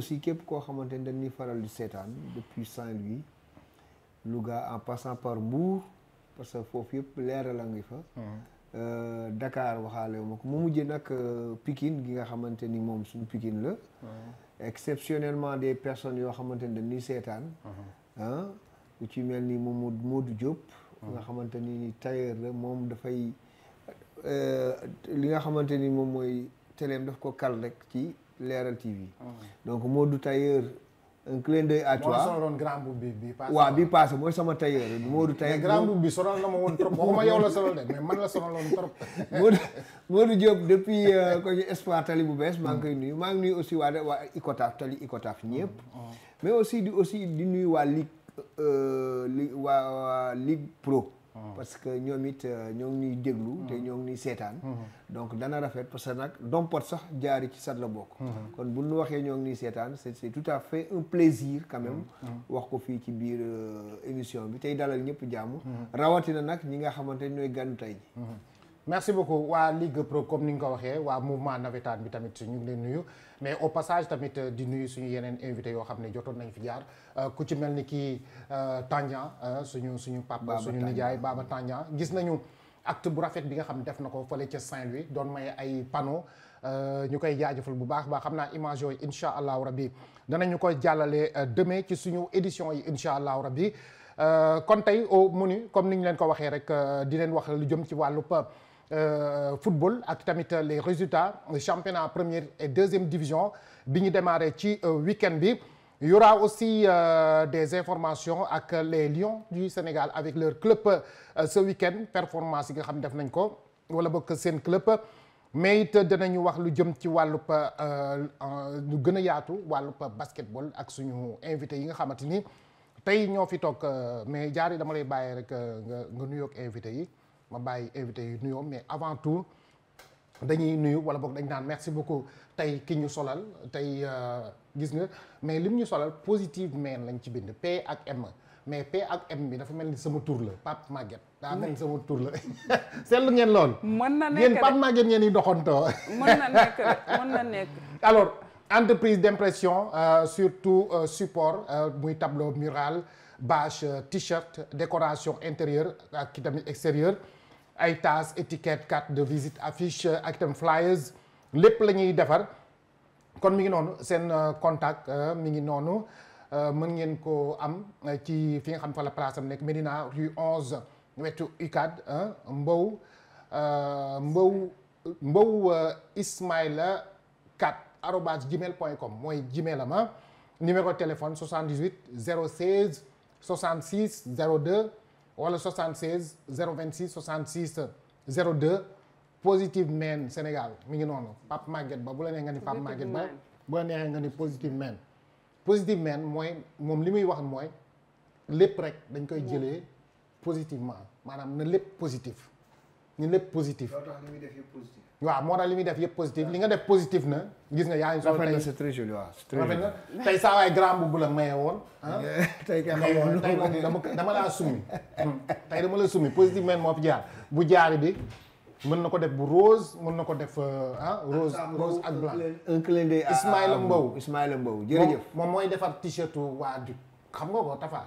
aussi képp koo xamante ni dañuy faral di seetaan depuis Saint-Louis Louga en passant par Mbour parce que foofu yëpp leera a ngi fa hmm. euh, Dakar waxaale ma ko mu mujj nag euh, pikin gi nga xamante ni moom suñu pikin la hmm. exceptionnellement des personnes yoo xamante ni dañuy seetaan hmm. ah ku ci mel ni moom Modou Diop nga xamante ni tailleur la moom dafay euh, li nga xamante ni moom mooy teleem daf ko kal rek ci leeral TV. Oh. donc Modou Tailleur un clin d'œil à toi. moo sonaloon grand boubou bi bi paase. waaw bi paase mooy sama tailleur Modou Tailleur. mais grand boubou bi sonal la ma woon trop waxuma yow la sonal de mais man la sonaloon trop. Modou Modou Diop depuis euh, ko ci Espoir Tali bu bees. maa ngi koy nuyu maa ngi nuyu aussi waa waa Icotaf Tali Icotaf ñëpp. Mm, mm. mais aussi di aussi di nuyu waa Ligue euh, li waa Ligue Pro. Ah. parce que ñoom it euh, ñoo ngi ñuy déglu. te ah. ñoo ngi ñuy seetaan. Ah. donc dana rafet parce que nag dompat sax jaari ci sat la bokk. kon bu ñu waxee ñoo ngi ñuy seetaan c' est tout à fait un plaisir quand wax ko fii ci biir euh, émission bi tey dalal ñëpp jàmm. rawatina nag ñi nga xamante ñooy ganu tey ji merci beaucoup waa Ligue Pro comme ni nga ko waxee waa mouvement navétane bi tamit ñu ngi leen nuyu mais au passage tamit euh, di nuyu suñu yeneen invité yoo xam ne jotoon nañ fi jaar euh, ku ci mel ni kii euh, Tandian suñu suñu papa suñu nijaay baaba Tandian gis nañu acte bu rafet bi nga xam def na ko fële ca Saint-Louis doon may ay panneau ñu koy jaajëfal bu baax baax xam naa image yooyu incha allahu rabi ñu koy jàllale demain ci suñu édition yi incha allahu rabi kon tey au comme ni ñu leen ko waxee rek di leen wax lu jëm ci wàllu Euh, football ak tamit les résultats championnat première et deuxième division bi ñu démarré ci euh, week-end bi Il aussi euh, des informations ak les Lions du Sénégal avec leur club euh, ce week performance yi nga xam ne def nañ ko wala bokk seen club mais it danañu wax lu jëm ci wàllub euh, lu gën a yaatu wàllub basketball ak suñu invité yi nga xamante ni tey ñoo fi toog mais jaar yi dama lay bàyyee rek nga nga nuyoog invité yi. ma bàyyi invité yi nuyoo mais avant tout dañuy nuyu wala boog dañ naan merci beaucoup tey ki ñu solal tey euh, gis nga mais li mu ñu solal positive men lañ ci bind P ak M mais P ak M bi dafa mel ni sama tour la Pape Maguette. daa mel ni sama tour la seetlu ngeen lool. mën na nekk de yéen Pape Maguette ngeen di doxantoo. mën na nekk mën alors entreprise d'impression euh, surtout euh, support euh, muy tableau mural bâche t-shirt décoration intérieure ak ki tamit extérieure. ay tasse étiquette carte de visite affiche ak itam flyers lépp la ñuy defar kon mi ngi noonu seen euh, contact euh, mi ngi noonu euh, mën ngeen ko am ci fi nga xam fa la place nekk Médina rue onze wetu UCAD Mbow Mbow Mbow Ismaïla 4 arobase gmail point com mooy gmail ama numéro téléphone 78 016 66 02 wala 76 026 66 02 Positive maine Sénégal mi ngi noonu Pape Maguette Ba bu la nee nga ni Pape Maguette Ba bu la nee nga ni Positive Men Positive maine mooy moom li muy wax mooy lépp rek dañ koy jëlee positivement maanaam na lépp positif ñu lépp positif. loolu tax li muy def yëpp positif. waaw moo tax li muy def yëpp positif li nga def positif na gis nga yaa ngi. soo tey c'est très joli waaw tey saa waay grand bu la maye woon. Ah? tey kay xamul tey moom dama laa summi. tey dama la summi positif men moo fi jaar bu jaari bi. mën na ko def bu rose mën na ko def euh, ah rose rose ak blanc un clin d'œil Ismaïla Mbow Ismaïla Mbow moom mooy defar t-shirt waa du xam nga ko Tafa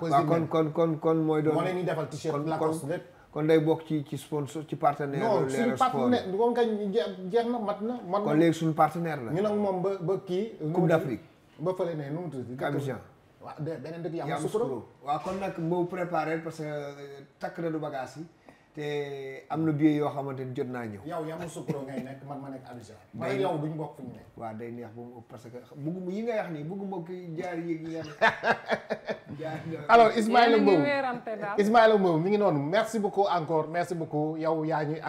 voilà kon kon kon mooy doon moo leen ñuy defar t-shirt Lacoste lépp kon day bokk ci ci sponsor ci partenaire. non suñu partenaire kon kañ jeex na mat na. mat na kon léegi suñu partenaire la. ñu nag moom ba ba kii. Coupe d'Afrique. ba fële ne nu mu tudd. Abidjan. waaw beneen dëkk Yamoussoukro Yamoussoukro waaw kon nag boo préparé parce que takk na du bagage yi. te am na billet yoo xamante ni jot naa ñëw. yow Yamoussoukro ngay nekk man ma nekk Abidjan. man yow duñ bokk fu ñu nekk. waaw day neex bu mu parce que bëgguma yi nga wax nii bëgguma kii jaar yi nga jaar alors Ismaïla Mbow mi ngi noonu merci beaucoup encore merci beaucoup yow yaa ñuy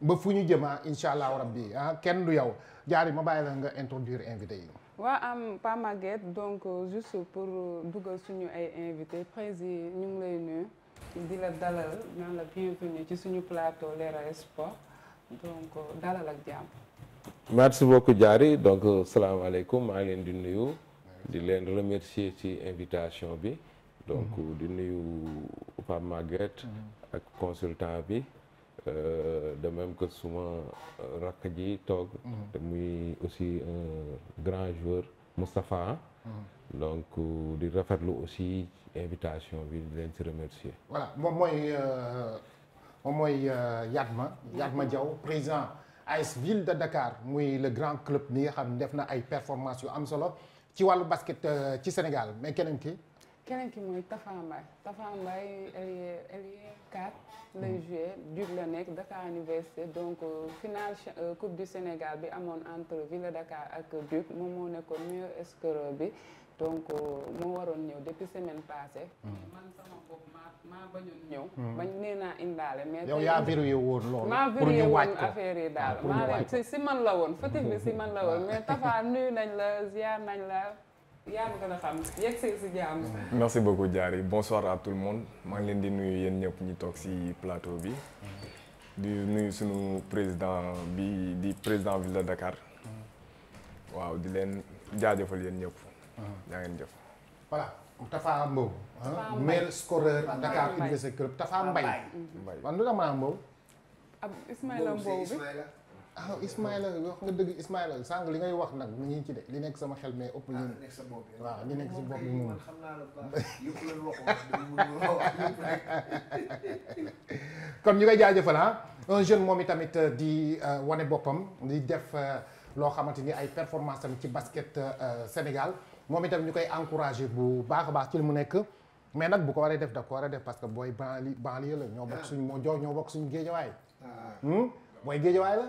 ba fu ñu jëmaa ah, incha allah rabbi ah kenn du yow jaar yi ma bàyyi la nga introduire invité yi. waa am Pa Maguette donc euh, juste pour euh, dugal suñu ay invité prési ñu lay nuyu. di la dalal naan la bienvenue ci suñu plateau Leral Sport donc dalal ak jàmm. donc salaamaaleykum maa ngi leen di nuyu. di leen remercier ci invitation bi. donc mhm. di nuyu Pape Maguette. Mhm. ak consultant bi. Euh, de même que suma rakk ji toog. Mhm. te muy aussi un grand joueur Moustapha. donc di rafetlu aussi. invitation bi di leen si remercier. voilà moom mooy euh, moom mooy euh, Yatma ma jaw président AS Ville de Dakar muy le grand club mi nga xam ne def na ay performances yu am solo ci wàllu basket euh, ci Sénégal mais keneen ki. keneen ki mooy Tafa Mbaye Tafa Mbaye ailier 4 lay mm-hmm. joué la nekk Dakar Université donc finale coupe du Sénégal bi amoon entre Ville de Dakar ak Duc moom moo nekkoon meilleur scoreur bi. donc euh, moo waroon ñëw depuis semaine passée. Hmm. man sama bañ hmm. nee indaale mais. yow yaa verrouillé woon loolu. pour ñu wàcc ko maa verrouillé woon affaire yi daal maa leen si si man la woon fëtif bi si man la woon mais Tafa nuyu nañ la ziar nañ la yaa ngi gën a xam yegg si si jàmm. merci beaucoup Diary bonsoir à tout le monde maa leen di nuyu yéen ñëpp ñu toog si plateau bi. di nuyu sunu président bi di président ville de Dakar. Hmm. waaw di leen jaajëfal yéen ñëpp. Uh-huh. yaa ngeen jëf. voilà Tafa Mbow. Tafa meilleur scoreur à Dakar Université Club Tafa Mbaye. Mbaye man lu tax maa ab Ismaïla Mbow bi ah, dëgg Ismaïla sànq li ngay wax nag mu ngi ci de li nekk sama xel mais ëpp li ah, nekk sa bopp waaw li nekk si bopp bi moom xam naa la yëpp la waxoon kon ñu koy jaajëfal ah un jeune moom i tamit euh, di euh, wane boppam li def euh, loo xamante ni ay performance tamit ci basket Sénégal moom itam ñu koy encouragé bu baax a baax ci li mu nekk mais nag bu ko waree def da ko war a def parce que booy banlieue banlieue la ñoo bokk suñ moo jox ñoo bokk suñ géejawaay ah. hmm? booy géejawaay la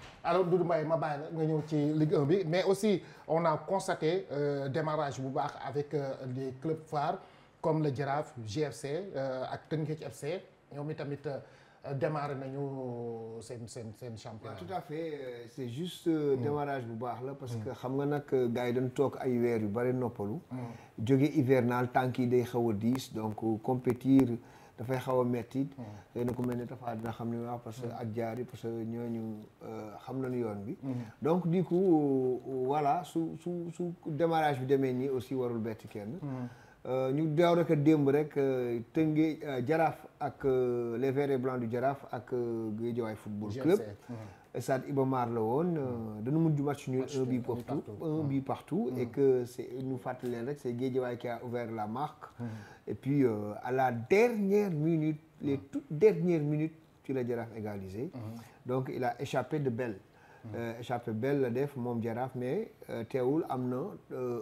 alors Doudou Mbaye ma bàyyi la nga ñëw ci lig 1 bi mais aussi on a constaté euh, démarrage bu baax avec euh, les clubs comme le Jaraaf GFC euh, ak Teungueth FC ñoom itamit euh, démarré nañu seen seen seen championnat. tout à fait euh, c'est juste. Mm. démarrage bu baax la parce mm. que xam nga nag gars yi dañ toog ay weer yu bari noppalu. Mm. jóge hivernal tànk yi day xaw a diis donc compétir. dafay xaw a metti hmm. xëy na ku mel ne dafa dina xam li ma wax parce que hmm. ak jaari parce que ñooñu euh, xam nañu yoon bi hmm. donc du coup voilà su su su démarrage bi demee nii aussi warul betti kenn euh, ñu daaw rek a démb rek euh, tënge jaraaf ak les verts du jaraaf ak Guédiawaye football club stade Iba Mar la woon euh, hmm. dañu mujj match ñu un but partout un but hmm. partout e que c'est ñu fàttali leen rek c'est Guédiawaye qui a ouvert la marque et puis euh, à la dernière minute les toutes dernières minutes ci la Jaraaf égalisé donc il a échappé de belle euh, échappé belle la def moom Jaraaf mais teewul am na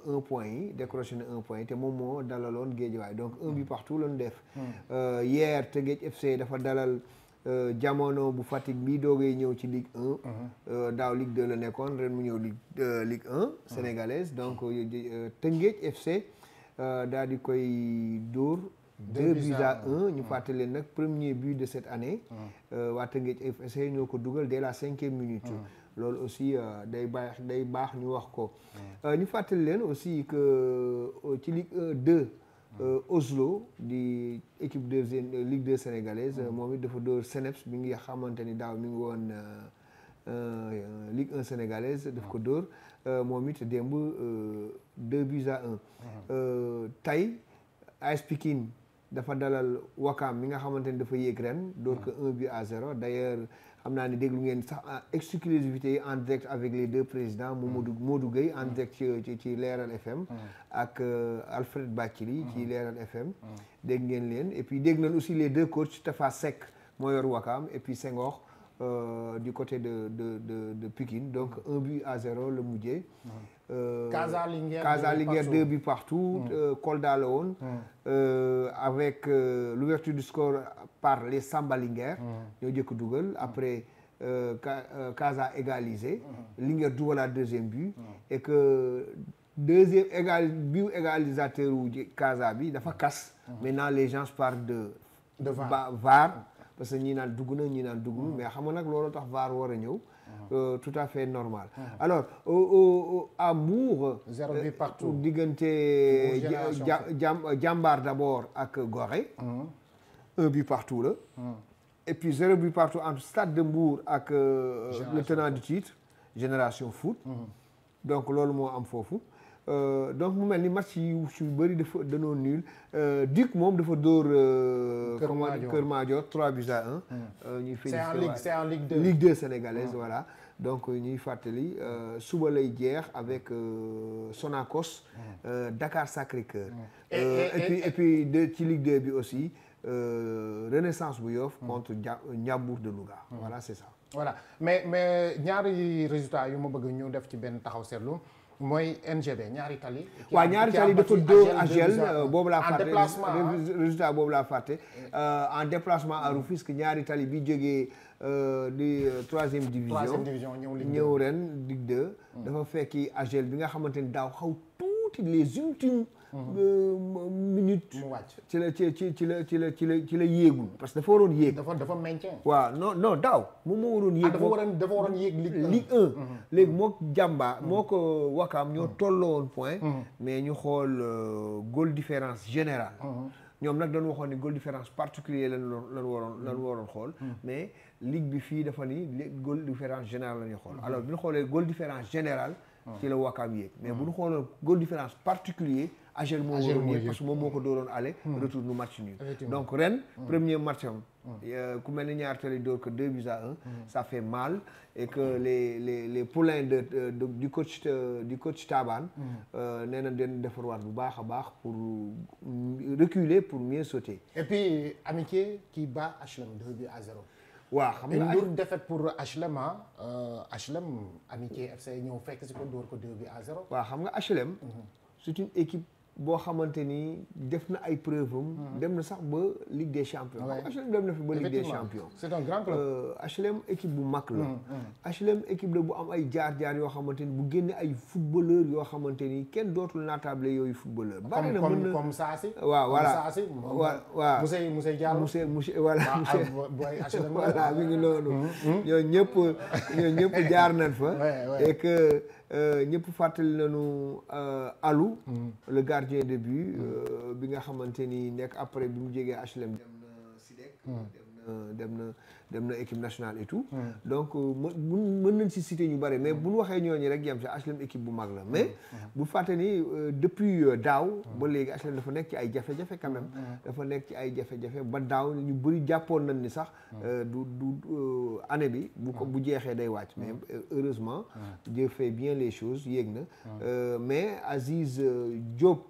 un point yi décroché na un point te moom moo dalaloon Guédiawaye donc un but partout la ñu def hier Teungueth FC dafa dalal Euh, jamono bu Fatick bii doogee ñëw ci Ligue 1. Euh, daaw Ligue 2 la nekkoon ren mu ñëw Ligue euh, Ligue 1. sénégalaise donc Tëngéej FC daal di koy dóor. 2 buts à 1 ñu fàttali nag premier but de cette année. Mm. waa Tëngéej FC ñoo ko dugal dès la cinquième minute. Mm. loolu aussi day baax day baax ñu wax ko. Mm. ñu fàttali leen aussi que ci Ligue 2. Euh, Oslo di équipe de euh, Ligue 2 sénégalaise mm. moom it dafa dóor Seneps bi ngi xamante ni daaw mi ngi woon euh, Ligue 1 sénégalaise daf ko mm. dóor moom it démb deux buts à un mm-hmm. tey AS Pikine dafa dalal Wakaam mi nga xamante ni dafa yéeg ren dóor mm. ko un but à zéro d'ailleurs xam naa ne déglu ngeen sax en ah, exclusivité en direct avec les deux présidents hmm. Mamadou Modou Gueye en direct ci ci Leeral FM hmm. ak euh, Alfred Bathily hmm. ci Leeral FM dégg ngeen leen et puis dégg nañ aussi les deux coachs Tafa Seck moo yor Wakaam et puis Senghor euh, du côté de de de de Pikine donc un but à zéro le mujjee Euh, Casa Linguère Casa Linguère deux buts partout. Hmm. Euh, Kolda la woon. Hmm. Euh, avec l'ouverture du score par les Samba Linguère. Hmm. ñoo jëkk dugal après. Euh, Casa égalisé. Mm -hmm. Linguère dugal deuxième but. que deuxième égal but égalisateur wu Casa bi dafa kas Mm -hmm. maintenant les gens parlent de. de VAR. VAR parce que ñiinaan dugg na ñii naan dugg mais xam nag loolu tax VAR war a ñëw. Euh, tout à fait normal. Ah. Alors à Mbour. zéro bi euh, partout diggante jàmbaar d'abord ak Gorée. un but partout la. et puis zéro but partout entre Stade de Mbour ak. Euh, le tenant du titre Génération Foot. donc loolu moo am foofu. Euh, donc mu mel ni match yu su bëri dafa danoo nul euh, Duc moom dafa dóor. Euh, Kër Madior Kër Madior 3 buts à hmm. ñuy félicité c'est en ligue c'est en ligue sénégalaise hmm. voilà. donc ñuy fàttali suba lay jeex avec euh, Sonacos. Hmm. Euh, Dakar Sacré-Cœur. Et, et, puis de ci Ligue 2 bi aussi euh, Renaissance bu Yoff. contre Ndiambour de Louga. voilà c'est ça. wala mais mais ñaari résultats yu ma bëgg ñu def ci benn taxaw seetlu. mooy NGB ñaari tali. waaw ñaari tali dafa dóor Agel euh, boobu la fàtte résultat boobu la fàtte euh, en déplacement à Rufisque ñaari tali bi jógee euh, di troisième division troisième division ñëw Ligue ñëw ren Ligue 2. Hmm. dafa fekki Agel bi nga xamante ni daaw xaw tuuti les ultimes. Euh, minute. mu wàcc ci la ci ci ci la ci la ci la ci la yéegul. parce que dafa waroon yéeg. dafa dafa maintien. waaw non non daaw. moom moo waroon yéeg. Ah, dafa waroon dafa waroon yéeg Ligue 1. Ligue moo jàmba moo ko wakaam ñoo woon mm-hmm. point. Mm-hmm. mais ñu xool euh, goal différence général mm-hmm. ñoom nag dañu waxoon ni goal différence particulier lan lan waroon lan waroon xool mais ligue bi fii dafa ni goal différence générale la ñuy xool alors bu ñu xoolee goal différence général ci la wakaam yéeg mais bu ñu xoolee goal différence particulier Agel moo waroon yëpp moom moo ko dooroon aller hmm. retour nu match nul donc ren hmm. premier match am hmm. euh, ku mel ni ñaar tali door que deux buts un ça fait mal et que les les les poulains de di coach du coach euh, Taban euh, nee na den defarwaat bu baax a baax pour reculer pour mieux sauter et puis amitié qui bat HLM deux buts à zéro waaw xam nga Ndour défaite pour HLM amitié FC ñëw fekk si ko door ko deux buts à zéro waaw xam nga HLM c'est une équipe boo xamante ni def na ay preuve am. Hmm. dem na sax ba Ligue des champions. HLM dem na fi ba Ligue des champions. Euh, équipe bu mag la. HLM hmm. équipe la bu am ay jaar-jaar yoo xamante ni bu génne ay footballeur yoo xamante ni kenn dootul naataable yooyu footballeur. bari na mën na comme Saasi. waaw voilà comme Saasi. waaw monsieur monsieur Diallo monsieur monsieur voilà. Ah, voilà mi ngi noonu. Hmm, ñooñu ñëpp ñooñu ñëpp jaar nañ fa. et que. Euh, ñëpp fàttali nañu euh, Alou. Mm. le gardien de but. Euh, bi nga xamante ni nekk après bi mu jegee HLM. dem na dem na dem na équipe nationale et tout. Hmm. donc euh, mën nañ si cité ñu bari mais hmm. bu ñu waxee ñooñu rek yam si HLM équipe bu mag la hmm. mais. bu fàtte ni euh, depuis euh, daaw. ba léegi HLM dafa nekk ci ay jafe-jafe quand dafa nekk ci ay jafe-jafe ba daaw ñu bëri jàppoon nañ ni sax. du du année bi. bu ko bu jeexee day wàcc mais heureusement. Dieu fait bien les choses yéeg na. mais Aziz Diop.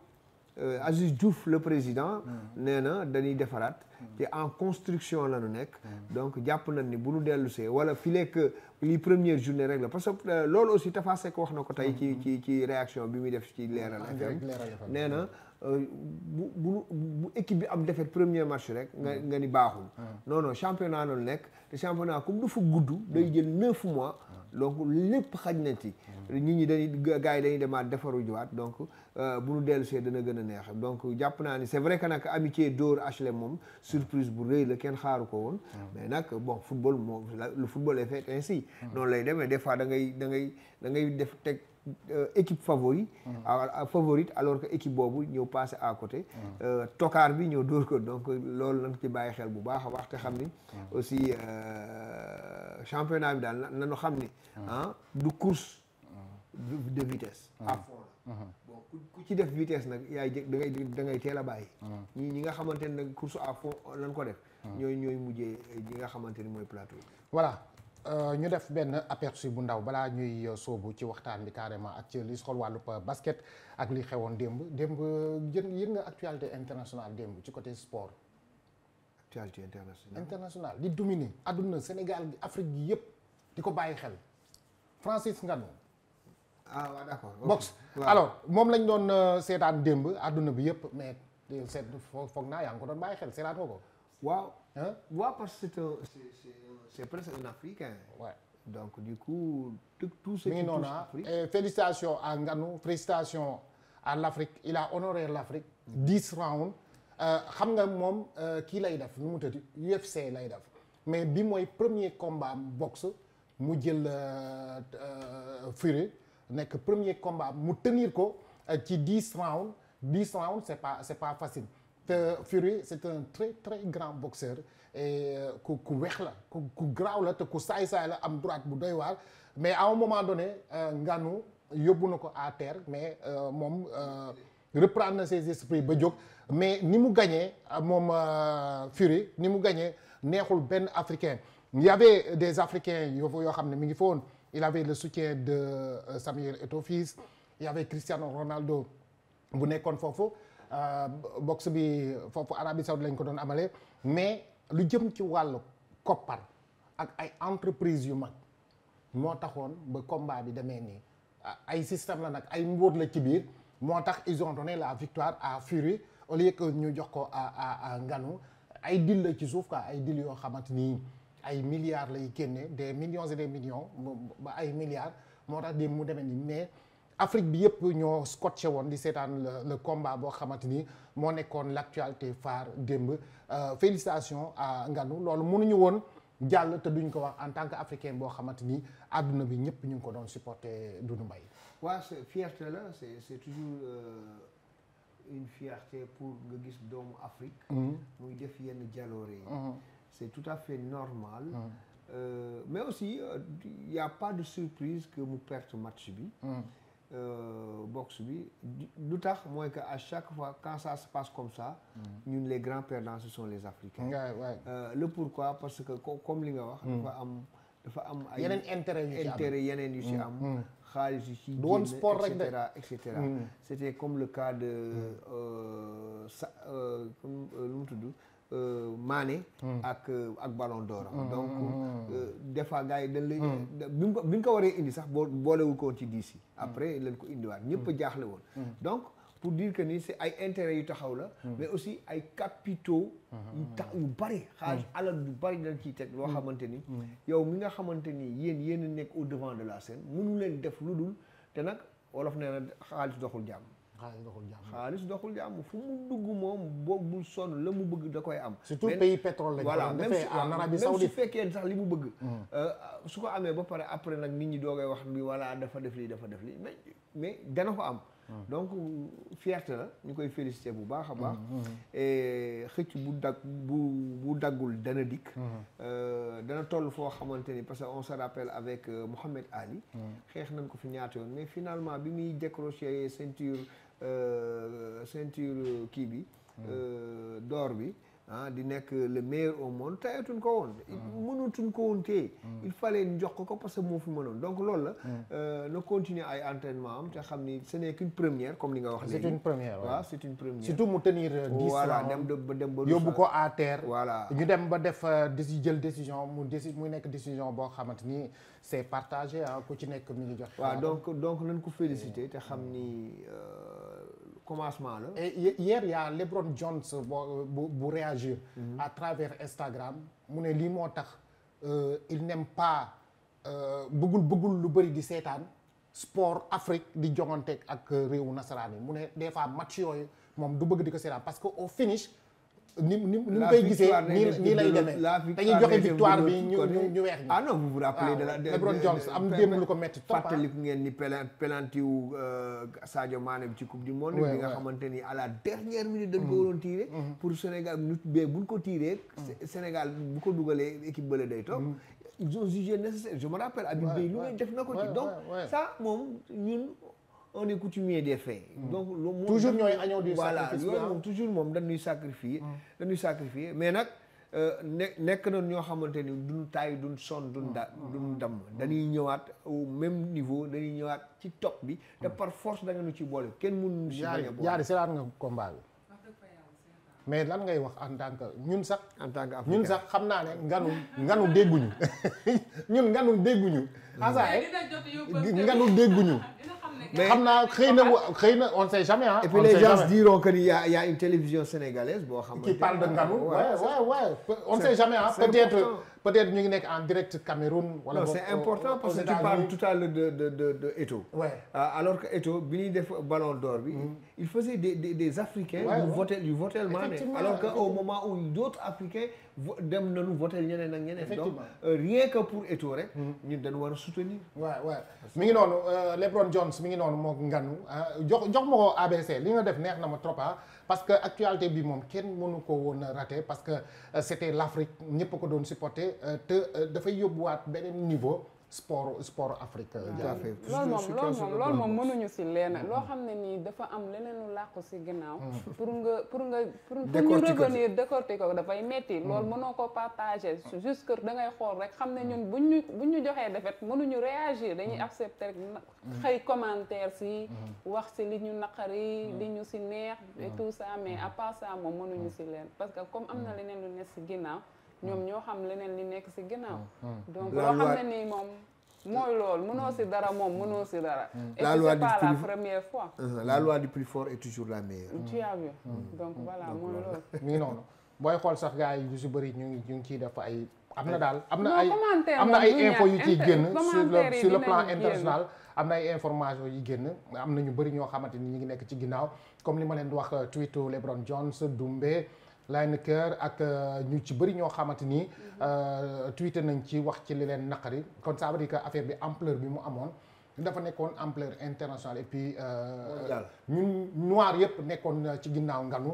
Aziz Diouf le président. nee na dañuy defaraat. te en construction la ñu nekk. Mm. donc jàpp nañ ni bu nu dellu see wala fi lekk li première journée rek la parce que euh, loolu aussi Tafa Seck wax na ko tey ci mm. ci ci réaction bi muy def ci Leeral FM mm. nee na euh, bu bu bu équipe bi am défaite premier match rek nga nga ni baaxul. non non championnat noonu nekk te championnat comme dafa gudd. day jël neuf mois. donc lépp xaj na ci. nit ñi dañuy gars yi dañuy demaat defaru jiwaat donc. Euh, bu nu dellusee dana gën a neex donc jàpp naa ni c'est vrai que nag amitié dóor HLM moom surprise bu rëy la kenn xaaru ko woon mm. mais nag bon football moom le football est fait ainsi mm. noonu lay deme des fois da ngay da ngay da ngay def teg euh, équipe favori mm. favorite alors que équipe boobu ñëw passé à côté euh, tokaar bi ñëw dóor ko donc loolu nañ ci bàyyi xel bu baax a wax xam ni aussi championnat bi daal nañu xam ni ah du course de vitesse à ku ci def vitesse nag yaay jëg da ngay da ngay teel a bàyyi hmm. ñi ñi nga xamante ne nag course à fond lañ ko def hmm. ñooy ñooy mujjee ñi nga xamante ni mooy plateau voilà euh, ñu def benn aperçu bu ndaw balaa ñuy euh, soobu ci waxtaan bi carrément ak ci li soxal wàllu euh, basket ak li xewoon démb démb jën yëg nga actualité internationale démb ci côté sport actualité internationale internationale di dominer àdduna Sénégal gi Afrique gi yëpp di ko bàyyi xel Francis Ngannou ah waaw d'accord boxe alors moom lañ doon euh, seetaan démb àdduna bi yëpp mais seet foog naa yaa ngi ko doon bàyyi xel seetaatoo ko. waaw. ah waaw parce que c'est presque un donc du coup. tout ce qui ah. l'Afrique félicitations à Nganou félicitations à l'Afrique il a honoré l'Afrique mm-hmm. dix euh, xam nga moom euh, kii lay def nu mu tëddi UFC lay def mais bi mooy premier combat box mu jël Fury. nekk premier combat mu tenir ko euh, ci dix rounds dix rounds c'est pas c'est pas facile te Fury c'est un très très grand boxeur et euh, ku ku weex la ku ku graaw la te ku saay-saay la am droite bu doy waar mais à un moment donné euh, Ngannou yóbbu na ko à terre mais moom reprendre na ses esprits ba jóg mais ni mu gañee moom Fury ni mu gañee neexul benn africain il des africains yoo yoo xam ne mi ngi fa woon il avait le soutien de euh, Samuel Eto'o fils il y avait Cristiano Ronaldo bu nekkoon foofu euh, box bi foofu Arabie Saoudite lañ ko doon amale mais lu jëm ci wàllu koppar ak ay entreprise yu mag moo taxoon ba combat bi demee nii ay système la nag ay mbóot la ci biir moo tax ils ont donné la victoire à Fury au lieu que ñu jox ko à nganu ay dil la ci suuf quoi ay dil yoo xamante nii ay milliards lay génne des millions et des millions ba ay milliards moo tax dem mu demee ni mais Afrique bi yëpp ñoo scotché woon di seetaan le combat boo xamante ni moo nekkoon l'actualité phare démb euh, félicitations à nganu loolu mënuñu woon jàll te duñ ko wax en tant que africain boo xamante ni àdduna bi ñëpp ñu ngi ko doon supporter Doudou Mbaye. waaw c'est fierté la c'est c'est toujours euh, une fierté pour nga gis doomu Afrique. Mm-hmm. muy def yenn jaloore yi. Mm-hmm. c'est tout à fait normal. Mm. Euh, mais aussi, il euh, n'y pas de surprise que mu perte match bi. Mm. Euh, boxe bi lu tax mooy que à chaque fois quand ça se passe comme ça. Mm. ñun les grands perdants ce sont les Africains. le pourquoi parce que comme li nga wax. Mm. dafa am dafa am ay. yeneen intérêt yu yeneen yu ci am. xaalis yu ci génn et cetera et cetera. comme le cas de sa lu mu tudd. Euh, Mané. ak euh, ak Ballon d'Or. Mm-hmm. donc euh, mm-hmm. des fois gars yi dañ lay. Mm-hmm. bi mu ko bi ñu ko waree indi sax boo boolewul ko woon ci diis yi. après lañ ko indiwaat ñëpp jaaxle woon. donc pour dire que ni si ay intérêts yu taxaw la. mais aussi ay capitaux. yu tax yu bari. xaalis alal yu bari dañ ciy teg loo xamante ni. yow mi nga xamante ni yéen yéen nekk au devant de la scène mënu leen def lu dul te nag wolof nee na xaalis doxul jàmm. xaalis doxul jàmm xaalis doxul jàmm fu mu dugg moom boobul sonn la mu bëgg da koy am. surtout pays pétrole lañ. voilà même su fekkee sax li mu bëgg. Mm. Euh, su ko amee ba pare après nag nit ñi doo doogay wax bi voilà dafa def lii dafa def lii mais mais dana ko am. Mm. donc fierté la ñu koy félicité bu baax a baax. Mm, xëcc bu dag bu bu daggul dana dikk. Euh, dana toll foo xamante ni parce que on se rappelle avec euh, Mohamed Ali. xeex nañ ko fi ñaata yoon mais finalement bi muy décroché ceinture. Euh, ceinture kii bi. Hmm. Euh, door bi. ah di nekk le meilleur au monde tayatuñ ko woon. Hmm. mënatuñ ko woon téye. Hmm. il fallait jox ko ko parce que moo fi mënoon donc loolu la. Euh, na continuer ay entraînement am te xam ni ce n'est qu'une première comme ni nga wax léegi. c'est une première waaw une première. surtout mu tenir dix voilà dem ba dem ko à terre. voilà ñu dem ba def déci jël décision mu déci mu nekk décision boo xamante ni c'est partagé ah ku ci nekk mu ngi jox. waaw donc donc nañ ko féliciter te xam nii commencement la. et hier y' a LeBron Jones bu bu réagir. Mhm. à travers Instagram mu ne lii moo tax euh, il n'aime pas euh, bëggul bëggul lu bëri di seetaan sport Afrique di joŋante ak euh, réewu nasaraan yi mu ne des fois match yooyu moom du bëgg di ko seetaan parce que au finish. ni ni ni koy gisee nii lay demee dañuy joxe victoire bi ñu ñu weex ñi. ah non vous vous rappelez de la de LeBron James am démb lu ko métti trop fàttaliku ah. ngeen ni penalty wu euh, Sadio Mané bi ci coupe du monde. bi nga xamante ni à la dernière minute dañ ko mm-hmm. waroon tirer. Mm-hmm. pour Sénégal minute bee buñ ko tirer. Mm-hmm. Sénégal bu ko dugalee équipe bële day toog. ils ont jugé nécessaire je me rappelle Habib Beye lu ne def na ko ci donc ça moom ñun. on est coutumier des faits. Mm. donc lu moom toujours ñooy añoo du sacrifice voilà moom toujours moom dañuy sacrifier. Mm. dañuy sacrifier mais nag euh, ne nekk na ñoo xamante ni duñ taay duñ sonn duñ mm. da duñ damm dañuy ñëwaat aw même niveau dañuy ñëwaat ci top bi. te par force da nga nu ci boole kenn mun si bañ a boole jaari seetaan nga combat bi. mais lan ngay wax en tant que ñun sax. en tant que africain ñun sax xam naa ne nganu nganu dégguñu ñun nganu dégguñu. asaare nganu dégguñu. mais xam naa xëy na xëy na on sait jamais ah. et puis les gens diront que ni y a y a une télévision sénégalaise boo xam. qui parle de Ngannou waaw waaw waaw on sait jamais ah peut-être. peut-être ñu ngi nekk en direct Cameroun. wala non c'est important parce que tu parles tout à l'heure de de de de euh, alors que Eto'o bi ñuy def Ballon d'Or bi. Mm-hmm. il faisait des des des Africains. yu voté yu voté Mané alors que au moment où d'autres Africains dem nañu voté ñeneen ak ñeneen. donc euh, rien que pour Eto'o rek. Mm-hmm. ñun dañu war a soutenir. waaw waaw mi ngi noonu euh, LeBron Jones mi ngi noonu moo nganu jox jox ma ko ABC li nga def neex na ma trop ah. parce que actualité bi moom kenn mënu ko woon rate raté parce que euh, c'était l'Afrique ñëpp ko doon supporter euh, te euh, dafay yóbbuwaat beneen niveau sport sport Afrique. loolu moom loolu moom loolu moom mënuñu si leen mm-hmm. loo xam ne nii dafa am leneen lu làqu si ginnaaw. Mm. pour nga pour nga pour ñu revenir décortiquer ko dafay metti mm. loolu mënoo ko partager mm. juste que da ngay xool rek xam ne ñun buñ ñu buñ ñu joxee defet mënuñu réagir dañuy accepter rek xëy commentaire si wax si li ñu naqari li ñu si neex et tout ça mais à part ça moom mënuñu si leen parce que comme am na leneen lu nekk si ginnaaw ñoom mm. ñoo xam leneen li nekk si ginnaaw. Mm, mm. donc loo xam ne nii moom. mooy loolu mënoo si dara moom mënoo si dara. la loi du plus fort et la première euh, la loi du plus fort est toujours la meilleure. tu as vu donc voilà mooy loolu. mi ngi noonu booy xool sax gars yi yu si bëri ñu ngi ñu ngi ciy def ay. am na daal am na ay am na ay info yu ciy génn sur le sur le plan international am ay information yi génn am na ñu bëri ñoo xamante ni ñu ngi nekk ci ginnaaw comme li ma leen di wax euh, tweetu LeBron Jones Doumbé Lineker ak euh, ñu ci bëri ñoo xamante ni mhm. euh, tweeté nañ ci wax ci li leen naqari kon ça veut dire affaire bi ampleur bi mu amoon dafa nekkoon ampleur internationale et puis euh, ñun noir yëpp nekkoon ci ginnaaw nganu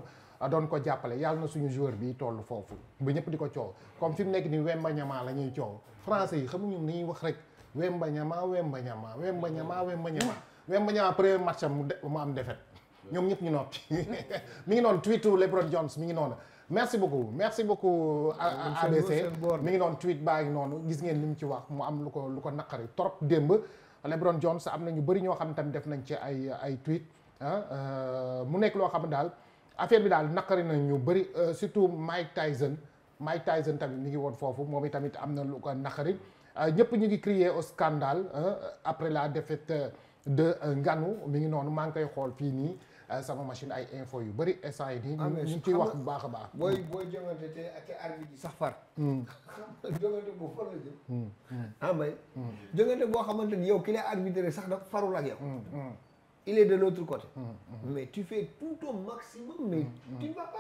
doon ko jàppale yàlla na suñu joueur bi toll foofu bu ñëpp di ko coow comme fi mu nekk ni Wemba Nyama la ñuy coow français yi xamuñu ni ñuy wax rek Wemba Nyama Wemba Nyama Wemba Nyama Wemba Nyama Wemba Nyama premier match am mu am defet ñoom ñëpp ñu noppi mi ngi noonu tweetu LeBron Jones mu ngi noonu merci beaucoup merci beaucoup ADC mi ngi noonu tweet baa ngi noonu gis ngeen li mu ci wax mu am lu ko lu ko naqari trop démb LeBron Jones am na ñu bëri ñoo xam tamit def nañ ci ay ay tweet ah, euh, mu nekk loo xam daal affaire bi daal naqari na ñu bëri euh, surtout Mike Tyson Mike Tyson tamit mi ngi woon foofu moom tamit am na lu ko naqari euh, ñëpp ñu ngi crier au scandale après la défaite de Ngannou mi ngi noonu maa ngi koy xool fii nii sama machine ay info yu bëri instant yi nii. Ah, ñu ngi ciy wax bu baax baax. booy booy jongante te ak arbitre bi sax far. Hmm. xam nga jongante boo far la jëm. Hmm. Hmm. ah may. jongante boo xamante ni yow ki lay arbitre sax dafa farul ak yow. de l'autre côté. mais tu fais tout ton maximum mais tu ne vas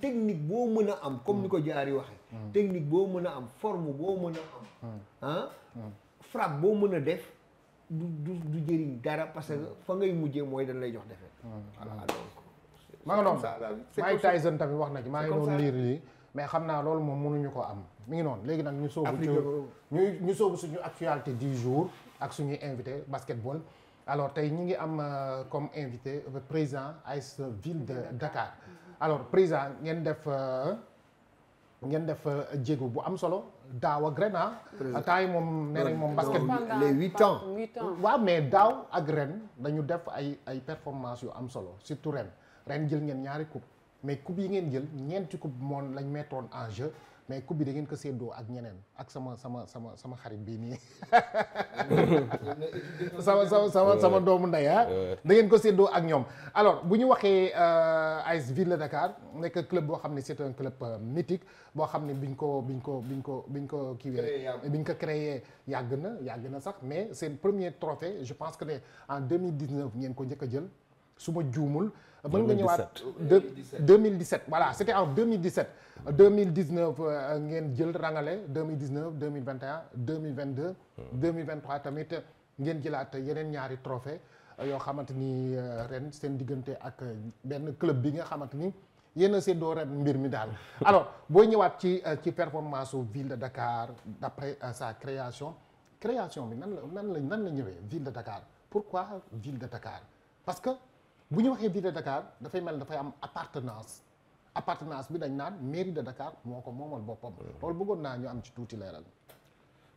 technique boo mën a am comme ni ko jaari waxee. technique boo mën a am forme boo mën a am. Ah? boo mën a def. du du du jëriñ dara parce que mm. fa ngay mujjee mooy dañ lay jox defee. Mm. voilà mm. donc. ma nga doon Mike Tyson tamit wax na ci maa ngi doon liir lii. mais xam naa loolu moom mënuñu ko am mu ngi noonu léegi nag ñu soobu ñu ñu soobu suñu actualité du jour ak suñuy invité basketball alors tey ñi ngi am euh, comme invité euh, président AS Ville de Dakar mm-hmm. alors président ngeen def euh, ngeen def jéego bu am solo daaw ak ren ah. temps yi moom nee nañ moom basket. les huit ans waaw mais daaw ak ren dañu def ay ay performance yu am solo surtout ren ren jël ngeen ñaari coupe mais coupe yi ngeen jël ñeenti coupe moom lañ mettoon en mais coupe bi da ngeen ko séddoo ak ñeneen ak sama sama sama sama xarit bii nii sama sama sama sama doomu ndey ah da ngeen ko séddoo ak ñoom alors bu ñu waxee euh, AS Ville de Dakar nekk club boo xam ne c'est un club euh, mythique boo xam ne biñ ko biñ ko biñ ko biñ ko kiiwee biñ ko créer yàgg na yàgg na sax mais seen premier trophée je pense que ne en 2019 ngeen ko njëkk a jël su ma juumul mën nga ñëwaat 2017 voilà c'était en 2017 2019 euh, ngeen jël rangale 2019 2021 2022 2023 tamit ngeen jëlaat yeneen ñaari trophée euh, yoo xamante ni euh, ren seen diggante ak benn club bi nga xamante ni yéen a séddoo ren mbir mi daal alors boo ñëwaat ci ci performance su ville de Dakar d'après sa création création bi nan la nan la nan la ñëwee ville de Dakar pourquoi ville de Dakar parce que bu ñu waxee ville de Dakar dafay mel dafay am appartenance appartenance bi dañ naan mairie de Dakar moo ko moomal boppam. Mm. loolu bëggoon naa ñu am ci tuuti leeral.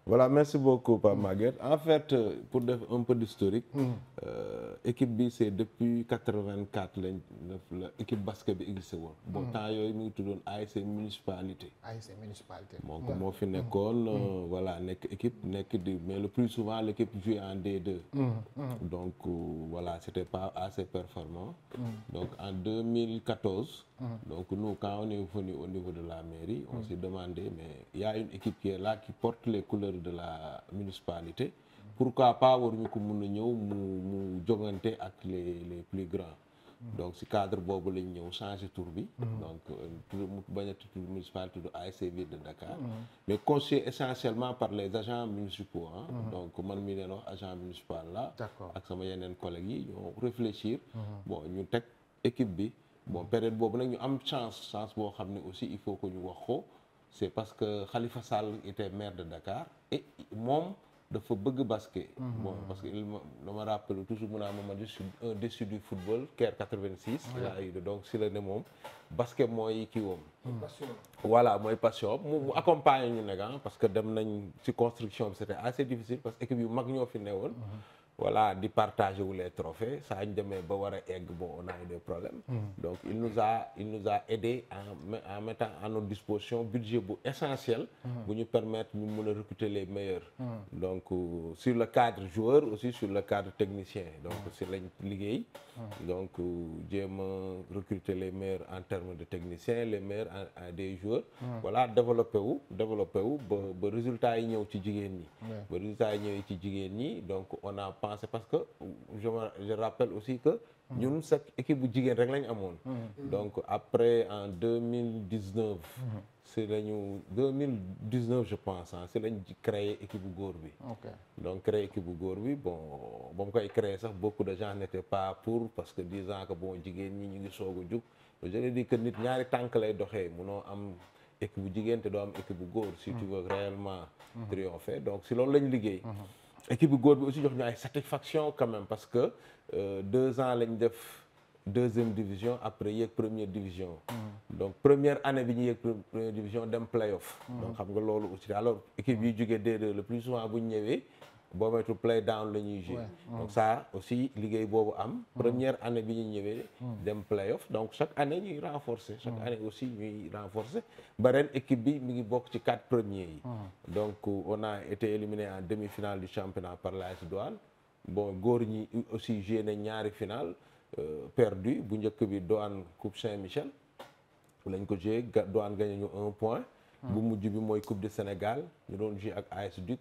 voilà merci beaucoup Pape Maguette en fait euh, pour def un peu d'historique hmm. euh, équipe bi c'est depuis quatre-vingt-quatre lañ la équipe basket bi existé woon bon hmm. temps yooyu mi ngi tuddoon ASC municipalité ASC municipalité donc hmm. moo fi nekkoon euh, voilà nekk équipe nekk di mais le plus souvent l'équipe joue en D2 donc euh, voilà c'était pas assez performant donc en 2014 Donc nous, quand on est venu au niveau de la mairie, on s'est demandé, mais il y a une équipe qui est là, qui porte les couleurs de la municipalité. Pourquoi pas avoir une commune nous jongante avec les, les plus grands donc ci cadre boobu lañ ñëw changé tour bi donc euh, mu bañ a tudd municipalité de ASC Ville de Dakar mais conseillé essentiellement par les agents municipaux ah donc man mi leen wax agent municipal la ak sama yeneen collègues yi ñoo réfléchir ñu teg équipe bi bon période boobu nag ñu am chance chance boo xam ne aussi il faut que ñu wax ko c'est parce que Khalifa Sall était maire de Dakar moom dafa bëgg basket. Mhm. bon parce que il ma dama rappelé toujours mu naa ma man je suis un déçu du football Caire 86. laa yu donc si la ne moom basket mooy kii woom. Mm. voilà mooy passion mu mu accompagner ñu nag ah, parce que dem nañ ci construction bi c'était assez difficile parce que équipe yu mag ñoo fi woon mhm. voilà di partager wu les trophées saa ñu demee ba war a egg bon on a des problèmes. Mm. donc il nous a il en en mettant à disposition budget bu essentiel. Mm. bu ñu permettre ñu mën a recruter les meilleurs. Mm. donc euh, sur le cadre joueur aussi sur le cadre technicien donc si lañ liggéey. donc euh, jéem a les meilleurs en termes de techniciens les meilleurs en des joueurs. voilà développé wu développé wu ba ba résultat yi ñëw ci jigéen ñi. ba résultat yi ñëw ci jigéen ñi donc on a. pensé parce que je me je rappelle aussi que. ñun sa équipe bu jigéen rek la ñu amoon. Mm-hmm. donc après en deux mille dix neuf. si la ñu deux mille dix neuf je pense ah si lañ créé équipe bu góor bi. donc créé équipe bu góor bi bon ba mu koy créé sax beaucoup de gens n'étaient pas pour parce que disant que boo jigéen ñi ñu ngi soog a jug je l'ai nit ñaari tànk lay doxee munoo am. équipe bu jigéen te doo am équipe bu góor su tu mm-hmm. veux réellement mm-hmm. triompher donc si loolu lañ liggéey équipe bu góor bi aussi jox ñu ay satisfaction quand même parce que euh, deux ans lañ def deuxième division après yéeg première division. Mm. donc première année bi ñu yéeg première division dem play mm. donc xam nga loolu aussi alors équipe yi jógee D2 le plus souvent bu ñu ñëwee. boo moytu play down la ñuy jouer donc ça aussi liggéey boobu am première année bi ñuy ñëwee dem play off donc chaque année ñuy renforcer chaque année aussi ñuy renforcer ba ren équipe bi mu ngi bokk ci quatre premiers yi donc on a été éliminé en demi-finale du championnat par l'AS Douanes bon góor ñi aussi joué na ñaari finale euh, perdu bu njëkk bi Douanes Coupe Saint-Michel lañ ko joué Douanes gagné ñu un point bu mujj bi mooy coupe de Sénégal ñu doon joué ak AS Duc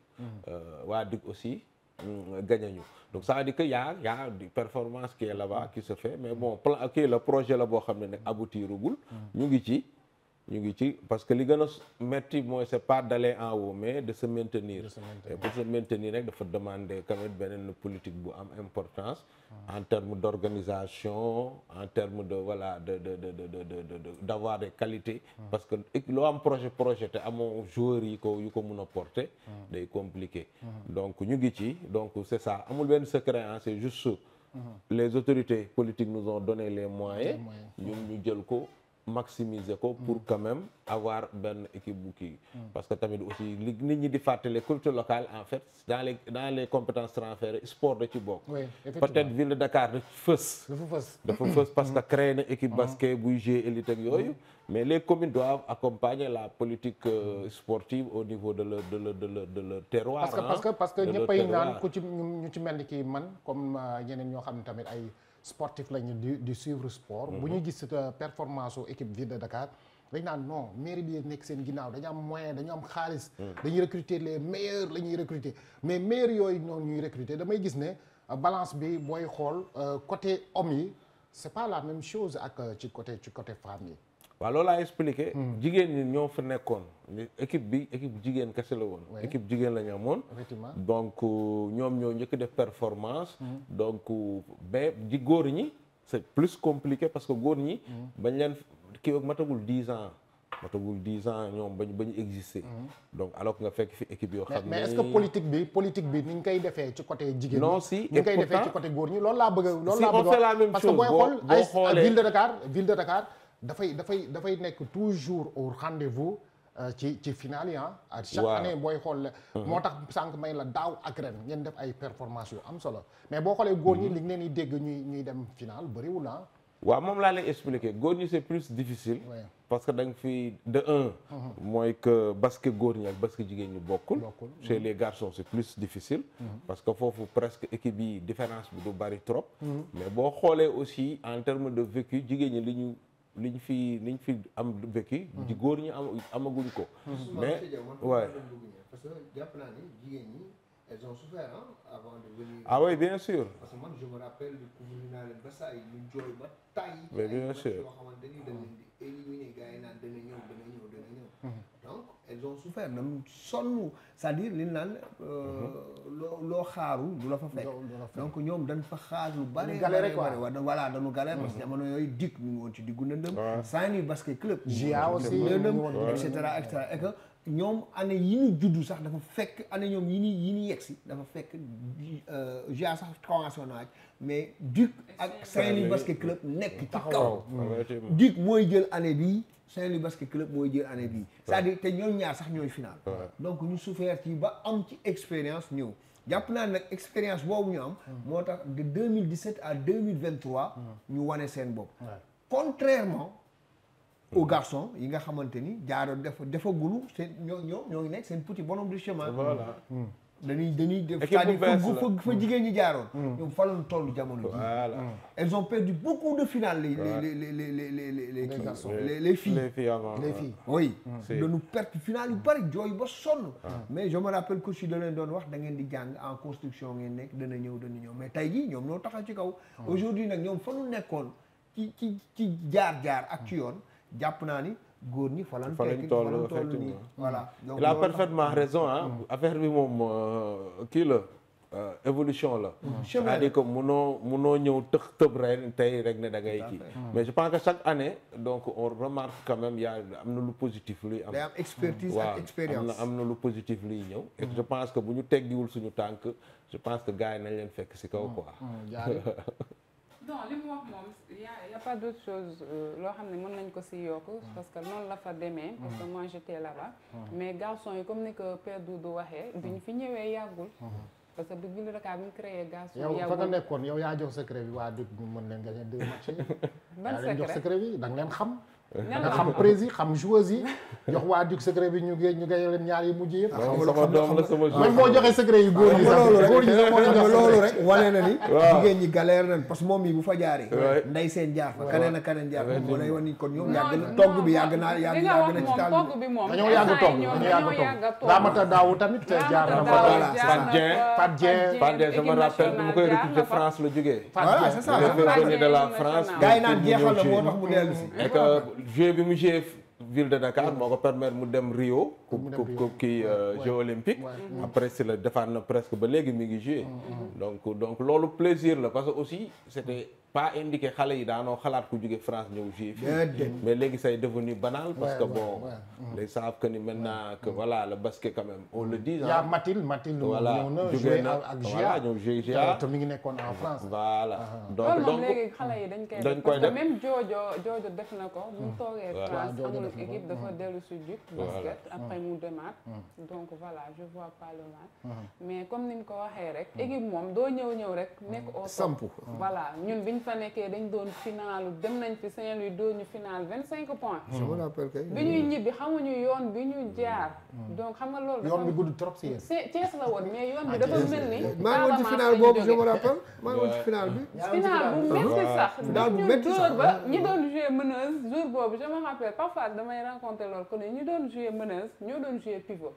euh, waa Duc aussi mm, gagné ñu donc ça veut dire que y a du performance qui est là qui se fait mais bon plan kii la projet la boo xam ne nag aboutirugul mm. ñu ngi ci ñu ngi ci parce que li gën a métti mooy c'est pas d'aller en haut mais de se maintenir et pour se maintenir rek dafa demander quand même beneen politique bu am importance ah. en termes d'organisation en termes de voilà de de de de de de d'avoir des qualités ah. parce que loo am projet projet te amoo joueurs yi ko yu ko mun a porter ah. day compliqué donc ñu ngi ci donc c'est ça amul benn secret ah c'est juste les autorités politiques nous ont donné les moyens ñun ñu jël ko maximiser ko pour mm. quand même avoir benn équipe bu kii mm. parce que tamit aussi li nit ñi di fàttale culture locale en fait dans les dans les compétences transférées sport da ci bokk peut-être ville de Dakar da fës dafa fës parce que mm. créé na équipe basket buy jouer élite yooyu mais les communes doivent accompagner la politique euh, sportive au niveau de leur de leur de leur de terroir parce que parce que parce que naan ku ci ñu ci mel ni kii man comme euh, ñeneen ñoo xam ne tamit ay sportif lañu di di suivre sport. Mm-hmm. bu ñu gis euh, performance su équipe ville de Dakar. dañ naan non mairie bi nekk seen ginnaaw dañu am moyen dañu am xaalis. Mm. dañuy recruter les meilleurs la ñuy recruter mais meilleurs yooyu noonu ñuy recruter damay gis ne euh, balance bi booy xool euh, côté homme yi c'est pas la même chose ak ci côté ci côté femme yi. waaw loolu laa expliqué. Hmm. jigéen ñi ñoo fa nekkoon. équipe bi équipe jigéen kese la woon. équipe jigéen la ñu amoon. donc ñoom ñoo njëkk def performance. Hmm. donc mais ji góor ñi. c' est plus compliqué parce que góor ñi. Hmm. bañ leen kii matagul dix ans. matagul dix ans ñoom bañ bañ exister. donc alors nga fekk fi équipe yoo. xam ne politique bi politique bi ni ñu defee ci côté jigéen ñi. non si et pourtant ni ñu koy defee ci côté góor ñi loolu laa bëgg a. loolu laa bëgg parce que booy dafay dafay dafay nekk toujours au rendez-vous euh, ci ci final yi ah. chaque année booy xool. Mhm. moo tax sànq may la daaw ak ren ngeen def ay performance yu am solo mais boo xoolee góor ñi mhm. li ngeen di dégg ñuy ñuy dem final bëriwul ah. waaw moom laa lay expliquer góor ñi c'est plus difficile. parce que da nga fi de un. Mhm. mooy que basket góor ñi ak basket jigéen ñi bokkul. chez les garçons c'est plus difficile. parce que foofu presque équipe yi différence bi du bari trop. mais boo xoolee aussi en termes de vécu jigéen ñi li ñu. li liñ fi ñu fi am békki hmm. di góor ñi am amaguñ ko hmm. mais waaye parce que jàpp naa ni jigéen ñi elles ont souffert hein, avant ah bien sûr. parce que man je me rappelle du couvrir naa leen ba dañ leen di éliminer gars elles ont souffert nam sonn cest à li ñu naan. Euh, loo loo xaaru du la fa fekk. donc ñoom dañ fa xaar lu bari. galère quoi voilà dañu galère. parce que jamono yooyu dikk ñu ngi woon ci diggu ndëndëm. waaw Saint-Louis basket club. GIA aussi ñoom année yi juddu sax dafa fekk année ñoom yi ñu yi ñu yegg si dafa fekk euh, GIA sax convention naaj mais Duc ak Saint-Louis basket club nekk ci kaw. Duc mooy jël année bi Saint-Louis Basket Club mooy jël année bii. cest à te ñoom ñaar sax ñooy final. donc ñu souffert ci ba am ci expérience ñëw. jàpp naa nag expérience boobu ñu am. Hmm. moo tax de 2017 à 2023. Hmm. ñu wane seen bopp. contrairement aux hmm. garçons yi nga xamante ni jaaroo dafa defagulu seen ñoo ñoo ñoo ngi nekk seen petit bonhomme de chemin. voilà. dañuy dañuy def cest à fa jigéen ñi jaaroon. Mm. ñoom fa lañu toll jamono ji. voilà mm. elles ont perdu beaucoup de finales. les les les les les les les les garçons perte finale bari jooy ba sonn. mais je me rappelle que si da doon wax da ngeen di jàng en construction ngeen nekk dana ñëw dana ñëw mais tey jii ñoom ñoo taxa ci kaw. Mm. aujourd'hui nag ñoom fa nekkoon ci ci ci jaar jaar ak ci yoon jàpp naa ni. góor ñi fa lañ fekk fa lañ toll nii voilà. donc il a parfaitement raison ah. affaire bi moom euh, kii la. Euh, évolution la. Mm. c'est-à-dire que munoo munoo ñëw tëx tëb ren tey rek ne da ngay kii. Mm. mais je pense que chaque année donc on remarque quand même y a am na lu positif luy am. day am expertise ak expérience waaw am na lu positif luy ñëw. et je pense que bu ñu teggiwul suñu tànk je pense que gars yi nañ leen fekk si kaw quoi. non li wax moom y' y' a pas d' chose euh, loo xam ne mën nañ ko si yokk. Mm. parce que noonu la fa demee. Mm. parce que moi j'étais là-bas. Mm. mais garçon yi comme ni ko Père Doudou waxee. biñ fi ñëwee yàggul. parce que bu Ville de Dakar bi ñu créé garçon. yàggul yow nekkoon yow yaa jox secret bi waa dëkk mën leen gagné deux matchs yi. ban secret da leen xam. nga xam prési xam joueurs yi jox waa Duc secret bi ñu ñu gañe leen ñaar yi mujj yëpp sama doom la sama man moo joxe secret yi góor yi sax góor yi sax moo jox loolu rek wane na ni jigéen ñi galère nañ parce que moom yi bu fa jaaree nday seen jaar fa kaneen ak kaneen jaar fa mu lay wan ni kon ñoom yàgg na togg bi yàgg naa yàgg yàgg na ci taal bi dañoo yàgg togg dañoo yàgg togg daamata daaw tamit te jaar na fa voilà Fat Dieng Fat Dieng Fat Dieng sama rappel mu koy recruté France la jógee voilà c'est ça de la France gars yi naan jeexal la moo tax mu dellu si joué bi mu joué ville de Dakar moo ko permettre mu dem Rio. mu dem Rio coupe kii euh, Jeux olympiques. Mm-hmm. après si la defaat na presque ba léegi mi ngi joué. Mm-hmm. donc donc loolu plaisir la parce que aussi c'était pas indiqué xale yi daanoo xalaat ku jóge France ñëw fii mm-hmm. mais léegi c'est devenu banal parce que bon les savent que ni maintenant que voilà le basket quand même le dit yaa Mathilde Mathilde voilà jóge na ak voilà ñëw joué GIA mi ngi nekkoon en France voilà ah, ah. donc donc léegi xale yi dañ koy dañ koy def même na ko mu hmm. toogee France amul équipe dafa hmm. dellu si Duc basket hmm. après mu demaat donc voilà je vois pas le mal mais comme ni ñu ko waxee rek équipe moom doo ñëw ñëw rek nekk au voilà ñun biñ fa nekkee dañ doon finalu dem nañ fi Saint-Louis doon ñu final vingt cinq points bi ñuy ñibbi ñu yoon bi ñu jaar hmm. donc xam nga loolu yoon bi gudd trop si yéen Thiès la woon mais yoon bi ah, dafa mel ni maa ngi woon ci final boobu je me rappelle maa ngi woon bi final bu ah, métti ah. sax final bu sax dóor doon jouer meneuse jour boobu je me rappelle parfois damay rencontrer lool ko ne ñu doon jouer meneuse ñoo doon jouer pivot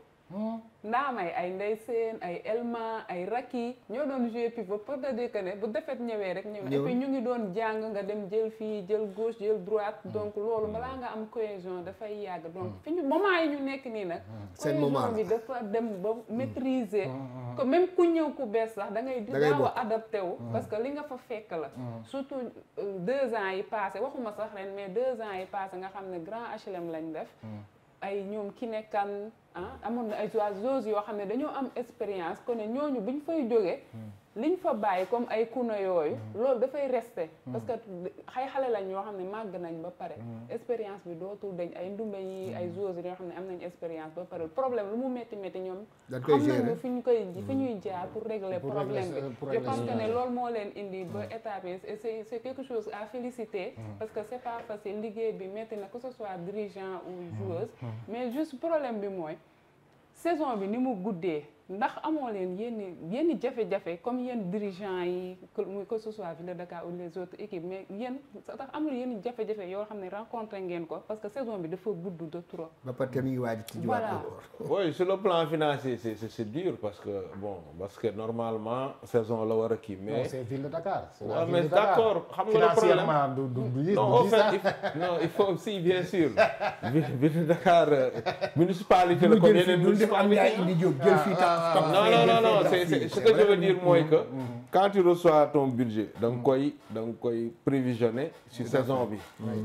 ndaamay ay ndey seen ay elma ay raki ñoo doon jouer pivot pour te dire que ne bu defet ñëwee rek ñëw et ñu ngi doon jàng nga dem jël fii jël gauche jël droite hmm. donc loolu hmm. balaa nga am cohésion dafay yàgg hmm. donc fi ñu moment yi ñu nekk nii nag cohésion bi dafa dem ba maîtriser que même ku ñëw ku bees sax da ngay daaw a adapté wu parce que li nga fa fekk la surtout euh, deux ans yi passé waxuma sax ren mais deux ans yi passé nga xam ne grand HLM lañ def ay ñoom ki nekkan ah amoon na ay oiseaux yoo xam ne dañoo am expérience kon ne ñooñu buñ fay jóge hmm. liñ fa bàyyi comme ay kuna yooyu mm. loolu dafay rester mm. parce que xay xale lañ yoo xam ne màgg nañ ba pare mm. expérience bi dootul dañ ay ndumbe yi ay joueurs yoo xam ne am nañu expérience ba pare problème lu mu métti métti ñoom xam nañu fi ñu koy fi ñuy jaar pour régler problème bi je pense que ne loolu moo leen indi ba état bi c'est c'est quelque chose à féliciter parce que c'est pas facile liggéey bi métti na que ce soit dirigeant ou joueuse mais juste problème bi mooy saison bi ni mu guddee ndax amoo leen yenn yenn jafe-jafe comme yéen dirigeant yi muy que ce soit Ville de Dakar ou les autres équipes mais yéen sax tax amul yenn jafe-jafe yoo xam ne rencontré ngeen ko parce que saison bi dafa gudd de trop. ba pare tamit waaj ci voilà oui sur le plan financier c'est c'est parce que bon parce que normalement saison la war a kii mais. non c'est Ville d'accord xam nga le problème financièrement du du du non en fait il faut aussi bien sûr Ville Dakar euh, municipalité la comme yeneen. mu jël fi non non non mooy que mm-hmm. Mm-hmm. quand tu reçois ton budget da koy da koy prévisionné sur saison bi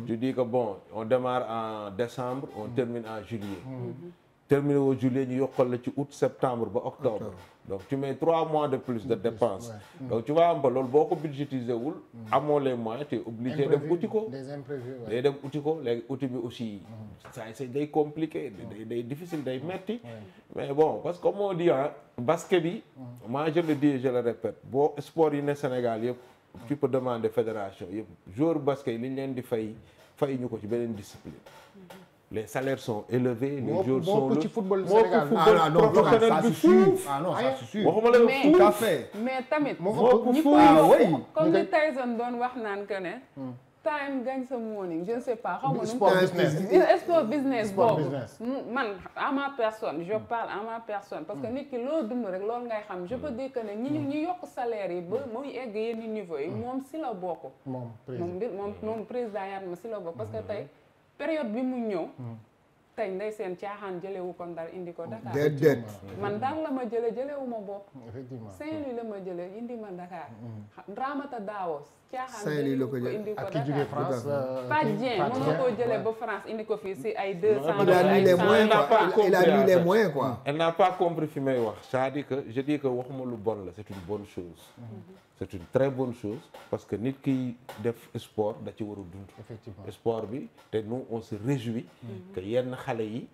tu dis bon on démarre en décembre on mm-hmm. termine en juillet termine au juillet ñu yokkal la ci août septembre ba octobre donc tu mets trois mois de plus de dépenses ouais. donc tu vois am ba loolu boo ko budgétiser wul mm. amoo les moyens tu es obligé dem uti ko day dem uti ko léegi uti bi aussi mm. ça c'est day compliqué day day day metti mm. mais bon parce que moo on dit basket bi maa je le dis je le répète boo sport yi ne Sénégal yëpp tu peux demander fédération yëpp jour basket yi li ñu leen di fay fay ñu ko ci beneen discipline mm-hmm. les salaires sont élevés. les jours bon, sont moo ci football Sénégal ah non non ça suffit ah non ça suffit. waxumala mais tamit. moo ko ah, comme ni Tyson doon wax naan que ne. Hmm. time gagne sa morning je ne sais pas. Hmm, man à ma personne je hmm. parle à ma personne. parce que nit ki loolu dund rek loolu ngay xam je peux dire que ne ñu yokk salaire yi ba muy egg yenn niveau yi moom si la bokk. moom président moom moom si la bokk parce que tey. période bi mu ñëw hmm. tey ndey seen caaxaan jëlewu ko ndar indi ko hmm. Dakar déedéet man ndar la ma jële jëlewu ma bopp saint la ma jële indi ma Dakar hmm. Ramata daawo Saint-Louis la ko jëlee ak ki jógee France. Pas Dieng mën nga koo jëlee ba France indi ko fii si ay deux cent. il a mis les moyens quoi il a mis les moyens quoi. elle n'a pas compris fi may wax c'est-à-dire que je dis que waxuma lu bon la c'est une bonne chose. Mm-hmm. c'est une très bonne chose parce que nit kiy def sport da ci war a dund. effectivement sport bi te nous on se réjouit mm-hmm. que yenn xale yi.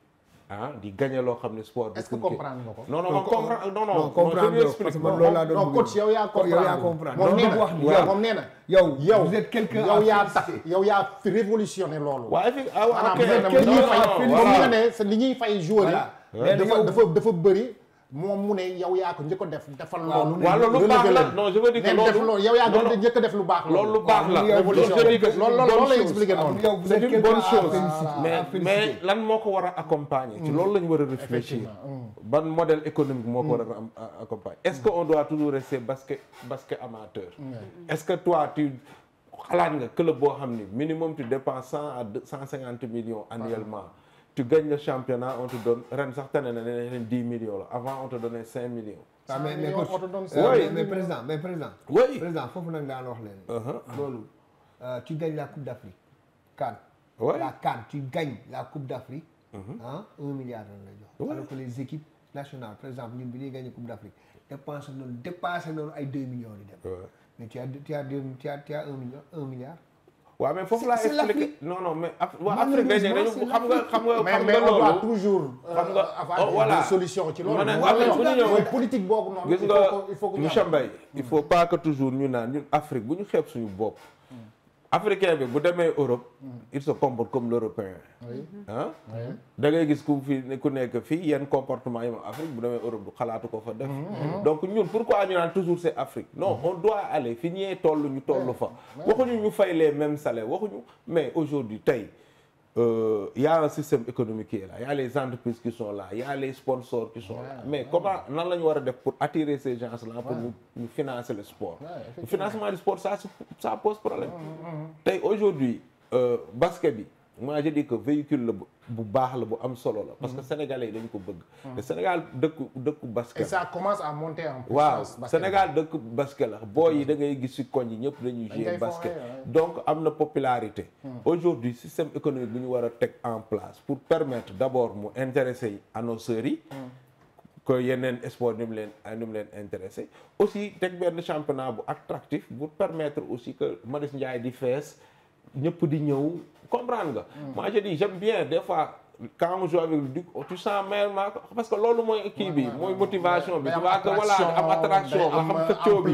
ah di gagné loo xam ne sport. est-ce que comprendre nga ko. non non non comprendre non non. comprendre parce que man loolu laa doon coach yow yaa comprendre moom nee na moom nee na. yow yow vous loolu. waaw effectivement ah ok li ñuy fay fay joueur yi. dafa dafa bëri. moom mu ne yow yaa ko njëkk def defal loolu. waaw loolu lu baax la non je veux dire que loolu loolu yow yaa def lu baax. loolu lu baax la loolu loolu lay expliqué noonu. c'est une bonne chose mais mais lan moo ko war a accompagner. loolu la ñu war a réfléchir. ban modèle économique moo ko mm. war a accompagner. est-ce que on doit toujours rester basket basket amateur. Mm. est-ce que toi tu. xalaat nga club boo xam ni minimum tu dépenses cent à cent cinquante millions annuellement. tu gagnes le championnat on te donne ren sax tane na ne leen dix millions la avant on te cinq millions. ah mais euh, président président. oui nag daan wax leen. Uh-huh. loolu euh, tu gagnes la coupe d' Afrique CAN. oui la CAN tu gagnes la coupe d' uh-huh. milliard lañ jox. alors les équipes nationales par exemple ñun bi ñuy coupe d' Afrique dépensé noonu dépassé ay deux millions di dem. mais tu as tu as tu as tu as un milliard. waaw mais foofu laa expliqué non non mais waa Afrique dañu xam nga xam nga xam nga loolu toujours euh, xam nga euh, oh, voilà solution ci loolu mooy politique boobu noonu gis nga monsieur Mbaye il faut pas que toujours ñu naan ñun Afrique bu ñu xeeb suñu bopp africain bi bu demee Europe il se comporte comme l'européen ah da ngay gis ku fi ku nekk fii yenn comportement yi ma Afrique bu demee Europe du xalaatu ko fa def mm-hmm. Mm-hmm. donc ñun pour pourquoi ñu naan toujours c'est Afrique non mm-hmm. on doit aller fi ñee toll ñu toll fa waxuñu ñu fay les même salaires waxuñu mais aujourd'hui tey euh, y a un système économique qui est là les entreprises qui sont là y a les sponsors qui sont ouais, mais ouais. comment nan la ñu war a def pour attirer ces gens là pour ñu ouais. financer le sport le financement du sport ça ça pose problème mm, mm, mm. tey aujourd'hui euh, bi moi je dis que véhicule la bu baax la bu am solo la. parce que mm-hmm. sénégalais yi dañ ko bëgg. te mm-hmm. Sénégal dëkk dëkku basket. et ça commence en puissance. waaw Sénégal dëkku basket la booy yi da ngay gis si koñ yi ñëpp dañuy jouer basket. donc am na popularité. Mm. aujourd'hui système économique bu ñu war a teg en place pour permettre d' abord mu intéresser annonceurs yi. Mm. que yeneen sport ni mu leen ni mu leen intéressé aussi teg benn championnat bu attractif pour permettre aussi que Marius Ndiaye di fees. ñëpp di ñëw comprendre nga. Hmm. moi je dis j'aime bien des fois. quand on joue avec le Duc oh, tu sens vraiment parce que loolu mooy kii bi mooy motivation bi. tu vois que voilà am attraction nga xam xëccoo bi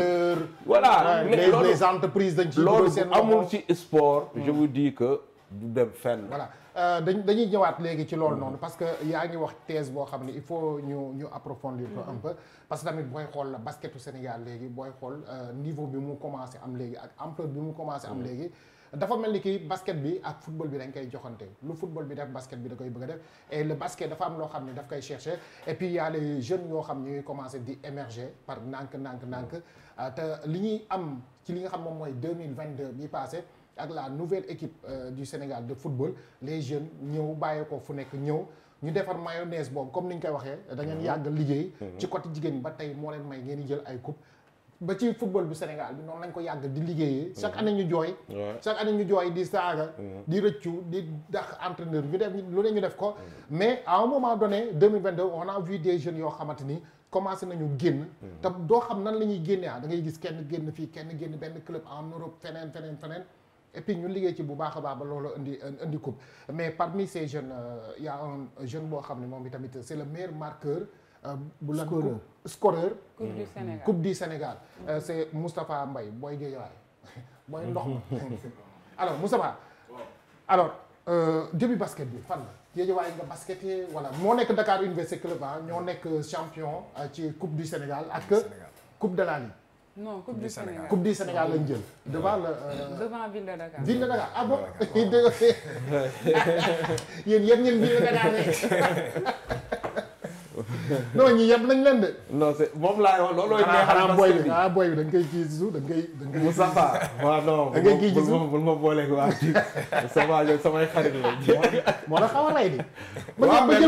voilà loolu les entreprises dañ ci loolu amul ci sport. Hmm. je vous dis que du dem fenn. voilà euh, dañ dañuy ñëwaat léegi ci loolu noonu parce que yaa ngi wax thèse boo xam ne il faut ñu ñu approfondir ko un hmm. peu parce que tamit booy xool la basketu Sénégal léegi booy xool euh, niveau bi mu commencé am léegi ak ampleur bi mu commencé am léegi. dafa mel ni kii basket bi ak football bi dañ koy joxante lu football bi def basket bi da koy bëgg def et le basket dafa am loo xam ne daf koy chercher et puis y a les jeunes yoo xam ne ñuy commencé di émerger par nànk nànk nànk euh, te li ñuy am ci li nga xam moom mooy 2022 bi passé ak la nouvelle équipe euh, du Sénégal de football les jeunes ñëw bàyyi ko fu nekk ñëw ñu defar mayonnaise boobu comme ni ñu koy waxee da ngeen yàgg liggéey ci côté jigéen ñi ba tey moo leen may ngeen di ay coupe ba ci football bi Sénégal bi noonu lañ ko yàgg di liggéeyee. chaque année ñu jooy. chaque année ñu jooy di saaga. Mm-hmm. di rëccu di dax entraîneur ñu def lu ne ñu def ko. Mm-hmm. mais à un moment donné 2022 on a vu des jeunes yoo xamante ni commencé nañu génn. Mm-hmm. te doo xam nan la ñuy génnee ah da ngay gis kenn génn fii kenn génn benn club en Europe feneen feneen feneen. et puis ñu liggéey ci bu baax a ba loolu indi indi coupe mais parmi ces jeunes euh, y a un jeune boo xam ne moom itamit c'est le meilleur marqueur. Euh, bu lan ko scoreur coupe du Sénégal c' euh, est Moustapha booy Guédiawaye booy ndox ma alors Moustapha alors euh, début basket bi fan la Guédiawaye nga baskette voilà moo nekk ndakaar Université Club ah, ñoo mm. nekk champion ah, ci coupe du Sénégal ak coupe de la Ligue non coupe du Sénégal lañ jël. devant ville de Dakar. ville de Dakar ah bon yéen yéen ñeen ville de non ñi yeb nañ leen de. non c'est moom laa wax looloo ñu. xanaa ah, booy bi ah koy kii ci suuf da nga koy da nga koy. ma booleeg waa samay xarit lañ. a rey di. waaw mais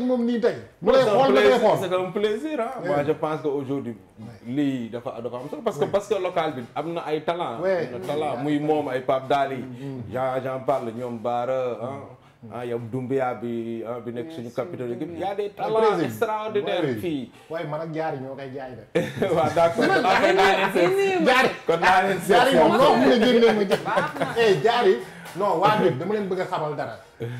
moom nii tey. mu lay xool nga lay xool pense lii dafa dafa am solo parce que local bi am na ay talent. am muy moom ay Pape Daly. Mm-hmm. Jean Jean parle ñoom Baara ah yow Dumbia bi ah, bi nekk suñu capitale équipe y' a des talents extraordinaires fii. waaye man ak jaari ñoo koy jaay de. waaw d' accord kon naa leen seet jaari kon naa leen seet jaari moom a génnee ma jël. eh jaari non waa DIG dama leen bëgg a xamal dara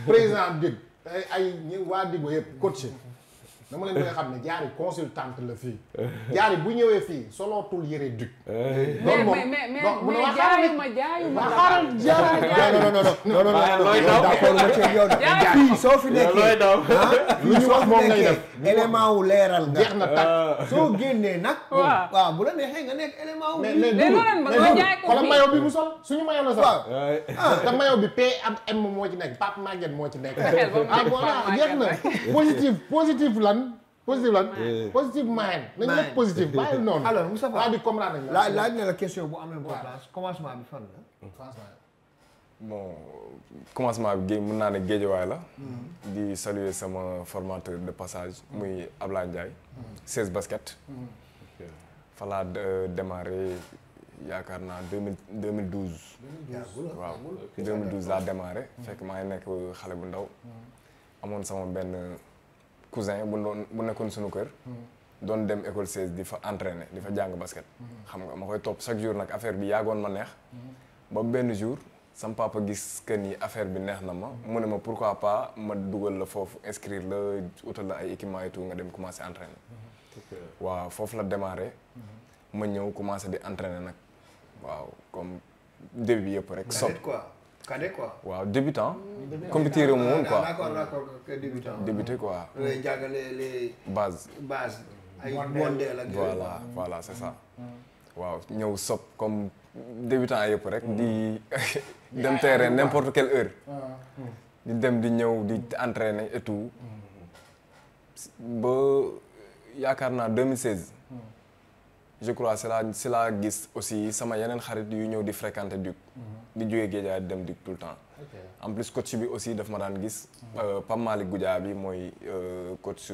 président DIG eh, ay ay waa DIG yëpp coach. dama leen koy xam ne jaari consultante la fii jaari bu ñëwee fii solo solootul yëre duc loolu moom mais jaayuma jaayuma xaaral jaara fii soo fi nekkee looy daw ah, lu ñu wax moom ngay wu leeral nga jeex na tak ah. soo génnee nag waaw bu la neexee nga nekk élément wu bi mu sol suñu maillot la sax ah. te maillot bi P am moo ci nekk Pape Maguette moo ci nekk jeex na positif positif la positive lan eh. positive mind nañu nekk positive bàyyi noonu. alors Moussa Fall di comprendre laaj laaj na la question bu amee bon place commencement bi fan la. bon commencement bi géej mën naa ne géejewaay la. Hmm. di saluer sama formateur de passage hmm. muy Ablaye Ndiaye. 16 hmm. basket. fa laa démarré yaakaar naa 2000 2012. waaw 2012 laa démarré. fekk maa ngi nekk xale bu ndaw. amoon sama benn. cousin bu doon bu nekkoon suñu kër. Hmm. doon dem école 16 di fa entraîner di fa jàng basket. Hmm. xam nga ma koy topp chaque jour nag affaire bi yaagoon ma neex. Hmm. ba benn jour sam gis que nii affaire bi neex na ma. mu ne ma pourquoi pas ma dugal la foofu inscrire la utal la ay équipement et nga dem commencer entraîner. waaw foofu la démarrer. ma ñëw commencer di entraîner nag waaw comme début yëpp rek. sotti quoi. cadet quoi. waaw débutant. Mm. compétir moom quoi d'accord d'accord débutant. débuté quoi. Mm. les. bases bases. ay voilà voilà c'est ça. waaw ñëw sob comme débutant yëpp rek. di mm. dem terrain n'importe quelle heure. Ah, di dem di ñëw di entraîner et tout. ba yaakaar naa 2016. je crois si laa si laa gis aussi sama yeneen xarit yu ñëw di fréquenter Duc. Mhm. di jógee Guédiawaye dem Duc tout le temps. en plus coach bi aussi daf ma daan gis. Mhm. Euh, Pape Malick Goudia bi mooy euh, coach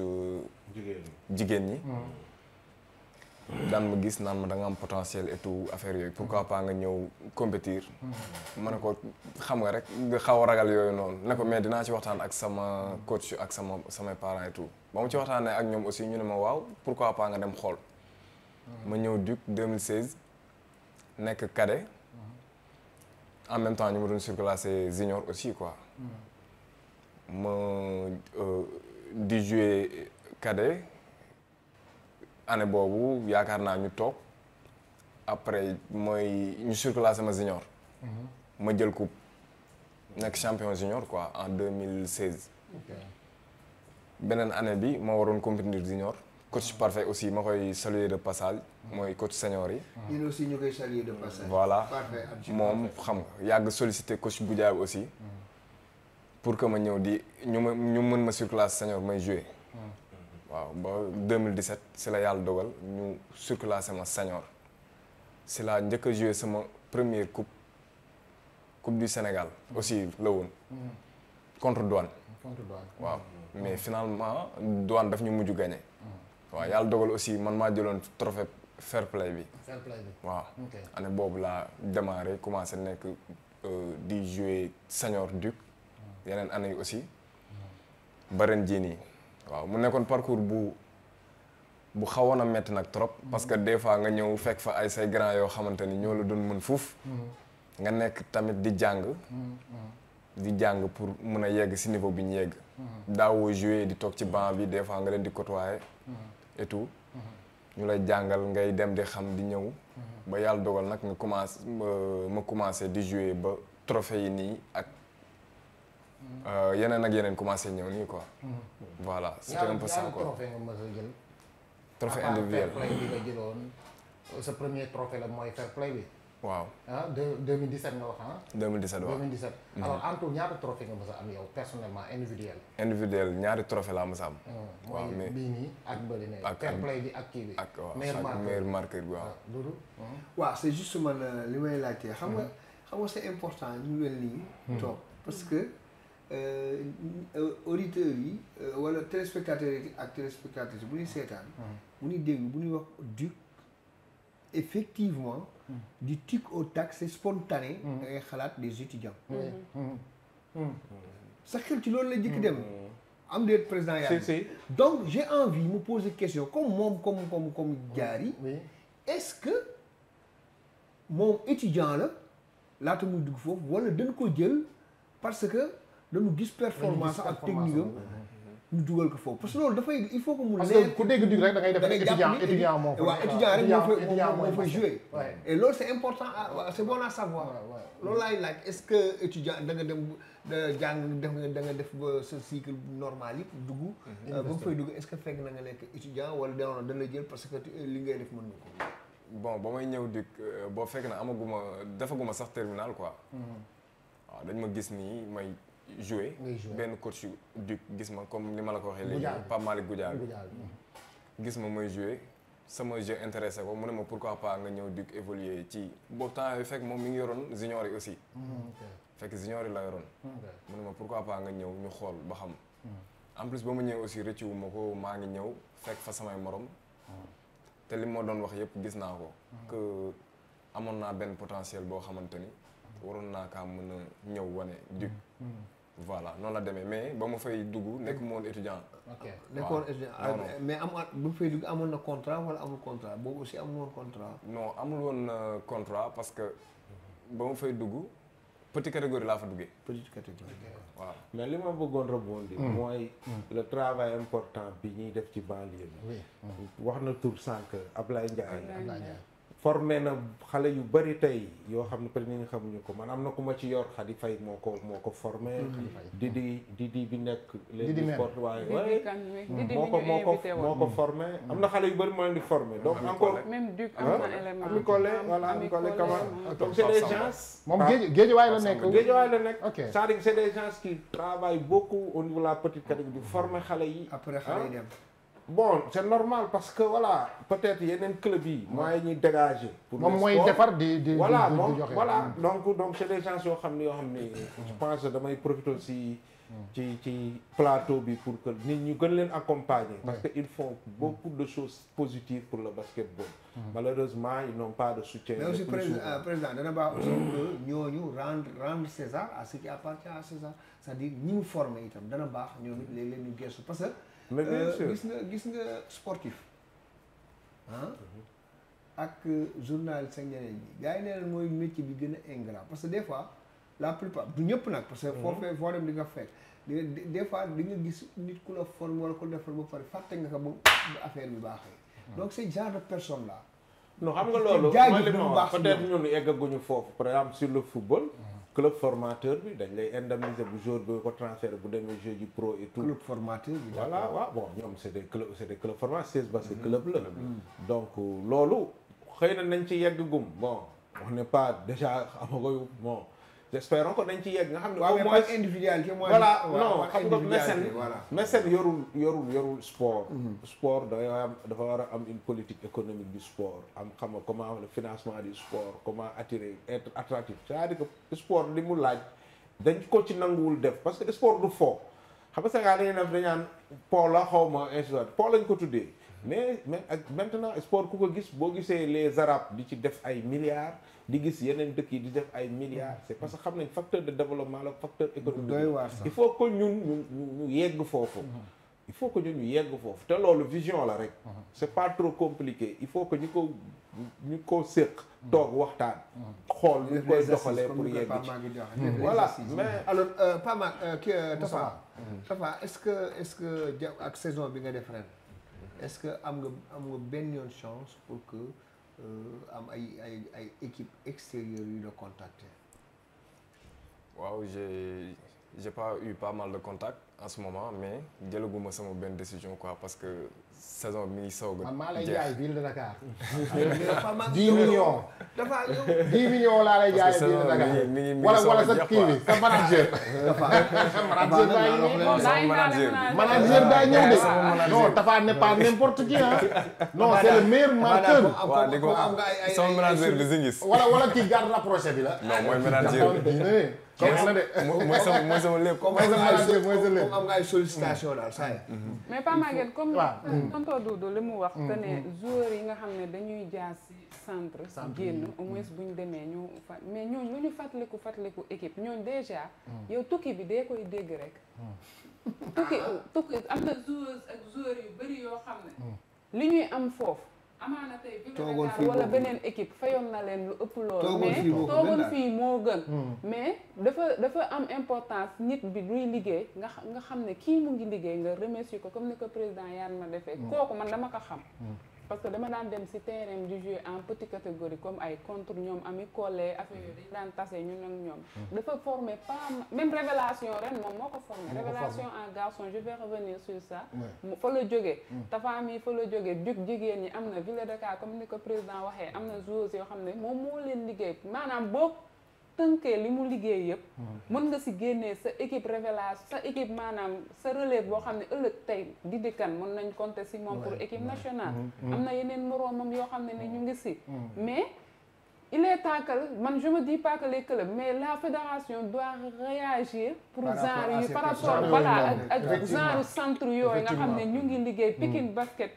jigéen ñi. Mhm. daan ma gis naan ma da nga am potentiel et tout affaire yooyu pourquoi pas nga ñëw compétir. ma ne ko xam nga rek nga xaw a ragal yooyu noonu ne ko mais dinaa ci waxtaan ak sama coach ak sama samay parents et tout ba mu ci waxtaanee ak ñoom aussi ñu ne ma waaw pourquoi pas nga dem xool. ma ñëw DUC 2016 nekk cadet en même temps ñu ma doon surclassé junior aussi quoi ma euh, di jouer cadet année boobu yaakaar naa ñu toog après mooy ñu surclassé ma junior ma jël coupe nekk champion junior quoi en 2016 beneen anne bi ma waroon du junior coach parfait aussi ma koy saluer de passage mooy coach senior yi. ñun mmh. aussi ñu koy voilà moom xam nga yàgg sollicité coach bu jaay aussi. Mmh. pour que ma ñëw di ñu ma ñu mën ma sur classe senior may jouer. Mmh. waaw ba 2017 si la yàlla dogal ñu sur classe ma senior si la njëkk a joué sama première coupe coupe du Sénégal aussi la woon. contre douane. contre waaw mais finalement douane daf ñu mujj gagné. waaw yàlla dogal aussi man maa jëloon trophée fair play bi. fair waaw. année boobu laa démarré commencé nekk euh, di jouer senior duc. Hmm. yeneen année yi aussi. Hmm. ba ren jii nii waaw mu nekkoon parcours bu bu xawoon a métti nag trop. Hmm. parce que des fois nga ñëw fekk fa ay say grand yoo xamante ni ñoo la doon mën fuuf. nga nekk tamit di jàng. di jàng pour mun a yegg si niveau bi ñu yegg. daawoo jouer di toog ci banc bi des fois nga leen di côtoyer. et tout. ñu lay jàngal ngay dem di xam di ñëw. ba yàlla dogal nag nga commencé ma commencé di jouer ba trophée yi nii ak. Mm-hmm. Euh, yeneen ak yeneen commencé ñëw nii quoi. Mm-hmm. voilà c'était un peu ça quoi trophée nga individuel sa premier trophée la mooy fair play bi. waaw ah 2017 nga wax ah. 2017 waaw 2017. Mhm. alors en tout ñaari trophée nga mës a am yow personnellement individuel. individuel ñaari trophée laa mës a am. Ah, waaw mais bii nii ak bële ne. ak fair play bi ak kii bi. ak waaw ak meilleur marqueur bi waaw. loolu. Ah, mhm. waaw c' est juste man li may laajtee. xam nga mhm. xam nga c' est important ñu wel nii. toog parce que euh, euh, auditeurs yi euh, wala téléspectateurs yi ak téléspectatrices bu ñuy seetaan. bu ñuy dégg bu ñuy wax Duc effectivement. di tic au tac c'est spontané. Mm. da ngay xalaat des étudiants. Mm. Mm. sa xel ci loolu la njëkk dem. am déet président yaa donc j'ai envie mu poser question comme moom comme comme comme Diary. est-ce que moom étudiant la laata muy dugg foofu wala dañ ko jël parce que dañu gis performance ak technique ñu dugal ko foofu parce que loolu dafay il faut que mu. parce que rek da ngay def étudiant étudiant moo waaw étudiant rek moo fay loolu important à c'est laay laaj est-ce que étudiant da nga dem jàng def nga da nga def ba sa cycle normal yi dugg euh, ba nga fay dugg est-ce que fekk na nga nekk étudiant wala danoon dañ la jël parce que li ngay def mën nga ko bon ba may ñëw dik euh, boo fekk na amaguma defaguma sax terminal quoi mhm. waaw dañ ma gis nii may joué benn coach du gis ma comme ni ma la ko waxee léegi Pape Malick Goudiaby gis ma mooy joué sama jeu intéressé ko mu ne ma pourquoi pas nga ñëw Duc évoluer ci boobu temps yooyu fekk moom mi ngi yoroon junior yi aussi hmm, fekk junior yi la yoroon hmm, mu ne ma pour pourquoi pas nga ñëw ñu xool ba xam hmm. en plus ba ma ñëwee aussi rëccuwu ma ko maa ngi ñëw fekk fa samay morom te li ma doon wax yëpp gis naa ko que amoon naa benn potentiel boo xamante ni waroon naa kaa mën a ñëw wane Duc voilà noonu la demee mais ba ma fay dugg nekk moon étudiant. ok nekkoon étudiant euh, mais am bu fay dugg amoon na contrat wala amul contrat boobu aussi amul woon contrat. non amul woon euh, contrat parce que ba ma fay dugg petite catégorie laa fa duggee. petite catégorie waaw. mais li ma bëggoon rebondir. Hmm. mooy hmm. le travail important bi ñuy def ci banlieue bi. wax na tur sànq Ablaye Ndiaye. formé na xale yu bëri tey yoo xam ne peut-être ni nga xamuñu ko man am na ku ma ci yor Khady fay moo ko moo ko formé. Mm-hmm. Didi Didi bi nekk. Didi di waaye waaye mm. moo ko moo ko moo ko formé. Mm-hmm. am na xale yu bari moo leen di formé donc encore. même Duc am na élément Ami Collé voilà Ami Collé Camara donc c'est moom géej géej waay la nekk. géej waay la nekk. ok des gens qui travaillent beaucoup la petite catégorie di xale yi. après xale yi dem. bon c' est normal parce que voilà peut-être yeneen club yi. mooy ñuy dégager. pour moom mooy defar di di voilà moom voilà mm. donc donc c' est des gens yoo xam ne yoo xam ne. Mm. pense damay profiter aussi. Mm. ci ci plateau bi pour que nit ñu gën leen accompagner. parce que il faut beaucoup de choses positives pour le basketball. malheureusement ils n'ont pas de soutien. mais euh, président dana baax ñooñu rendre César à ce qui appartient à César c'est-à-dire ñi ñu former itam dana baax ñooñu léeg-léeg ñu gëstu parce que. mais bien sûr gis nga gis nga sportif ah. ak journaliste ak ñeneen ñi gars yi nee na mooy métier bi gën a ingrat parce que des fois la plupart du ñëpp nag. parce que mmh. foo fee foo dem di nga fekk. des fois di nga gis nit ku la forme wala ku defar ba pare fàtte nga ko ba affaire bi baaxee. Mmh. donc c'est genre personne la non am nga loolu mooy li ma wax peut-être ñun eggaguñu foofu par exemple sur le football. Mmh. club formateur bi dañ lay indemniser bu jour bi ko transfert bu demee jeu ji pro et tout. club formateur bi voilà waaw bon ñoom c' est club c' est des clubs formateurs parce que mm-hmm. club la. Mm-hmm. donc loolu xëy na nañ ci yegg gum bon on n'est pas déjà amaguñu bon. espérons que dañ ci yegg nga xam ne. waaw mais pas individualité mooy. voilà non xam nga mécène. voilà mécène yorul yorul yorul sport. Mhm. sport da am dafa war a am une politique économique du sport am xam nga comment le financement du sport comment attirer être attractif c'est-à-dire que sport li mu laaj dañ ko ci nanguwul def parce que sport du fo xam nga Sénégal dañuy def dañaan po la xaw ma institut po lañ ko tuddee mais mais ak maintenant sport ku ko gis boo gisee les arabes di ci def ay milliards. di gis yeneen dëkk yi di def ay milliards c'est parce que xam nañ facteur de développement la facteur économique doy waar sax il faut que ñun ñu yegg foofu mm-hmm. il faut que ñun ñu yegg foofu te loolu vision la rek mm-hmm. c'est pas trop compliqué il faut que ñu ko ñu ko séq mm-hmm. toog waxtaan xool ñu koy doxalee pour yegg ci voilà mais alors euh, Pape Mag euh, Tafa Tafa est-ce que est-ce que ak saison bi nga def ren est-ce que am nga am nga benn yoon chance pour que Euh, am ay ay ay équipe extérieure yu la contacter. waaw j'ai j'ai pas eu pas mal de contacts en ce moment mais jëlaguma sama benn décision quoi parce que saison mi ngi soog a. sa bi sa manager. manager manager daa ñëw de. non Tafa n'est pas n'importe qui ah. non manager bi wala kii garde rapproché bi la. non mooy manager bi comme la de mooy sama mooy sama lépp. mooy sama lépp mooy sama lépp comme am nga ay sollicitation daal saa mhm. mais pas Maguette comme. waaw tonton Doudou li mu wax. que ne mhm. joueurs yi nga xam ne dañuy jaas centre. centre génn au moins mhm. bu ñu demee ñu fa mais ñooñu lu ñu fàttaliku fàttaliku équipe ñooñu déjà. yow tukki bi dee koy dégg rek. tukki tukki am na joueurs ak joueurs yu bëri yoo xam ne. li ñuy am foofu. toogoon fii wala beneen équipe fayoon na leen lu ëpp lool. mais fii moo gën. Hmm. mais dafa dafa am importance nit bi luy liggéey nga xam nga xam ne kii mu ngi liggéey nga remercier ko comme ni ko président Yane ma defee. Hmm. kooku man dama ko xam. Hmm. parce que dama daan dem si terrain du jouer en petite catégorie comme ay contre ñoom ami collé affaire yooyu daan tase ñun ak ñoom. Mm-hmm. dafa former pas même révélation ren moom moo ko formé. révélation en garçon je vais revenir sur ça. fa la jóge mm-hmm. tafaam yi fa la jóge jug jigéen ñi am na Ville de Dakar comme ni ko président waxee am na joueurs yoo xam ne moom moo leen liggéey maanaam boo. tënkee li mu liggéey yëpp. Mm-hmm. mën nga si génnee sa équipe révélation sa équipe maanaam sa relève boo xam ne ëllëg tey di Kane mun nañ compter si moom pour équipe nationale. Mm-hmm. am na yeneen moroomam yoo xam ne ni ñu ngi si. Mm-hmm. mais il est temps man je me dis pas que mais la fédération doit réagir pour genre yi par rapport voilà ak genre centre yooyu nga xam ne ñu ngi liggéey Pikine basket.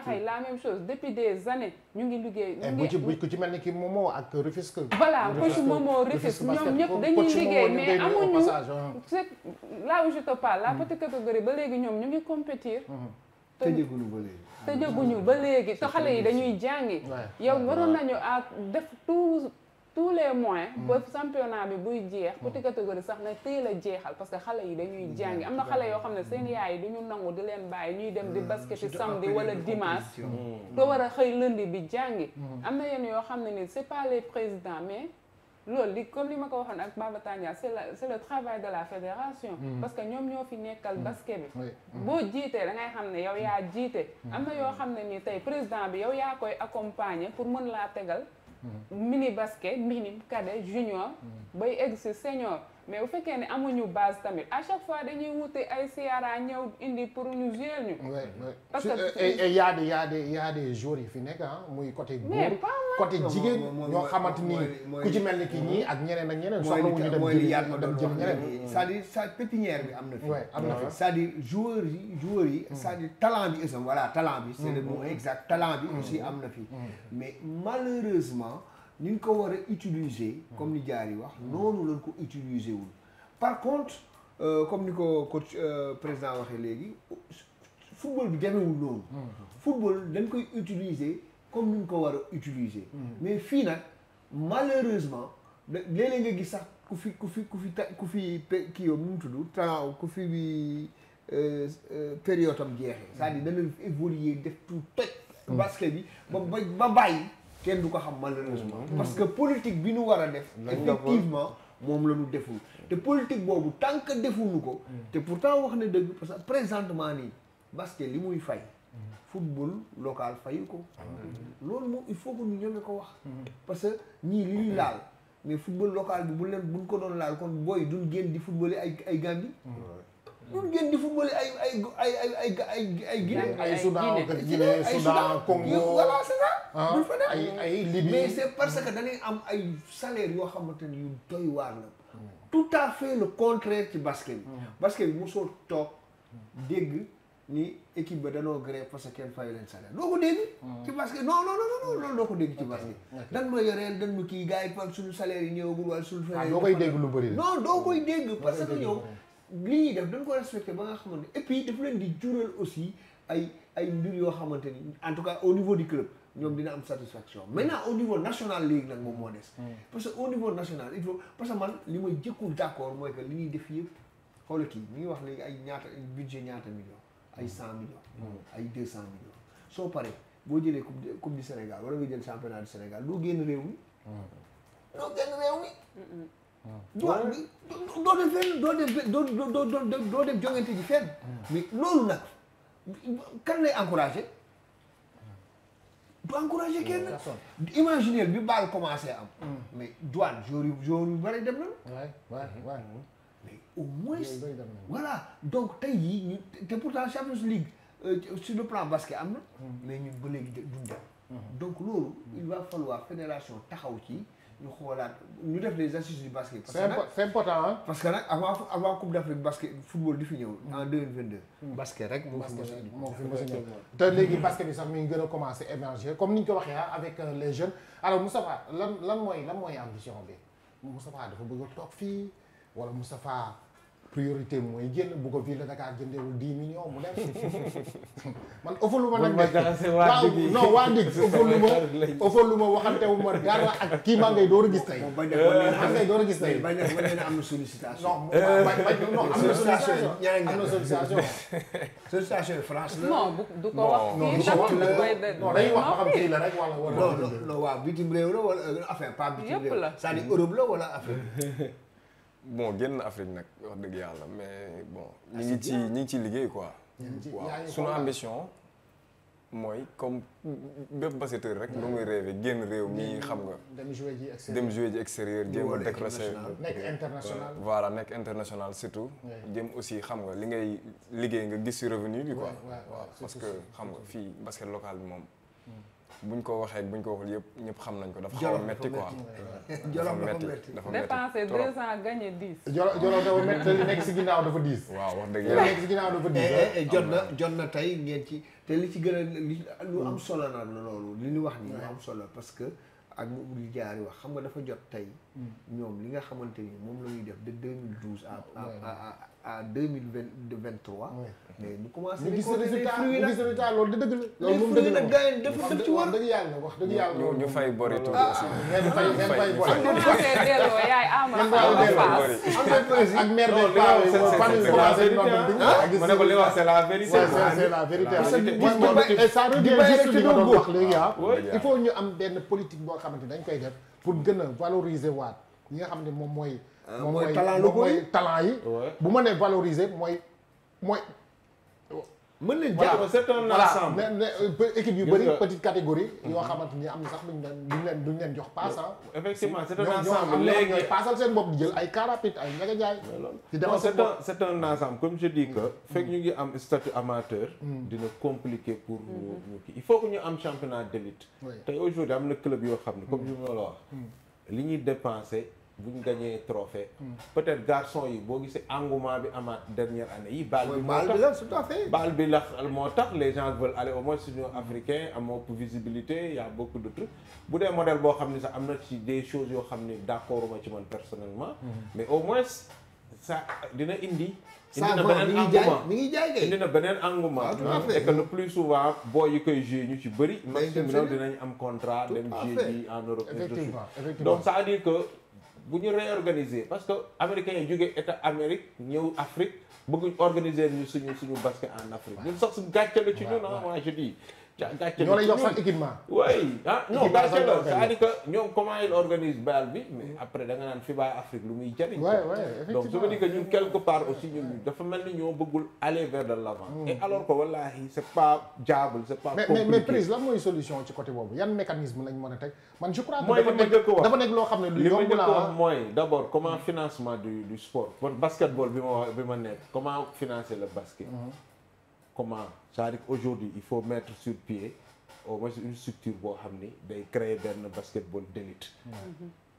pareil mm. la même chose depuis des années ñu ngi liggéey. ñu eh, ngi bu ku ci mel ni ki Momo ak Rufisque. voilà coach Momo Rufisque ñoom ñëpp dañuy liggéey mais amuñu c'est là où je te la mm. petite catégorie ba léegi ñoom ñu ngi compétir. Mm-hmm. tëjëguñu ba léegi. tëjëguñu ba léegi te xale yi dañuy jàngi. yow waroon nañu à def tout. tous les moyens hmm. ba championnat bi buy jeex petit hmm. catégorie sax na teel a jeexal parce que xale yi dañuy jàngi am na xale yoo xam ne seen yaay yi duñu nangu di leen bàyyi ñuy dem di hmm. basket samedi wala dimanche te war a xëy lundi bi jàngi am na yenn yoo xam ne ni c'est pas les présidents mais loolu li comme li ma ko waxoon ak Baba Tania c'est la c'est le travail de la fédération parce que ñoom ñoo fi nekkal basket bi boo jiitee da ngay xam ne yow yaa jiite am na yoo xam ne ni tey président bi yow yaa koy accompagner pour mën laa tegal Mm-hmm. mini basket mini cadet junior mm-hmm. bay egg si senior mais bu fekkee ne amuñu base tamit à chaque fois dañuy wuti ay siyaara ñëw indi pour ñu gérer ñu. parce que euh, y a des y a des y yi fi nekk ah muy côté. góor côté jigéen ñoo xamante ni ku ci mel ni kii ñii ak ñeneen ak ñeneen. soxla wu ñu dem mooy li yaatu ma doon c'est-à-dire sa pépinière bi am na fi. oui am na fi c'est-à-dire joueurs yi joueurs yi. Hmm. c'est-à-dire talent bi aussi voilà talent bi. seen le hmm. mot exact talent bi hmm. aussi am na fi. mais malheureusement. ni ñu ko war a utiliser. comme ni jaar yi wax noonu lañ ko utiliser wul. par contre euh, comme ni ko coach euh, président waxee léegi football bi demewul noonu. football dañ koy utiliser comme ni ñu ko war a utiliser. mais fii nag malheureusement da léeg-léeg nga gis sax ku fi ku fi ku fi ta ku fi kii yow nu mu tudd temps ku fi bi euh, période am jeexee. c'est-à-dire dana évoluer def tout toj. Mm. basket bi ba ba bàyyi. kenn du ko xam la malheureusement hmm. parce que politique bi nu war a def effectivement moom la ñu deful te politique boobu tant que defuñu ko hmm. te pourtant wax na dëgg parce que présentement nii basket li muy fay hmm. football local fayu ko ah, loolu moom il faut que ñu ñeme ko wax parce que ñii li ñuy laal mais football local bi bu leen buñ ko doon laal kon du duñ génn di football ay ay Gambie ñun ngeen di football ay ay ay ay ay ay Guinée. ay Soudan Guinée Soudan Congo voilà c'est ça. Ah, duñ fa dem ay ay Libye mais c'est parce que dañuy am ay salaire yoo xamante ni yu doy waar la. tout à fait le contraire ci basket bi. Hmm. basket bi mosoo toog dégg ni équipe ba danoo grève parce que kenn fayu leen salaire doo ko dégg. Hmm. ci basket non loolu doo ko dégg ci basket. dan ma yoreel dan ma kii gars yi fan suñu salaire yi ñëwagul wala suñu. fayal ah, hmm. doo koy dégg lu bëri doo koy dégg parce que ñëw. li ñuy def dañ ko respecté ba nga xamante et puis dafa leen di jural aussi ay ay mbir yoo xamante ni en tout cas au niveau du club ñoom dina am satisfaction maintenant au niveau national léegi nag moom moo des. Hmm. parce que au niveau national il faut parce que man li may jëkkul d' accord mooy que li ñuy def yëpp xoolal kii mi ngi wax léegi ay ñaata budget ñaata millions ay hmm. cent millions. Hmm. ay deux cent millions soo paree boo jëlee coupe coupe du Sénégal wala nga jël championnat du Sénégal doo génn waaw doo dem fenn doo dem doo dem jongante ji fenn. Hmm. mais loolu nag kan lay encouragé. du encouragé kenn. imaginaire bi baal commencé am. Hmm. mais jour yu yu bari dem nañu. waay hmm. donc tey jii ñu te pourtant Champions League euh, sur le plan basket am na. mais ñun ba léegi duñ dem. donc loolu il va falloir fédération taxaw ci. ñu xoolaat ñu def les assises du basket. parce que nag c'est important ah. parce que nag basket football di fi ñëw en deux mille vingt hmm. basket rek moo fi moo fi mos a ñëw te léegi basket bi sax mi gën a commencé émerger comme ni ñu ko waxee ah avec euh, les jeunes alors Moustapha lan lan mooy lan mooy ambition bi Moustapha dafa bëgg toog fii wala Moustapha. priorité mooy génn bu ko ville de Dakar jëndeewul dix millions mu dem man ëffaluma nag de waaw non waa dig ëffaluma ëffaluma waxantewuma dara ak kii maa ngay door a gis tey maa ngay door a gis tey bañ na am na sollicitation non non am na sollicitation am na sollicitation bitim la wala enfin euh, pas bitim réew cest à la wala Afrique bon génn Afrique nag wax dëgg yàlla mais bon. ñu ah, ngi ci ñu ngi ci liggéey quoi. waaw suñu ambition. mooy comme bépp basketteur rek. nu muy rêvé génn réew mi xam nga. dem jouer ji extérieur dem jouer ji extérieur jéem a décroché. nekk international international surtout. jéem aussi xam nga li ngay liggéey nga gis si revenu bi quoi. waaw parce que xam nga fii basket local bi moom. bu buñ ko waxee buñ ko waxul yëpp ñëpp xam nañ ko dafa xaw a metti quoi dafa metti dafa metti dépenser deux cent gagner dix jolof jolof dafa metti dafa diis waaw wax dëgg yàlla nekk si ginnaaw eh, eh, eh. jot na jot na tey ngeen ci te li ci gën a li lu am solo la loolu li ñu wax ni lu am solo parce que ak mu ubbi jaari wax xam nga dafa jot tey hmm. ñoom li nga xamante ni moom la ñuy def de 2012 à à à 2023 mais ñu commencé ñu gis résultat ñu gis résultat loolu di dëgg la. loolu moom dëgg la dafa dëgg ci war dëgg yàlla wax dëgg yàlla. ñu ñu fay bori tuuti aussi. ngeen ah, fay fay bori. ak maire de Paa ne ko li wax c'est la vérité. la vérité parce que ça revient wax léegi ah. il faut ñu am benn politique boo xamante dañ koy def pour gën a valoriser waat ñi nga xam ne moom mooy. Ah, moom mooy talent yi. bu ma nee valoriser mooy mooy mën nañ jàpp c'est un ensemble mais euh, équipe yu bëri petite catégorie yoo xamante ni am na sax duñ leen duñ leen duñ leen jox paas ah. effectivement c'est un ensemble léegi ñooy seen bopp di jël ay car rapide ay ñaga jaay di demal seen bopp c'est un ensemble comme je di que mm. fekk ñu ngi am statut amateur mm. dina compliqué pour mm-hmm. ñu kii il faut que ñu am championnat d'élite tey aujourd'hui am na club yoo xam ne comme ñu ma la wax mm. li ñuy dépenser bu ñu gagné trophée mm. peut-être garçon yi boo gisee engouement bi amaat dernière année yi baal bi moo tax baal bi la moo tax les gens veulent aller au moins suñu africain amoo visibilité y a beaucoup de bu dee modèle boo xam ni sax am na ci des choses yoo xam ne d'accord ma ci man personnellement mm-hmm. mais au moins ça dina indi indi na beneen engouement mi ngi jaay kay indi na beneen engouement ah, et que le plus souvent boo yi koy joué ñu ci bëri maximum dinañ am contrat dem joué en Europe bu ñu réorganiser parce que américains yi jógee état Amérique ñëw Afrique bëgguñ organiser ñu suñu suñu basket en Afrique ñun sax suñu gàcce la ci ñun ah moi je gàcce ñoo lay jox sax équipement. oui ah non ñoom comment ils organisent baal bi mais après da nga naan FIBA Afrique lu muy jëriñ. donc ça veut dire que ñun quelque part aussi ñun dafa mel ni ñoo bëggul aller vers de l'avant. Hmm. et alors que wallaahi c'est pas jaable c'est pas. compliqué mais solution ci côté boobu yan mécanisme lañ mën a teg man dafa nekk loo xam ne lu yomb laa wax ah. mooy d'abord comment financement du du sport. basketball bi ma wax bi ma nekk comment financer le basket. Hmm. comment c'est-à-dire aujourd'hui il faut mettre sur pied au moins une structure boo xam ni day créer benn basketball d'élite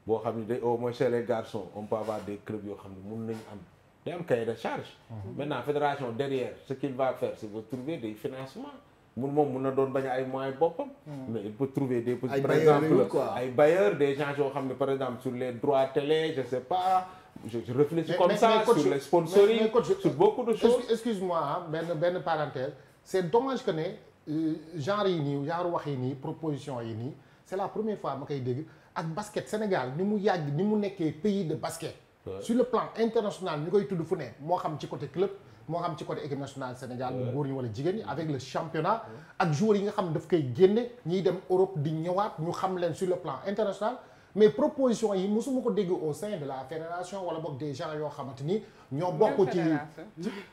boo xam ni day au mois chez les garçons on peut avoir des clubs yoo xam ni mun nañu am day am cahier de charge maintenant fédération derrière ce qu'il va faire c'est de trouver des financements mun moom mun na doon bañ ay moyens boppam mais il peut trouver des par exemple ay bailleurs des gens yoo xam ne par exemple sur les droits télé je sais pas je, je réfléchis mais, comme mais, ça mais, sur les sponsoring, sur beaucoup de choses. Excuse-moi, ben, ben parenthèse. C'est dommage que ne euh, genre yi nii genre wax yi nii proposition yi nii c'est la première fois ma koy dégg ak basket Sénégal ni mu yàgg ni mu nekkee pays de basket. sur le plan international ñu koy tudd fu ne moo xam ci côté club moo xam ci côté équipe nationale Sénégal góor ñi wala jigéen ñi avec le championnat ak joueurs yi nga xam daf koy génne ñiy dem Europe di ñëwaat ñu xam leen sur le plan international mais proposition yi mosuma ko dégg au sein de la fédération wala boog des gens yoo xamante ni ñoo bokk ci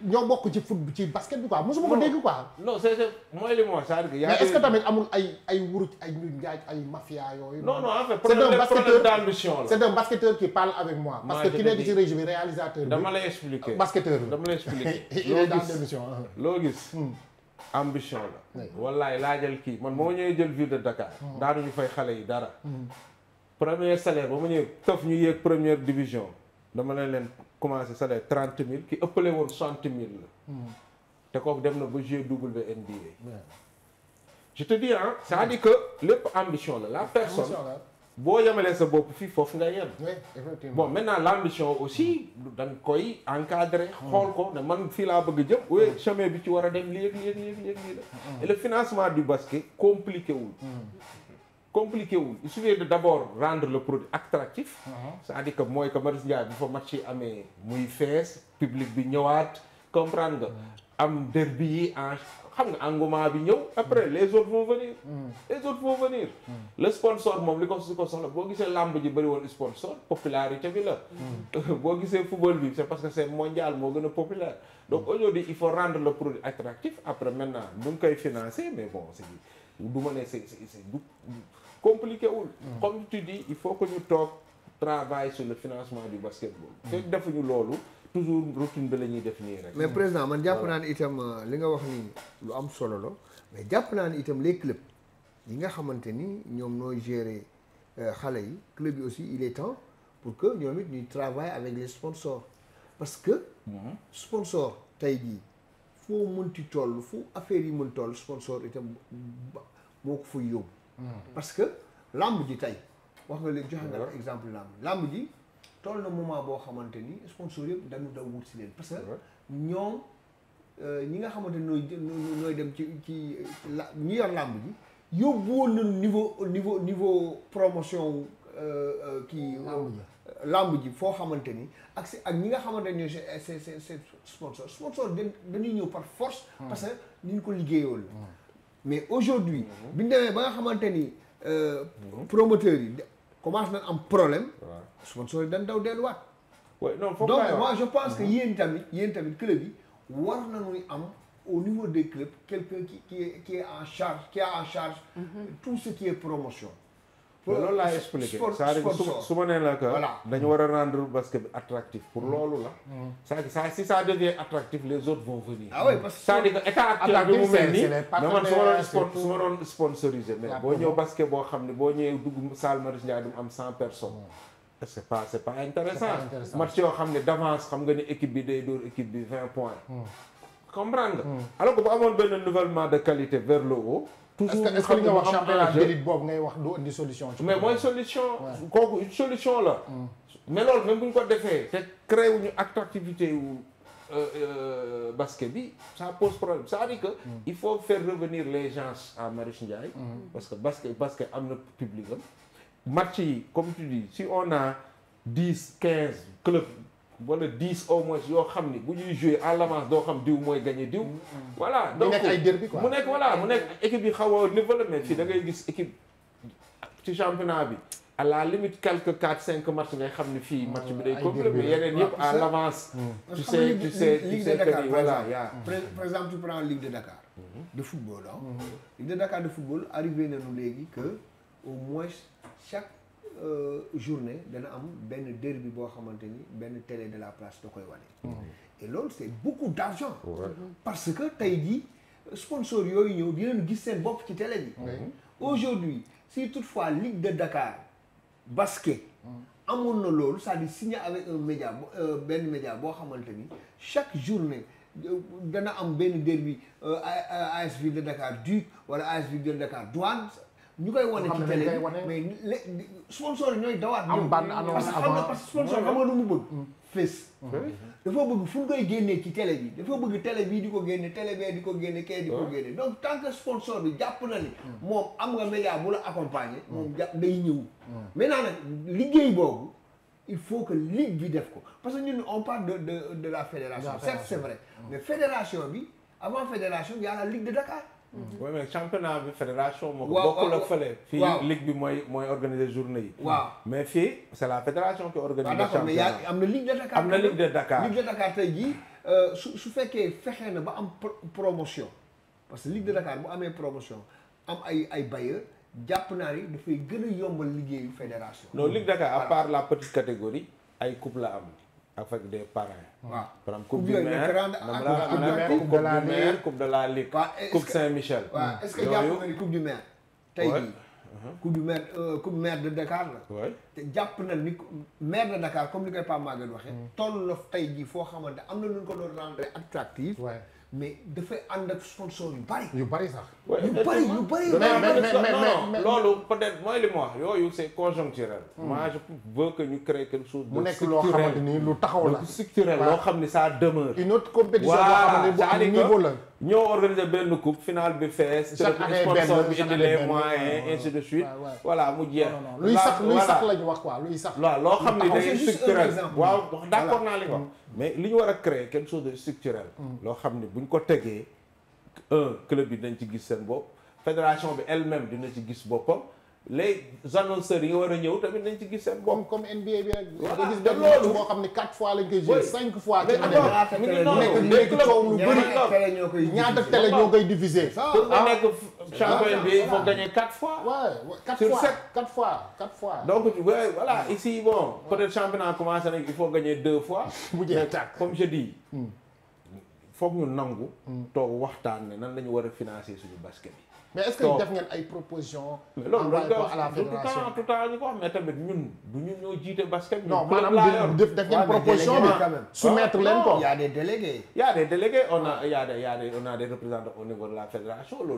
ñoo bokk ci foot ci basket bi quoi mosuma ko dégg quoi non c'est mooy li moo c'est-à-dire tamit amul ay ay wuruj ay njaaj ay mafia yooyu noonu non en fait problème problème d'ambition la c'est un basketteur qui parle avec moi parce que ki nekk ci régie bi réalisateur bi dama lay expliquer basketteur bi dama lay expliquer loo gis hmm. ambition la wallaay laa jël kii man moo ñëwee jël ville de Dakar hmm. daanuñu fay xale yi dara hmm. premier salaire ba ma ñëw tëf ñu yéeg première division dama leen leen commencé salaire trente mille ki ëppale woon soixante mille la. te kooku dem na ba jouer WNBA. ba te dis ah c'est-à-dire que lépp ambition la la personne. boo yemalee sa bopp fii foofu nga yem. bon maintenant la ambition aussi da nga koy encadrer. xool ko ne man fii laa bëgg a jëm. oui mm. chemin bi ci war a dem léegi léegi léegi léegi la. et le financement du basket compliqué wul. Mm. compliqué wul il suffit d' abord rendre le produit attractif. Uh-huh. cest à que mooy que Marius Ndiaye bu fa match yi amee muy fees public bi ñëwaat comprendre nga. Mm. am derbi yi en xam nga engouement bi ñëw. après mm. les autres vont venir. Mm. les autres vont venir. le sponsor moom li ko si ko soxla boo gisee làmb ji bëri woon sponsor popularité bi la. boo gisee football bi c' parce que c' est mondial moo gën a populaire donc aujourd'hui il faut rendre le produit attractif après maintenant nu ngi koy du ma ne c'est c'est du compliqué wul. Mm. comme tu dis il faut que ñu toog travail sur le financement du basketball. Mm. fekk defuñu loolu toujours routine bi la ñuy def nii rek. mais mm. président man jàpp naa ne itam euh, li nga wax ni lu am solo la mais jàpp naa ne itam les clubs yi nga xamante ni ñoom nooy gérer euh, xale yi club yi aussi il est temps pour que ñoom it ñuy travaille avec les sponsors parce que. Mm-hmm. sponsor tey jii foo mënti toll fu affaire yi mën toll sponsor itam moo ko fay yóbbu. Hmm. parce que làmb ji tey wax nga léegi joxe nga exemple làmb làmb ji toll na moment boo xamante ni sponsor yëpp dañu daw wut si leen. parce que ñoom euh, ñi nga xamante ni nooy nooy dem ci ci la ñi yor làmb ji. yóbbu woon niveau niveau niveau promotion euh, euh, kii. làmb ji foo xamante ni ak ak ñi nga xamante ni c'est c'est sponsor dañuy ñëw par force. Hmm. parce que ni ñu ko liggéeyoon la. Hmm. mais aujourd'hui bi ñu demee ba nga xamante ni euh, promoteurs yi commence nañ am problème sponsor yi dañ daw delluwaat donc moi je pense que mm-hmm. yéen tamit yéen tamit club yi war nañuy am au niveau des clubs quelqu'un qui qui en charge qui en charge mm-hmm. tout ce qui est promotion loolu laa expliqué c'est-à-dire que su su ma nee la que dañu war a rendre basket bi attractif pour loolu la mm. c'est-à-dire ça si ça devient attractif les autres vont venir ah oui parce que bi mu mel nii mais man su ma doon spon mais boo ñëw basket xam ne boo ñëwee dugg salle Marius Ndiaye du mu am cent personnes mm. c'est pas intéressant match yoo xam ne d'avance xam nga ne équipe bi day dóor équipe bi vingt points mm. comprendre nga alors que bu amoon benn nouvellement de toujours est-ce que li wax championnat d'élite boobu ngay wax du mais mooy solution. kooku solution la. Mm. mais loolu même ko defee. te créé wuñu attractivité wu euh, euh, basket bi ça pose problème c'est-à-dire que. Mm. il faut faire revenir les gens à Marius Ndiaye. Mm. parce que basket basket am na public am. match yi comme tu dis si on a dix wala dix au moins yoo xam ni bu ñuy joué à l'avance doo xam diw mooy gagné diw. Mm-hmm. voilà donc mu nekk ay derby quoi mu nekk voilà mu nekk mm-hmm. équipe yi xaw a développé fii da ngay gis équipe ci championnat bi. à la limite quelques quatre cinq matchs ngay xam ni fii match bi day complété yeneen yëpp à l' avance. Mm. tu sais tu sais tu sais que ni voilà yaa. par exemple tu prends Ligue de Dakar. Mm-hmm. de football ah. Ligue de Dakar de football arrivé nañu léegi que au moins chaque. Euh, journée dana am benn derby boo xamante ni benn télé de la place da koy wane. Mhm. et loolu c' beaucoup d' parce que tey jii sponsor yooyu ñëw dinañ gis seen bopp ci télé bi. Mhm. aujourd'hui si toutefois Ligue de Dakar basket. Mhm. amoon na loolu c'est-à-dire signé avec un média euh, benn média boo xamante ni chaque journée. Euh, dana am benn derby AS Ville de Dakar Duc wala AS Ville a Dakar Douanes ñu koy wane ci télé mais lé sponsor yi ñooy dawaat. am bande annonce avant parce que sponsor xam nga lu mu bëgg. Mm. fés. Mm-hmm. dafoo bëgg fu ñu koy génnee ci télé bi dafa bëgg télé bii di ko génne télé bee di ko génne kee di ko ah. génne donc tant que sponsor bi jàpp na ni. Mm. moom am nga média bu la accompagner. moom mm. day ñëw. maintenant nag liggéey boobu il faut que ligue bi def ko parce que ñun on parle de de de la fédération. certes c'est vrai mais fédération bi avant fédération y la ligue de Dakar. Mhm. oui mais championnat bi fédération moo ko. bokkul ak fële. fii ligue bi mooy mooy organiser journée yi. waaw mais fii c' est la fédération qui organise. Ah, championnat am na ligue de Dakar am na ligue de Dakar. ligue de tey jii euh, su su fekkee fexee na ba am promotion parce que ligue de Dakar bu amee promotion am ay ay bailleurs. jàpp naa ni dafay gën a yombal liggéeyu fédération. non Ligue Dakar à part la petite catégorie ay coupe la am avec de parrains. waaw par exemple coupe du maire coupe de la ligue coupe de la ligue coupe Saint-Michel. waaw est-ce que jàpp nga ni coupe du maire. tey jii uh-huh. coupe du maire euh, coupe maire de Dakar la. te jàpp na ni maire de Dakar comme ni koy Pape Maguette waxee. Mm. toll na tey jii foo xamante am na lu ñu ko doon rendre attractif. mais dafay ànd ak sponsor yu bari. yu bari sax. yu bari yu bari. mais loolu peut-être mooy li mu wax yooyu c'est conjoncturel. Hmm. moi je veux que ñu créer quelque chose. mu nekk loo xamante ni lu taxaw la structurel loo xam ni ça demeure. une autre compétition boo xam ne bu am niveau la. ñoo organiser benn coupe finale bi fees. chaque année benn sponsor bi indi les moyens ainsi de suite. voilà mu jeex. luy sax luy sax la ñu wax quoi luy sax. waaw loo xam ni day structurel. waaw d'accord naa li ko. mais li ñu war a créer quelque chose de structurel. Mm. loo xam ne bu ñu ko tegee un club bi dañ ci gis seen bopp fédération bi elle-même dina ci gis boppam. les annonceurs yi nga war a ñëw tamit nañ ci gis seen bopp. comme NBA bi rek. voilà loolu boo xam ne quatre fois lañ koy joué. cinq fois ci année bi nekk nekk ñoo koy diffusé. pour nga ah. nekk champion bi il faut ah. gagner quatre fois. waaw quatre fois sur sept quatre fois quatre fois. donc voilà ici bon peut-être championnat commencé nañ il faut gagner deux fois. bu jeex tàkk comme je dis. Hmm. foog ñu nangu. Hmm. toog waxtaan ne nan la ñu war a financer suñu basket yi. mais que def ngeen ay proposition loolu la fédération tout temps tamit ñun du jiite basket. non maanaam ah, y y a des délégués on a y a des y a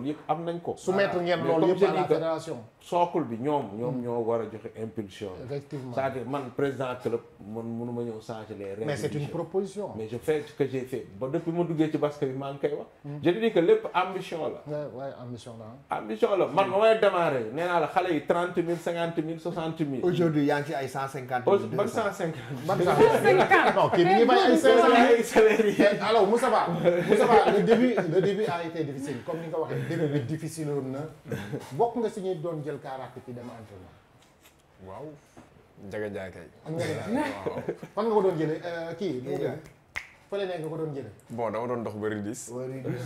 yëpp am nañ ko. sookul ah, bi ñoom ñoom hmm. ñoo war a joxe impulsion. effectivement cest à man président club man mënuma ñëw changer les règles. mais c'est une proposition. mais je fais que j'ai fait ba depuis ma duggee ci basket bi maa ngi koy wax. Hmm. je dis que lépp ambition la. ambition la. ah mission la man ba may démarré nee naa la xale yi trente mille cinquante mille soixante mille. aujourd'hui yaa ngi ci ay cent cinquante mille. deux cent cinquante man cent cinquante. non kii mi ngi may ay salaire yi eh, Ba comme ni nga ko waxee début bi difficile woon na bokk nga si ñuy doon jël car rapide yi dem entraînement. waaw. Ndiaga nga waaw fan nga ko doon jëlee euh, kii. fële ne nga ko doon jële bon dama doon dox ba ridis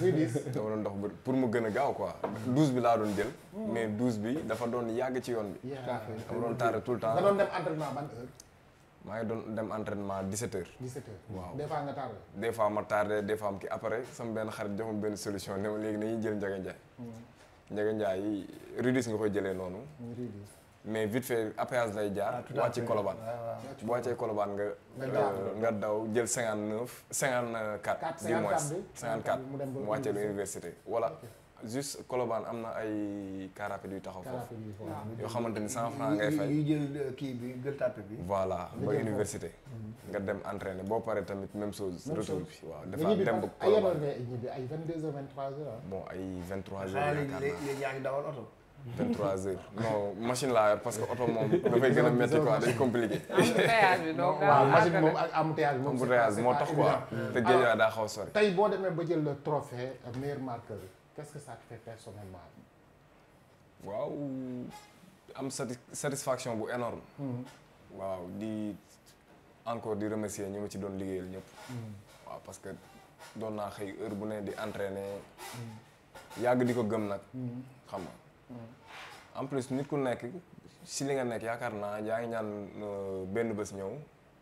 ridis dama doon dox ba pour mu gën a gaaw quoi douze bi laa doon jël hmm. mais douze bi dafa doon yàgg ci yoon bi dama doon tardé tout le temps nga doon dem entraînement ban maa ngi doon dem entraînement 17h. 17 waaw des fois nga tardé. des fois ma tardé des fois am ki après sama benn xarit jox ma benn solution ne ma léegi nañuy jël Ndiaga Ndiaye. Hmm. Ndiaga Ndiaye ridis nga koy jëlee noonu. ridis mais vite fait appéage lay jaar. ah wàcc Colobane. bu wàccee Colobane nga. nga daw euh, jël cinquante neuf cinquante quatre. du moins cinquante quatre mu wàccee l' université voilà. juste Colobane am na ay car rapide yu taxaw foofu yoo xamante ni cent franc ngay fay euh, kii bi gël bi voilà ba université mhm. nga dem entraîner boo paree tamit même chose retour bi waaw dafa dem ba Colobane ay vingt deux heures vingt trois heures bon ay naa oto machine laa yor parce que oto moom dafay gën a métti quoi waaw machine moom ak embouteillage moom. embouteillage moo tax quoi te géej daa xaw a sori. tey boo demee ba jël le trophée meilleur marqueur quest que ça te fait personnellement. am satisfaction bu énorme hmm. waaw di encore di remercier ñi ci doon liggéeyal ñëpp. Hmm. waaw parce que doon naa xëy heure bu ne di entraîner. Hmm. yàgg di ko gëm nag. xam en plus nit ku nekk si li nga nekk yaakaar naa yaa ngi ñaan euh, benn bés ñëw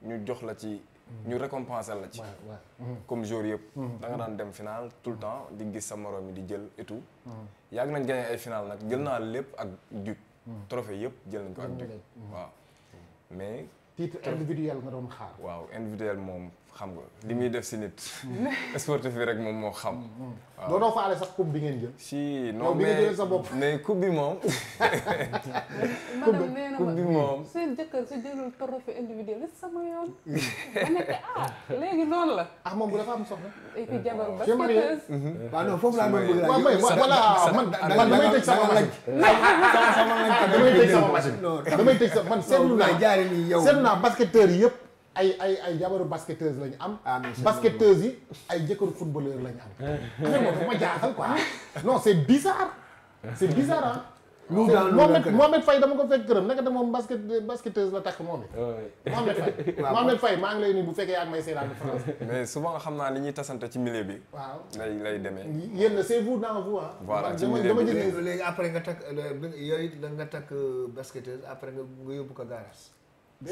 ñu jox la ci. ñu récompenser la ci. Mm-hmm. comme joueur yëpp. Mm-hmm. danga nga daan dem final tout le temps di gis sa morom yi di jël et tout. yàgg nañ gagné ay final nag jël naa lépp ak duc. Mm-hmm. trophée yëpp jël nañ ko ak duc. waaw mais. titre individuel nga doon xaar. waaw individuel moom. xam nga li muy def si rek moom moo xam waaw sax coupe bi ngeen jël si non sa bopp mais coupe bi moom madame nee na coupe bi moom seen jëkkër li sama yoon ma nekk la ah moom bu dafa am soxna et puis jabar ba waaw non foofu laa sama laaj sama sama laaj damay tëj sama machine damay tëj sama man seetlu naa jaari nii yow seetlu naa basketteur yëpp ay ay ay jabaru basketteuses lañu am. Ah, basketteuses yi ay jëkkëru footballeur lañu am. xam nga dafa ma jaaxal quoi non c' est bizarre. c' est bizarre ah. moom Mohamed Mohamed Faye dama ko fekk këram naka de moom basket basketteuse la takk moom it. Mohamed Faye Mohamed Faye maa ngi lay nuyu bu fekkee yaa ngi may seetaan France. mais souvent xam naa li ñuy tasante ci milieu bi. waaw lay lay demee. yéen c' est vous dans vous ah. voilà ci milieu bi léegi après nga takk yooyu it nga takk euh, basketteuse après nga yóbbu ko garage. mi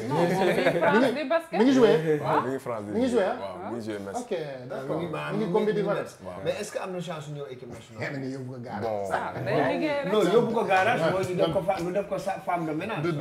ngi joué mi ngi France mi ngi joué waaw mi ngi joué Metz. ok d'accord que am na chance ñëw équipe nationale. nga yóbbu ko garage. non yóbbu ko garage. mooy ko fa ñu def ko femme de ménage.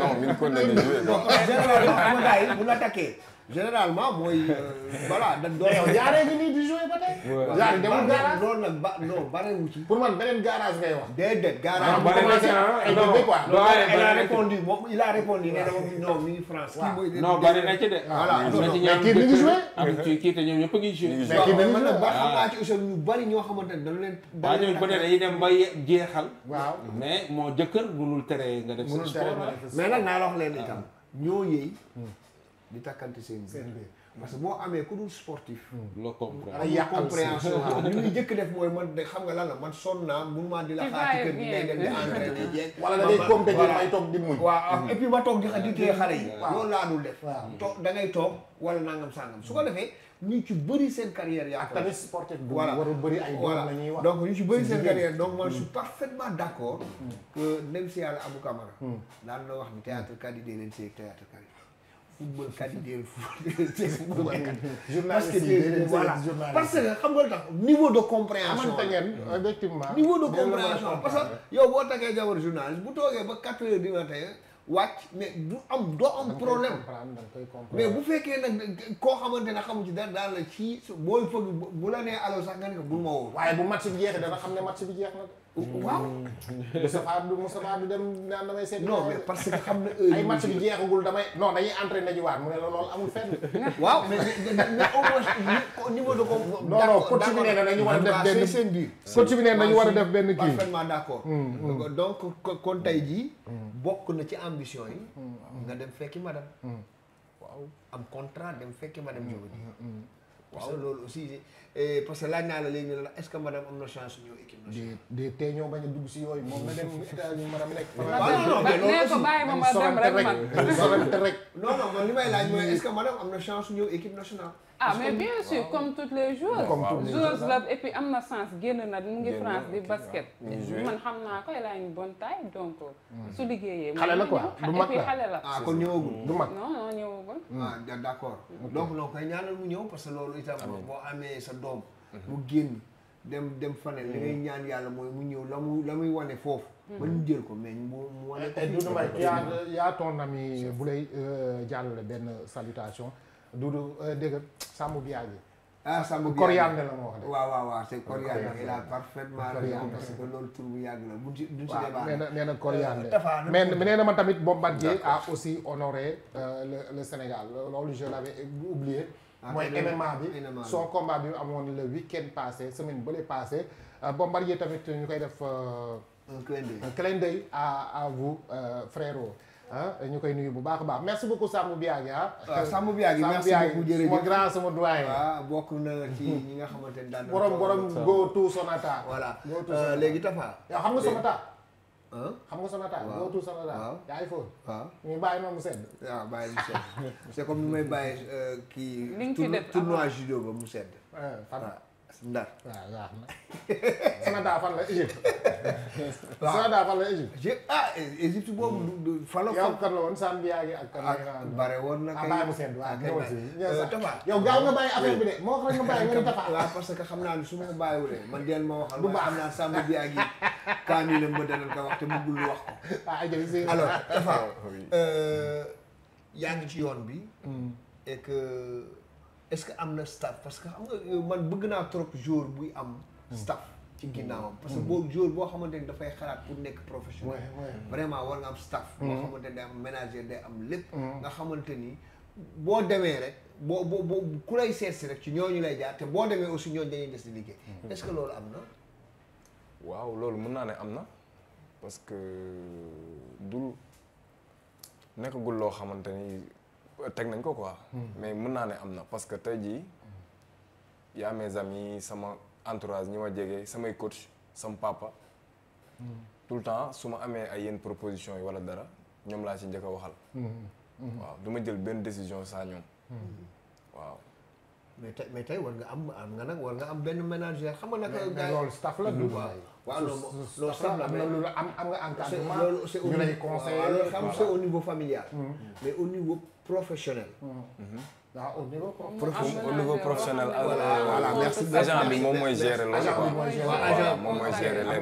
non mi ngi continué di joué. bu takkee. généralement mooy euh, voilà da doon ñaaree ngi nii di jouer ba tey. ñaari demul garage loolu nag ba non barewu ci. pour man beneen garage ngay wax. déedéet garage. Ah, bu commencé ah, ay déglu quoi. il a répondu moom il a répondu ne dama non mi ngi France. non bari na ci de. voilà ah, non mais kii mi ngi jouer. am ci kii te ñoom ñëpp a ngi jouer. mais kii mi ngi jouer ba xam naa ci usal ñu bari ñoo xamante ne dañu leen. waaw ñun peut être dañuy dem ba jeexal. waaw mais moo jëkkër mënul tere nga def. mënul tere mais nag naa la wax leen itam ñoo yëy hmm. di takkante seen bi parce que boo amee ku dul sportif hmm. la compréhension li muy jëkk def mooy man de xam nga lan la man sonn naa mun ma di la xaar ci kër gi ngay dem di entraîné jeeg wala da may toog di hmm. ma toog di xa def toog da toog wala nangam sangam su ko hmm. defee ñu ci bëri seen carrière yaa ak tamit sportif bu warul bëri ay doom la ñuy wax donc ñu ci bëri seen carrière donc man je suis parfaitement d' accord que même si yàlla Abou Camara daan na wax ni théâtre kat yi dee leen si théâtre kat yi football kat yi football kat. journaliste parce que xam nga lu tax niveau de compréhension. amante ngeen de compréhension parce que yow boo takkee jabar journaliste bu toogee ba quatre heures du matin wàcc mais du am doo am problème. mais bu fekkee nag koo xamante ne xamu ci dara daal la ci booy fëgg bu la nee allo sax nga ne ko bul ma woo. waaye bu match bi jeexee dana xam ne match bi jeex na. waaw. Moustapha du dem naan damay seet. non mais parce que xam na heure ay match bi jeexagul damay. non dañuy entraîné ji waat mu ne la loolu amul fenn. waaw mais au de ko. non bi nee na dañu war a def benn seen biir. coach bi nee dañu war a def benn kii parfaitement d'accord. Mm, mm. donc kon tey jii. Mm. bokk na ci ambition yi. nga dem fekki madame. waaw am contrat dem fekki madame Diop. parce loolu aussi eh, parce que laaj naa la léegi ne la est-ce que madame am na chance ñëw équipe nationale. des tey bañ a dugg si yooyu moom na dem états-unis madame nekk. waaw non mais loolu aussi man sorante li may laaj mooy est que madame am na chance ñëw équipe nationale. ah mais bien sûr comme toutes les joueuses. la et am na sens génn na mu ngi France di basket. man xam naa ko elle a une bonne taille donc. Euh, hmm. su liggéeyee. xale la quoi du mag la la. Ah, ñëwagul du mag. non non ñëwagul. loo hmm. ah, koy ñaanal mu ñëw parce que loolu itam boo amee sa doom. Hmm. mu génn dem dem fanel li ngay ñaan yàlla mooy mu ñëw la la muy wane foofu. ba ñu jël ko mais mu mu wane. ko eh, eh, yaa yaa ton ami bu lay euh, jàllale benn salutation. du euh, dégg nga Sàmm Biagé. ah Sàmm Biagé la moo wax de. waaw waaw waaw c'est coriandre il a parfaitement raison parce que loolu tur bu yàgg la buñ ci na nee euh, ma tamit Bombardier a aussi honoré euh, le le Sénégal loolu je l'avais oublié. Ah, mooy MMA bi son combat bi amoon le week-end passé semaine bële passé Bombardier tamit ñu koy def. un clin a un clin ah eh, ñu koy nuyu bu baax a baax merci beaucoup Sambou Biagui ah. waaw ah, Sambou Biagui merci beaucoup jërëjëf sama grand sama doyen. waaw ah, bokk na ci ñi nga xamante ne daan borom borom go to Sonata. voilà euh, léegi Tafa. yow xam nga Sonata. xam nga Sonata. waaw go to Sonata. waaw yaa ngi foofu. waaw ñu bàyyi ma mu sedd. waaw ah, bàyyi mu sedd c'est comme ni may bàyyi euh, kii. ni nga ci def tournoi judo ba mu sedd. waaw ndar waaw waaw Sanada fan la Égypte. waaw Sanada fan la Égypte. ah Égypte boobu. fan la yow la woon Sambia gi ak. ak bare woon na kay ak ah, ah, euh, yow gaaw nga bàyyi affaire bi de euh, moo xam nga bàyyi nga ne Tafa. waaw parce que xam naa ne su ma bàyyiwulee man deel ma a bu baax xam naa Sambia gi kaani la ma dalal ko wax te bëggul wax ko. ah alors Tafa. Euh, yaa ngi ci yoon bi. Hmm. est-ce que am na staff parce que man bëgg naa trop jour buy am hmm. staff ci ginnaawam hmm. parce que boo jour boo xamante ni dafay xalaat pour nekk professionnel vraiment war nga am staff boo hmm. xamante ni am ménager lépp nga xamante ni boo demee rek boo boo boo ku lay seet si rek ci ñooñu lay jaar te boo demee aussi ñooñu dañuy des liggéey est-ce que loolu am na waaw loolu mën naa ne am na parce que dul nekkagul loo xamante ni teg nañ ko quoi. Hmm. mais mun naa ne am na parce que tey jii yaa mes amis sama entourage ñi ma jege samay coach sama papa. Hmm. tout le temps su ma amee ay yenn propositions yi wala dara ñoom laa si njëkk a waxal. Hmm. waaw ma jël benn décision saa ñoom. waaw. mais tey mais tey war nga am am nga nag war nga am benn ménager xam nga nag. gars staff la du waaw loolu staff la am na lu am am nga encadrement. ñu lay conseiller xam c'est au niveau familial. mais au niveau. professionnel. Mm. Mm-hmm. ah au niveau. au niveau professionnel. voilà merci agent bi moom mooy gérer loolu. agent moom mooy gérer les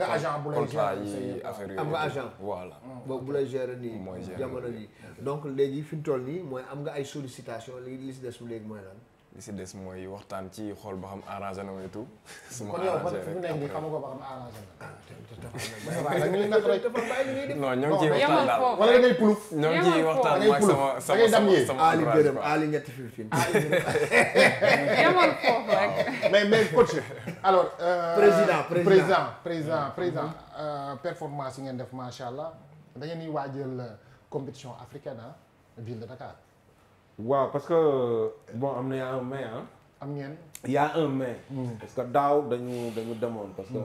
contrats yi affaire yi. am nga agent voilà. Mm. boobu bu lay gérer nii jamono nii donc léegi fi mu toll nii mooy am nga ay sollicitation li li si des léegi mooy lan. li si des mooy waxtaan ci xool ba xam arrangé na mooy tout. su ma arrangé rek kon ba xam arrangé na. Ah, non ñoo ngi ciy waxtaan daal wala ngay puluf. ñoo ngi ciy waxtaan ak sama sama sama Ali gërëm Ali ñetti fifteen. yemal euh, président président président président mm-hmm. euh, performance yi ngeen def macha allah da ngeen di waajal euh, compétition africaine ah ville de Dakar. waaw parce que euh, boo am na y' a un mais ah. am ngeen. y' a un mais. Mm. parce que daaw dañu dañu demoon parce que.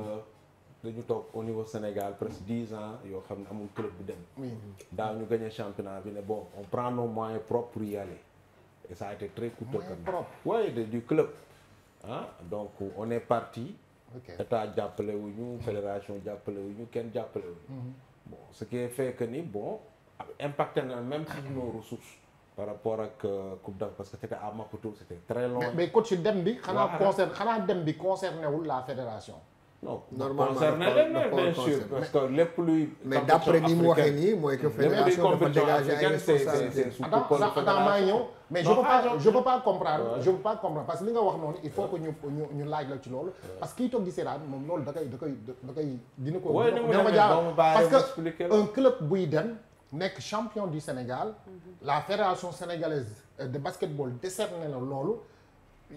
dañu toog au niveau Sénégal presque dix ans yoo xam ne amul club bu dem. daaw ñu gagné championnat bi ne bon on prend nos moyens propres pour y aller et ça a été très coûteux quand même. propre oui du club. ah donc on est parti. état jàppale wu ñu fédération jàppale wu ñu kenn jàppale wu ñu. Mm-hmm. ce qui fait que ni bon impacté na même si nos ressources. par rapport ak euh, Coupe d'Afrique parce que c'était à Maputo c'était très loin. bi. xanaa dem bi concerné wul fédération. non normalement ni mu waxee nii mooy que fédération dafa dégager ay responsabilités. attends maa ñëw mais je peux pas comprendre je peux pas comprendre parce que li nga wax noonu il faut que ñu ñu laaj la ci loolu. parce que kiy toog di seetaan moom loolu da koy da koy da koy dina ko. dina ko jaaxal parce que un club buy dem. nekk champion du Sénégal mhm. la fédération sénégalaise euh, de basketball décerné na loolu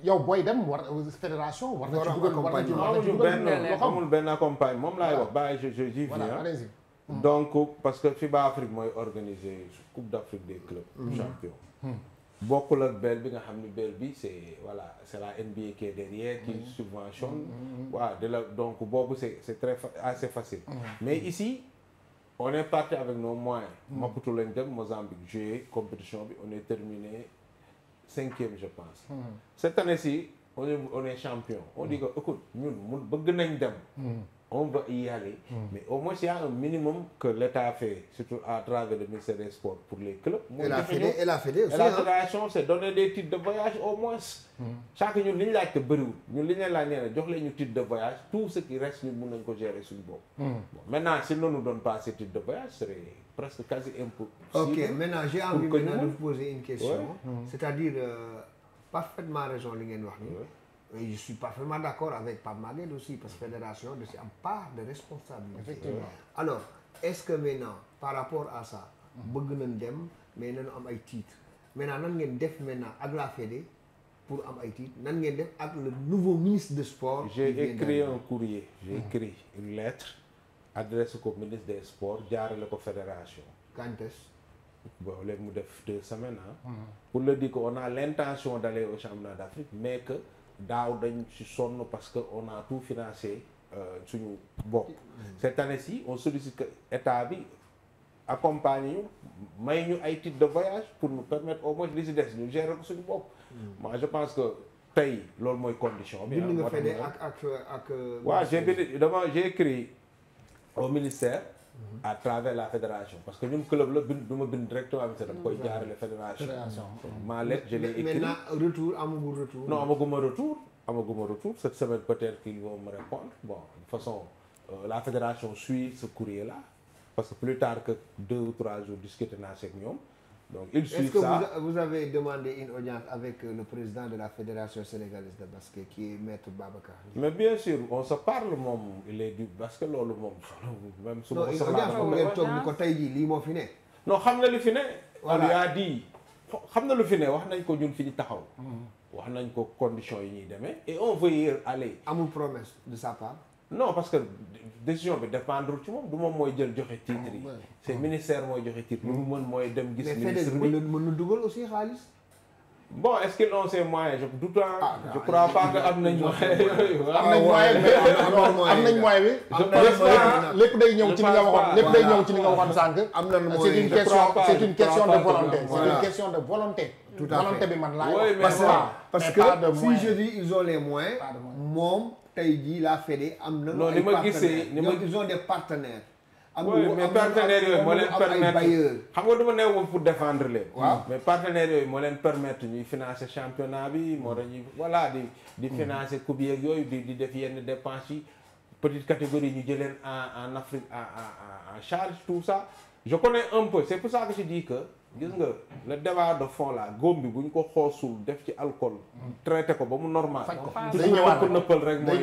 yow booy dem war fédération war na ci dugal war na ci dugal amul benn accompagne moom laay wax bàyyi je je j'y mm. donc parce que FIBA Afrique mooy organiser coupe d'Afrique des clubs mm. champion mm. bokkul ak bel bi nga xam ni bel bi c'est voilà c'est la NBA qui est derrière qui subventionne waaw de donc boobu c'est c'est très assez facile mais ici on est parti avec nos moyens. Maputo lañ dem Mozambique joué compétition bi on est terminé cinquième je pense. Hmm. cette année-ci on est on est champion. on dit que écoute ñun mun dem. Hmm. on va hmm. Mais au moins, il y minimum que l'État fait, surtout à travers le ministère des pour les clubs. Et la, fédé, et la fédé aussi. Et la fédération, c'est donner des titres de voyage au moins. Hmm. Chaque jour, nous avons beaucoup. Nous avons des de voyage. Tout ce qui reste, nous pouvons gérer sur le hmm. bon. Maintenant, si nous ne nous donnons de voyage, serait presque quasi impossible. Ok, maintenant, j'ai envie maintenant de vous une question. C'est-à-dire, euh, parfaitement raison, ce que vous Et je suis parfaitement d'accord avec Pape Maguette aussi, parce que fédération de am part de responsabilité. Effectivement. Alors, est-ce que maintenant, par rapport à ça, bëgg nañ dem mais nañu am ay mais maintenant nan ngeen def maintenant ak la Fédé pour am ay titres nan ngeen def ak le nouveau ministre de sport. j'ai écrit un courrier. j'ai écrit une lettre adresse ko ministre des sports jaarale ko fédération. quand est bon mu def deux semaines pour le dire que on a l'intention d'aller au championnat d'Afrique mais daaw dañ ci sonn parce que on a tout financé euh, suñu bopp cette année-ci on sollicite que état bi accompagner ñu may ñu ay titres de voyage pour nous permettre au moins li des ñu gérer suñu bopp hmm. moi je pense que tey loolu mooy condition bi ah, nga fay ak ak ak waaw euh, j'ai dama j'ai écrit au ministère à travers la fédération parce que ñun club la bind du ma bind directement bi dama koy jaarale fédération. maa lettre je l'ai écrit maintenant retour amaguma retour. non amaguma retour amaguma retour cette semaine peut-être qu'ils vont me répondre façon euh, la fédération suit ce courrier là parce que plus tard que deux ou trois jours discuté naa seeg ñoom. donc il suit ça. Est-ce vous, avez demandé une audience avec euh, le président de la Fédération sénégalaise de basket qui est baba Babacar. mais bien sûr on se parle moom il est du basket loolu moom. même su ma ko soxlaa non une audience ko tey jii lii moo fi ne. xam na lu fi ne. voilà on lui a xam na lu fi ne wax nañ ko ñun fi ñu taxaw. Mm-hmm. wax nañ ko conditions yi ñuy demee. et on veut y aller. amul promesse de sa part. non parce que décision bi dépendre ci moom du moom mooy jël joxe titre yi. Ah, c'est ministère mooy joxe titre lu mu mën mooy dem. gis ministre bi mën na dugal aussi xaalis. bon est-ce qu'ils ont ces moyens je doute ah am nañ. moyen yooyu am nañ moyen bi. lép nañ lépp ñëw ci li nga waxoon lépp day ñëw ci li nga waxoon sànq. am nañ moyen c'est une question c'est une question de volonté c'est une question de volonté. tout bi man laay wax. parce que si je dis ils ont moom. tey jii la Fédé am na. non ni ma gisee ni ma ils ont des partenaires. am mais partenaires yooyu moo leen permettre xam nga dama newoon pour défendre leen. waaw mais partenaires yooyu moo leen permettre ñuy financer championnat bi moo tax ñuy voilà di. di mm. financer coupe yooyu di di def yenn dépenses yi petite catégorie ñu jëleen en en Afrique en en en charge tout ça je connais un peu c'est pour ça que je dis que. gis nga le débat de fond la góom bi bu ñu ko xoosul def ci alcool. traité ko ba mu normal. day ñëwaat ko nëppal rek mooy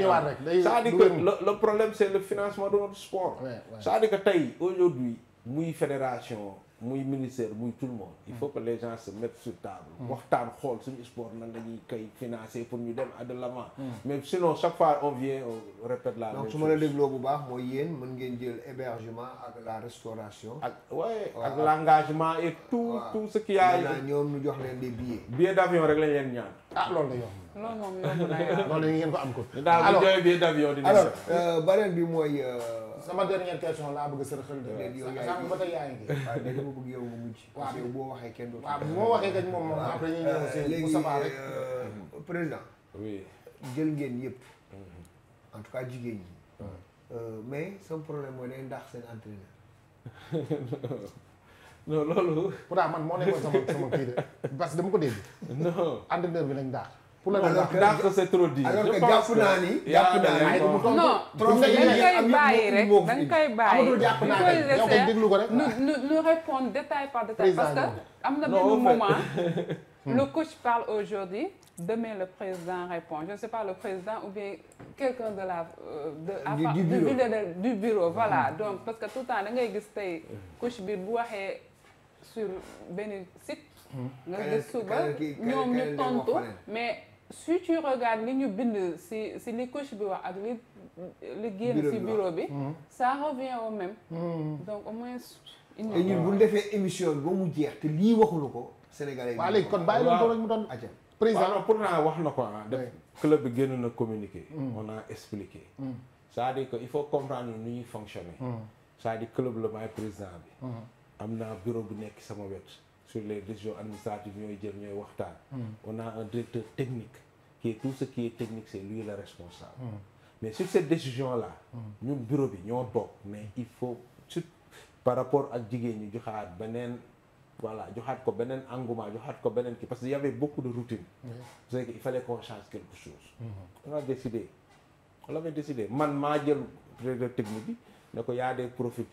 c'est-à-dire que le problème c'est le financement de notre sport. c'est-à-dire que tey aujourd'hui muy fédération. muy ministère muy tout le monde il faut que les gens sur table mm. waxtaan xool suñu sport nan la ñuy koy financer pour ñu dem à de l'avant mm. mais sinon chaque fois on vient on répète la donc su ma la dégloo bu baax mooy yéen mën ngeen jël hébergement ak la restauration ak waaye ak l'engagement et tout ce qu'il y a ñoom ñu jox leen des billets billet d'avion rek lañ leen ñaan ah loolu la yomb loolu moom yomb na loolu ngeen ko am ko daal bu joxee billet d'avion dina alors euh, beneen sama dernière question laa bëgg a sërxal de. léegi yow yaa ngi ba bëgg yow mu mucc. waaw boo waxee kenn dootul. waaw boo waxee kañ moom moom après ñu ñëw si bu sabaa euh, président. oui ngeen yëpp. Mhm. en jigéen ñi. Euh, mais sama problème mooy day ndax seen entraîneur. non loolu. pourtant man moo nekkoon sama sama kii de parce dama ko dégg. non entraîneur bi lañ daax pour la alors que c'est trop non. dañ koy bàyyi rek dañ koy bàyyi. amatul jàpp naa rek yow kay déglu ko rek. nu nu nu répondre détail par détail. parce que am na benn moment. Hmm. le coach parle aujourd'hui demain le président répond je ne sais pas le président ou bien voilà ah. parce que tout da ngay gis tey coach bi bu waxee sur benn site hmm. nga gis suba ñoom ñu tontu mais si tu regardes li ñu bind si si li coach bi wax ak li li génn si bureau bi mm-hmm. ça revient au même mm-hmm. donc au moins te bu ñu defee émission bi ba mu jeex te lii waxuñu ko sénégalais yi waaw léegi ko rek mu doon aja président pourtant wax na ko ah def club bi génn na communiqué mm. on a expliqué mm. c'est-à-dire il faut comprendre ni ñuy fonctionner mm. c'est-à-dire club la maay président bi am naa bureau bu nekk sama wet sur les décisions administratives ñooy jël ñooy waxtaan. Hmm. on a un directeur technique. kii est tout ce technique c'est lui le responsable. Hmm. mais sur cette décision là. Hmm. ñun bureau bi ñoo toog mais il faut sur par rapport ak jigéen ñi joxaat beneen. voilà joxaat ko beneen engouement joxaat ko beneen kii parce que y avait beaucoup de routine. c'est que il fallait qu'on change quelque chose. on a décidé on l'avait décidé man maa jël directeur technique bi ne ko y a des profils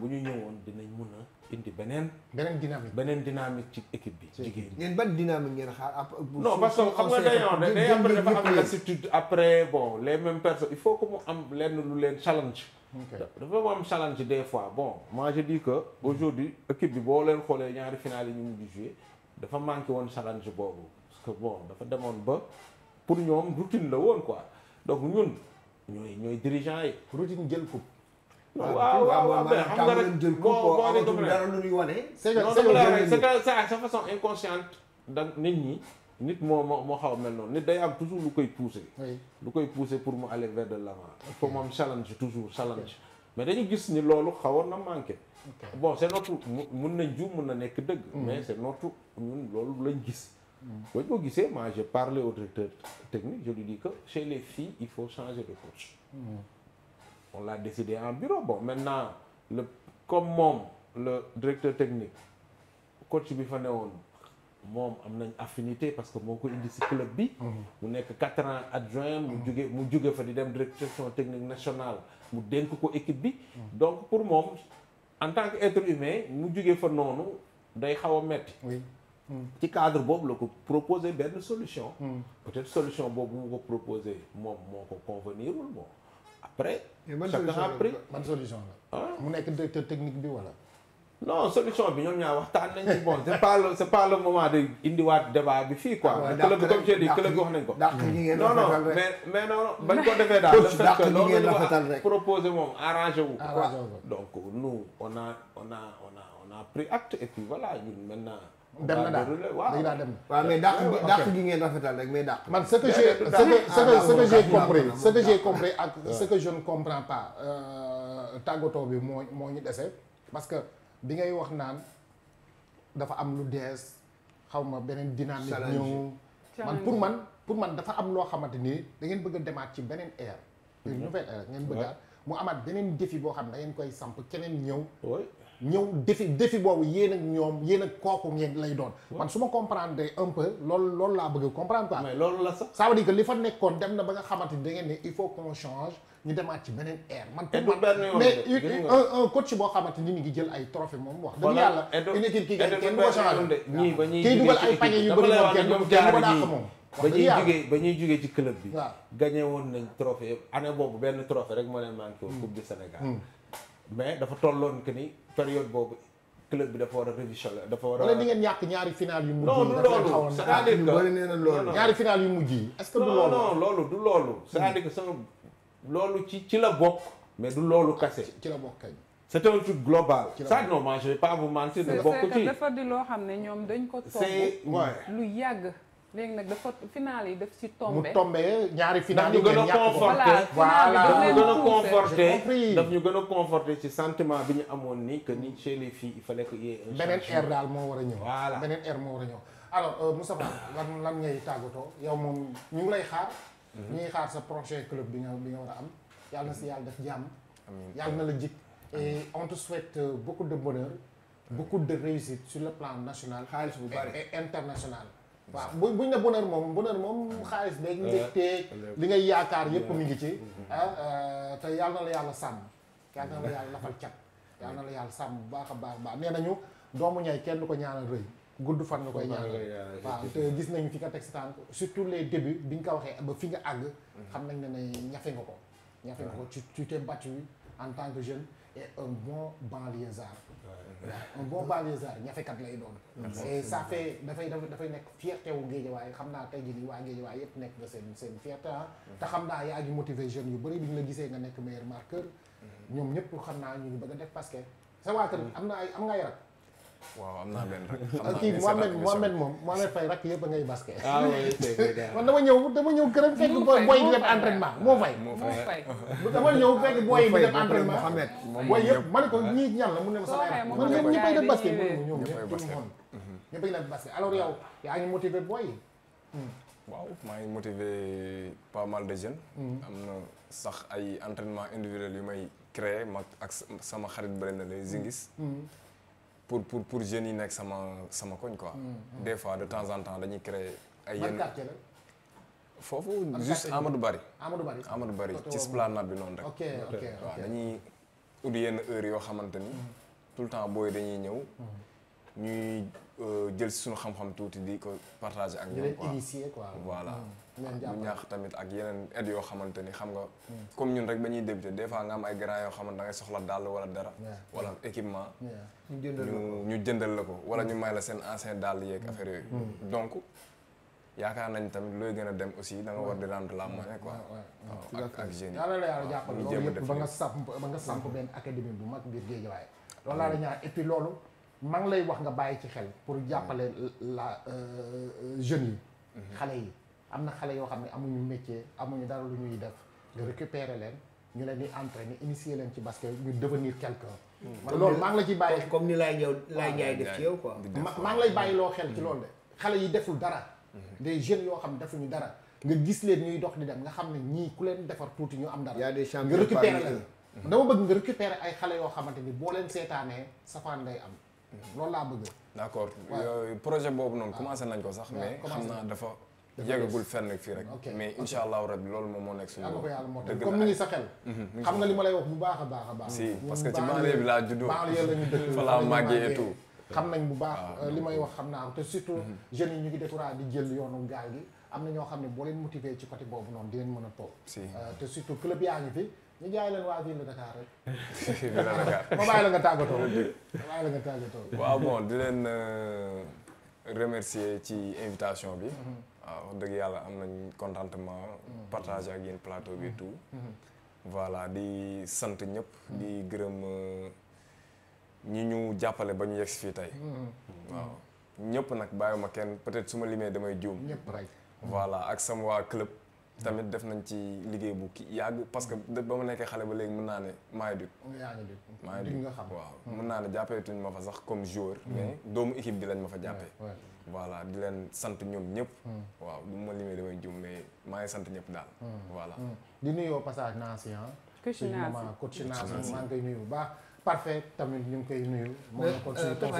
bu ñu ñëwoon dinañ mun indi beneen. beneen dynamique beneen dynamique ci équipe bi. jigéen ñi ban dynamique ngeen xaar non parce que xam nga dañoo dañoo après dafa am lassitude après bon les leen challenge. dafa mu am des fois bon. moi je dis que aujourd'hui équipe bi boo leen xoolee ñaari finale yi ñu ngi joué dafa manqué woon challenge boobu parce que bon dafa demoon ba pour ñoom routine la woon quoi donc ñun ñooy ñooy yi. routine jël coupe. waaw ah, waaw waaw mais xam nga rek boo boo dee comme dara lu ñuy wane. c'est que c'est à sa façon inconsciente. donc nit ñi nit moo moo moo xaw a mel noonu nit day am toujours lu koy pousser. lu koy pousser pour mu aller vers de l'avant. pour mu am challenge toujours challenge. mais dañu gis ni loolu xawoon na manqué. bon c'est notre mun nañ juum mun na nekk dëgg. Mm. mais c'est notre ñun loolu lañ gis. Mm. boo ko gisee moi j'ai parlé au directeur technique je lui dis que chez les filles il faut changer de coach. Mm. on l'a décidé en bureau bon maintenant le comme moom le directeur technique coach bi fa ne woon moom am nañ affinité parce que moo ko indi ci club bi mhm. mu nekk quatre ans adjoint mu mhm. juge mu jóge fa di dem direction technique nationale mu dénk ko équipe bi mhm. donc pour moom en tant que être humain mu juge fa noonu day xaw a metti ci cadre boobu la ko proposer benn solution peut-être solution boobu mu ko proposer moom moo ko convenirul moom après. chacun a pris man solution la ah. mu nekk directeur technique bi wala. non solution bi ñoom ñaar waxtaan nañu bon c' est pas le c' est pas le moment de indiwaat débat bi fii quoi. waaw ah dàq bi comme ko. dàq ñi ngeen non non mais mais non non bañ ko defee daal. le fait que loolu la ko proposé arrangé wu. Ah, arrangé donc nous on a on a on a on a pris acte dem na daal waaw daal dem na. waaw mais dàq ngeen rafetal rek mais dàq. man ce que j'ai ce que j'ai compris ce que ce que je ne comprends pas euh, tàggatoo bi moo moo ñu dese parce que bi ngay wax naan dafa am lu dees xaw ma beneen dynamique ñëw man pour man pour man dafa am loo xamante nii da ngeen bëgg a demaat ci beneen ère mhm. une nouvelle ère ngeen bëgg a mu amaat beneen défi boo xam ne da ngeen koy samp keneen ñëw ñëw défi défi boobu yéen ak ñoom yéen ak kooku ngeen lay doon. man su ma comprendre un peu loolu loolu laa bëgg comprendre quoi. mais loolu la sax. ça veut dire que li fa nekkoon dem na ba nga xamante ni da ngeen ne il faut qu'on change ñu demaat ci beneen ère. man mais ni mi ngi jël ay trophée moom wax. dëgg yàlla une équipe kii kenn du ko changé. ñii ba ñuy jugee dugal ay panier yu bëri moom kenn du ko moom. ba ñuy jugee ba ñuy jugee ci club bi. waaw nañ trophée année boobu benn trophée rek moo leen manqué woon hmm. coupe du Sénégal hmm. mais dafa tolloon que ni période boobu club bi dafa war a révision la dafa war a. wala di ngeen ñàkk ñaari final yu mujj yi. non du loolu c'est-à-dire que ñaari final yu mujj yi. loolu ci ci la bokk. mais du loolu kase. ci la bokk kañ. c'est un truc global. ça non moi je vais pas vous dafa di loo xam ne ñoom dañ ko. c'est lu yàgg. léegi nag dafa final yi daf si tombé mu tombé ñaari final yi daf ñu gën a conforté daf ñu gën a conforté ci sentiment bi ñu amoon ni que ni fii les filles il yee beneen air daal moo war a ñëw voilà beneen air moo war a ñëw alors euh, Moustapha lan lan ngay tàggatoo yow moom ñu lay xaar mhm. ñuy xaar sa prochain club bi nga bi nga war a am yàlla na si yàlla def jàmm yàlla na la jik et on te souhaite euh, beaucoup de bonheur beaucoup de réussite sur le plan national et international waaw bu buñ ne bonheur moom bonheur moom xaalis beeg njëkteeg li ngay yaakaar yépp mi ngi ci ah, ah te yàlla la yàlla sàmm yàlla na la yàlla lafal cat yàlla na la yàlla sàmm bu baax a baax baax nee nañu doomu ñay kenn ko ñaanal rëy gudd fan nga koy ñaanal waaw te gis nañ fi nga teg si surtout les débuts bi nga ko waxee ba fi nga àgg mm. xam nañ ne ne ñafe nga ko ñafe nga ko tu t'es battu en tant que jeune et un bon banlieusard un bon banlieusard ñafekat lay doon. et ça fait dafay dafay nekk fierté wu Géejawaay xam naa tey jii nii waa Géejawaay yëpp nekk na seen seen fierté ah. Mm-hmm. te xam naa yaa ngi motiver jeune yu bëri bi ñu la gisee nga nekk meilleur marqueur. Mm-hmm. ñoom ñëpp xam naa ñu ngi bëgg a def parce que sa waa kër mm-hmm. am na ay am nga yaram. waaw am naa benn rak xam ah, naa kii Mohamed Mohamed moom a ngay basket. ah man dama ñëw dama ñëw këram fekk booy di def entraînement man ko ñii ñan la alors yaa ngi hmm. waaw maa ngi motivé pas hmm. am na sax ay entraînement individuel yu may créer ma ak sama xarit bëri na lay Zingis. Hmm. pour pour pour jeunes yi nekk sama sama koñ quoi. Mm, mm. des fois de temps en temps dañuy créer ay yenn foofu juste Amadou Bari. Amadou Bari Amadou Bari ci esplanade bi noonu rek. ok ok dañuy ut yenn heure yoo xamante ni. Mm. tout le temps booy dañuy ñëw. ñuy euh, jël si suñu xam-xam tuuti di ko partager ak ñoom quoi. voilà. du ñaax tamit ak yeneen aide yoo xamante ni xam nga hmm. comme ñun rek ba ñuy débuté des fois nga am ay grand yoo xamante da ngay soxla dàll wala dara wala équipement ñu jëndal la ko wala ñu hmm. may la seen ancien dal yeeg hmm. affaire yooyu donc yaakaar nañ tamit looy gën a dem aussi da nga war di rendre la monnaie quoi waaw ak ak jeunes la yàlla jàppal loolu yëpp ba nga nga samp benn académie bu mag biir Guédiawaye loolu laa la ñaan et puis loolu maa ngi lay wax nga bàyyi ci xel pour jàppale la euh, jeunes yi xale yi am na xale yoo xam ne amuñu métier amuñu dara lu ñuy def nga récupérer leen ñu leen di entraîner initier leen ci basket ñu devenir quelqu'un man hmm. loolu maa la ci bàyyi comme ni lay ñëw lay ñaay def ci yow quoi loo xel ci hmm. lool de xale yi deful dara hmm. des jeunes yoo xam ne defuñu dara nga gis leen ñuy dox di dem nga xam ne ñii ku leen defar tuuti ñu am dara nga récupérer leen dama bëgg nga récupérer ay xale yoo xamante ni boo leen seetaanee safaan lay am loolu laa bëgg d'accord projet boobu noonu ah. commencé nañ ko sax mais xam yëgagul fenn fii rek. mais incha allahu rabi loolu moom moo nekk suñu. dëgg comme ni ngi sa xel. Mhm, xam nga li ma lay wax bu baax a baax a baax. si parce que ci banlieue bi laa juddoo. banlieue nañ bu baax ah, li may wax xam naa ko te surtout mhm. jeunes yi ñu ngi découragé jël yoonu gaal am na ñoo xam ne boo leen motivé ci côté boobu noonu di a toog. si euh, te surtout club yaa ngi fi. ñu jaay leen waa ville de Dakar rek. ma bàyyi la nga tàggatoo ma bàyyi la nga tàggatoo. waaw bon di leen euh, remercier ci invitation bi. Mhm. waaw ah, wax dëgg yàlla am nañ contentement. partage ak yéen plateau bi mm-hmm. tout. Mm-hmm. voilà di sant ñëpp. Mm-hmm. di gërëm euh, ñi ñu jàppale ba ñu yegsi fii tey. waaw ñëpp nag bàyyiwuma kenn peut-être su ma limee damay juum. ñëpp rek. voilà ak sama waa club. tamit def nañ ci liggéey bu ki yàgg parce que ba ma nekkee xale ba léegi mën naa ne maay dut maay dut waaw mën naa ne jàppeetuñ ma fa sax comme joueur mais doomu équipe bi lañ ma fa jàppee voilà di leen sant ñoom ñëpp. Hmm. waaw bu ma limee damay jum mais maa ngi sant ñëpp daal. Hmm. voilà hmm. di nuyoo passage Nancy ah. coach Nancy coach Nancy maa ngi koy nuyu bu baax. parfait tamit ñu ngi koy nuyu. moom la euh, euh,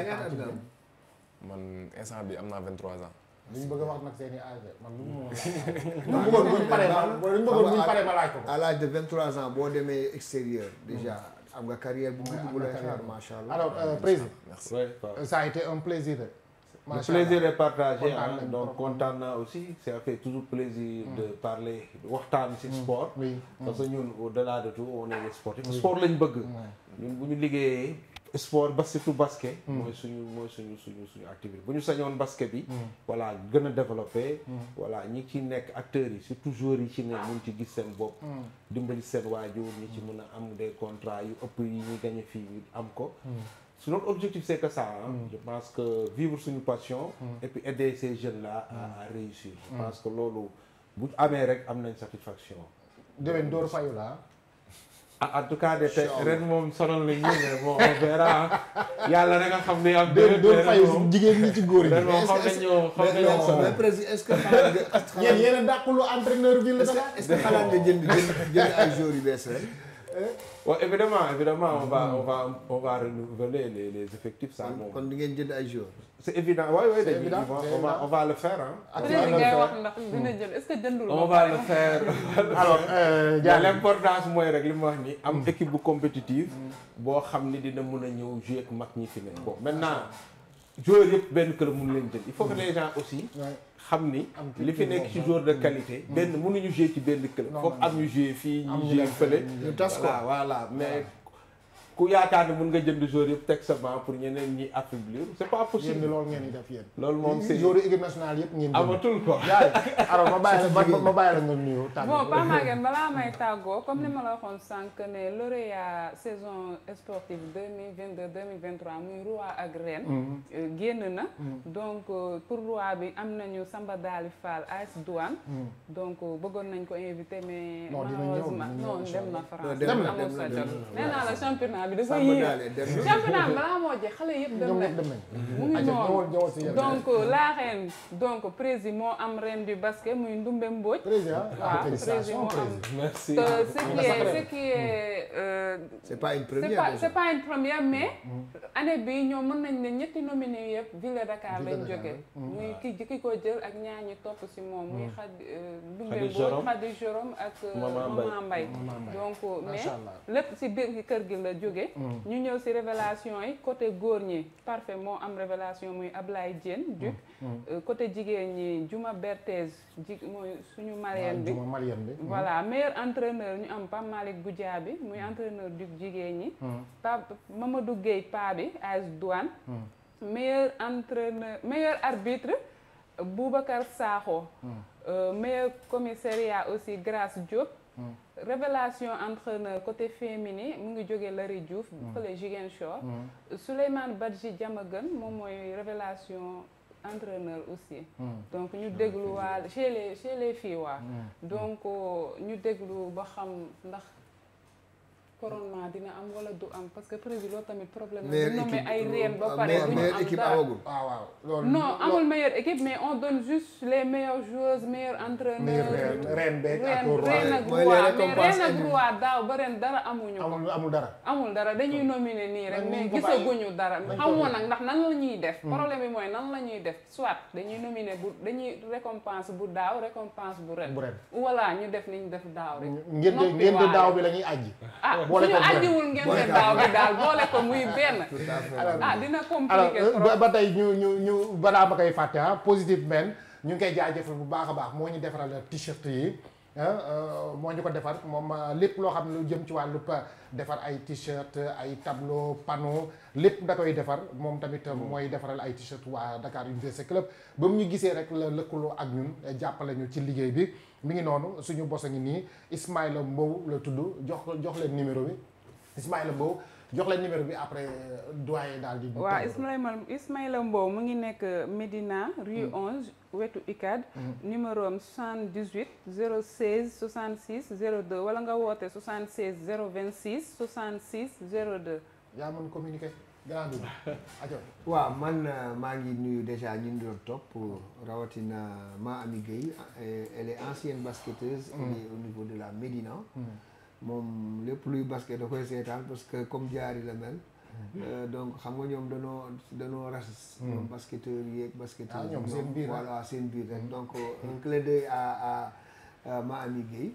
man instant bi am naa 23 ans. li ñu bëgg a wax nag seen i âge man lu mu ma wax. bëggoon de 23 ans boo demee extérieur déjà. am nga carrière bu gudd bu lay xaar macha le plaisir est partagé ah donc kontaan naa aussi ça fait toujours plaisir mm. de parler waxtaan ci mm. sport parce que mm. ñun au delà de tout on est sportif sport lañ bëgg ñun bu ñu liggéeyee sport ba surtout basket mooy suñu suñu suñu suñu activité bu ñu sañoon basket bi voilà gën a développé voilà ñi ci nekk acteurs yi surtout joueurs yi ci ne mun ci gis seen bopp dimbali seen waajur ñi ci mun a am des contrat yu ëpp yi ñu gañe fii am ko si notre objectif c'est que ça hein, mm. je pense que vivre suñu passion mm. et puis aider ces jeunes là à, mm. à réussir je mm. pense que loolu bu amee rek am nañ satisfaction déwén door fayu la ah en tout cas de tey ren moom sonal la ñu ne bon on yàlla na nga xam ne am. déedéet doon fay jigéen ñi ci góor yi ren moom xam nañu que xalaat nga. yéen yéen a dàqulu entraîneur bi est rek. waaw évidemment évidemment hmm. on va on va renouveler les les effectifs. ça moom kon di ngeen jënd ay jours. c' est évident waaw waaw dañuy on va on va le faire ah. on hmm. est-ce que jëndul on va le faire alors. Euh, jaajëf l' importance mooy rek li ma wax nii am hmm. équipe bu compétitive. boo xam ni dina mun a ñëw jouer ak mag ñi fi ne. bon maintenant joueurs yëpp benn club mu leen jël il faut que les aussi. xam ni li fi nekk ci joueur de mm. qualité mm. benn mënuñu jouer ci benn club foog am ñu jouer fii ñu jouer fële voilà mais ku yaakaar ne mën nga jënd joueur yëpp teg sa banc pour ñeneen ñi affaiblir c'est pas possible. yéen loolu ngeen di def yéen. loolu moom c'est joueur équipe nationale yëpp ngeen. amatul quoi yaay ma bàyyi ne lauréat saison sportive deux mille vingt deux deux mille vingt trois muy roi mm-hmm. euh, na. Mm-hmm. donc euh, pour roi bi am nañu Samba Dali Fall AS Douane. Mm-hmm. donc euh, bëggoon nañ ko invité mais. dem na France. dem na dem la championnat. championnat bi dafa yéex championnat bi balaa moo jeex xale yëpp dem mu ngi noonu donc euh, la reine donc prési moo am reine bi basket muy Ndumbe Mbodj ah. waaw ah, prési moo am euh, ce qui est ce qui est Euh, c'est pas une première déjà mais. Mm-hmm. année bi ñoom mën nañ ne ñetti nominé yëpp ville de Dakar lañ jóge mm-hmm. muy ki ki ko jël ak ñaar ñi topp si moom. muy xa Dumbe Mbow Khady euh, Jorom ak. Euh, Maman mm-hmm. Mbaye donc mais lépp si biir kër gi la jóge ñu ñëw si révélation yi côté góor ñi parfait moo am révélation muy lay Dieng Duc. côté jigéen ñi Juma Berthez ji mooy suñu marraine ah, bi. voilà meilleur entraîneur ñu am Pape Malick Goudiaby muy entraîneur du jigéen ñi. Hmm. Pape Mamadou Gueye pa bi AS Douane. Hmm. meilleur entraîneur meilleur arbitre Boubacar Sakho. Hmm. Euh, meilleur commissariat aussi Grace Diop. révélation entraîneur côté féminin mu ngi jóge Lari Diouf. fële Ziguinchor. Souleymane Badji Diamaguène moom mooy révélation entraîneur aussi. donc ñu déglu waa chez les waa. donc euh, ñu déglu ba xam ndax. couronnement dina am wala du am parce que prévu loolu tamit problème la ñu nommé ay reen ba pare duñu am meilleure équipe amagul waaw ah, waaw loolu non amul meilleure équipe mais on donne juste les meilleures joueuses meilleurs entre reen beeg ak reen ak roi mais daaw ba ren dara amuñu amul dara amul dara dañuy nominer nii rek mais gisaguñu dara xamoo nag ndax nan la ñuy def hmm. problème bi mooy nan la ñuy def soit dañuy nominer bu dañuy récompense bu daaw récompense bu ren bu voilà ñu def ni ñu def daaw rek ngeen daaw bi la ñuy ajji ah, boole ko àjjiwul ngeen seen daaw bi daal boole ko muy benn. ah dina compliqué euh, trop ba tey ñu ñu ñu balaa ma koy fàtte ah positive men ñu ngi koy jaajëfal bu baax a baax moo ñu defaral t-shirt yi. Ah, euh, moo ñu ko defar moom euh, lépp loo xam ne jëm ci wàllu defar ay t ay tableau panneau lépp da defar moom tamit mm. mooy defaral ay t-shirt waa Dakar Université Club ba mu ñu gisee rek la lëkkaloo ak ñun jàppale ñu ci liggéey bi. mi ngi noonu suñu bos a ngi nii Ismaïla Mbow la tudd jox jox leen numéro bi Ismaïla Mbow jox leen numéro bi après euh, doyen daal di. waaw Ismaïla Ismaïla Mbow mu ngi nekk euh, Médina rue 11 mm. wetu UCAD. Mm. numéro am 78 016 66 02 wala nga woote 76 026 66 02. yaa mën communiquer. grand bi waaw man euh, maa ngi nuyu déjà ñu ngi doon topp rawatina Ma Ami Gueye euh, elle est ancienne basketteuse. Mm. au niveau de la Médina. Mm. moom lépp luy basket da koy seetaan parce que comme jaari la mel. Mm. Euh, donc xam nga ñoom danoo danoo rasis. ñoom basketteurs yeeg basketteurs. ah, ah. seen biir voilà seen rek donc un clé à ma amie Guèye.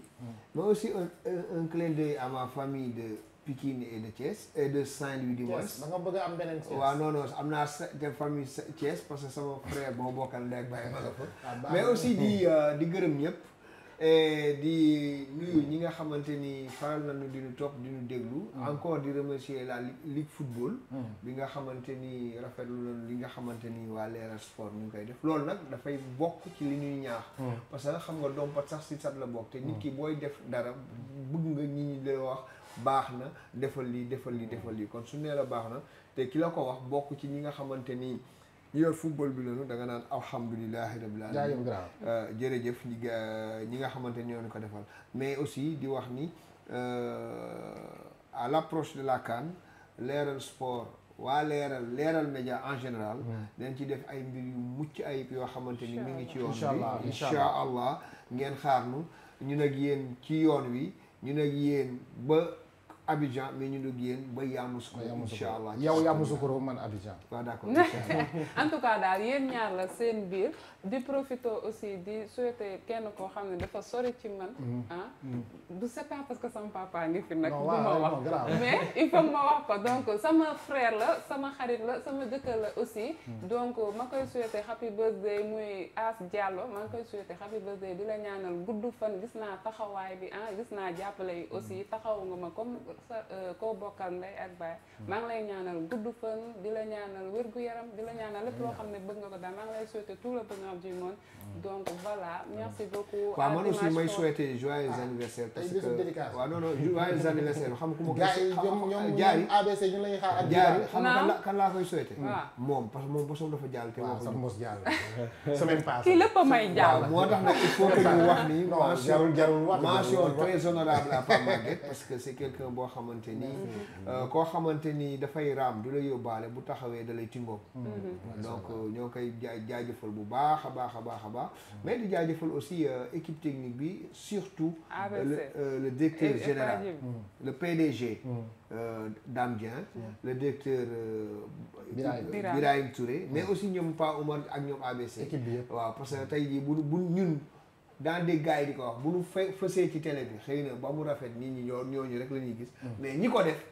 mais aussi un, un, un clin d'œil à famille de Pikine et de Thiès et de Saint-Louis du Thiès da bëgg am beneen Thiès am naa te famille Thiès parce que sama frère boo bokkal ndey ak baay ma la fa. Ah, mais aussi di euh, di gërëm ñëpp. Eh, di nuyu ñi nga xamante ni faral nañu di ñu topp di ñu déglu. Mm. encore di remercier la Ligue football. Mm. bi nga xamante ni rafetlu nañu li nga xamante ni waa Leral Sport ñu ngi koy def loolu nag dafay bokk ci li ñuy ñaax. Mm. parce que xam nga dompat sax si sat la bokk. te nit ki booy def dara bëgg nga ñi ñi lay wax baax na defal lii defal lii defal lii kon su nee la baax na te ki la ko wax bokk ci ñi nga xamante ni. ñu yor football bi loolu da nga naan alhamdulilahi rabbil alamin euh, jërëjëf ñi ñi nga xamante ni ñoo ko defal mais aussi di wax ni euh, à l'approche de la CAN leeral sport waa leeral leeral média en général dañ ci def ay mbir yu mucc ayib yoo xamante ni mi ngi ci yoon bi incha allah ngeen xaar nu ñu nag yéen ci yoon wi ñu nag yéen ba Abidjan mais ñu dugg yéen ba Yamoussoukro. incha allah yow Yamoussoukro man ñaar la seen biir. di profité aussi di souhaité kenn koo xam ne dafa sori ci man. Mm. Mm. Ah. du c'est pas parce que sama papa ngi fi nag. du ma wax mais sama frère la sama xarit la sama jëkkër la aussi. Mm. donc ma koy souhaité happy birthday muy As Diallo ma koy souhaité happy birthday di la ñaanal gudd fan gis naa taxawaay bi ah gis naa jàppale yi aussi taxawu nga ma comme sa euh, koo bokkal ndey ak baay. maa ngi lay ñaanal gudd fan di la ñaanal wér gu yaram di la ñaanal lépp loo xam ne bëgg nga ko daal maa ngi lay souhaité tout le bonheur champion du monde. donc voilà merci beaucoup. waaw man aussi may souhaiter joyeux ah. anniversaire. parce que waaw non non joyeux anniversaire xam ku ma. gars yi ñoom ñoom jaari xam kan laa koy souhaiter. Ah. moom parce que moom bosom dafa jàll. te waaw sax mos jàll. semaine kii lépp may jàll. moo tax nag il faut mu ñu wax ni. non jarul jarul wax mention très honorable parce que c'est quelqu'un boo xamante ni. Euh, koo xamante ni dafay raam du la yóbbaale bu taxawee da lay tingoom. Mm-hmm. donc euh, ñoo koy jaajëfal bu baax. baax a baax a baax a baax mais jaajëfal aussi euh, équipe technique bi surtout ah, le euh, le directeur général mm. le PDG mm. euh, Dame Dieng mm. le directeur Birahim Touré mais aussi ñoom Pa Omar ak ñoom ABC waa parce que tey jii bu bu ñun dans des gars di ko wax bu nu fe fësee ci télé bi xëy na ba mu rafet nit ñi ñoo ñooñu rek la ñuy gis. mais ñi ko def.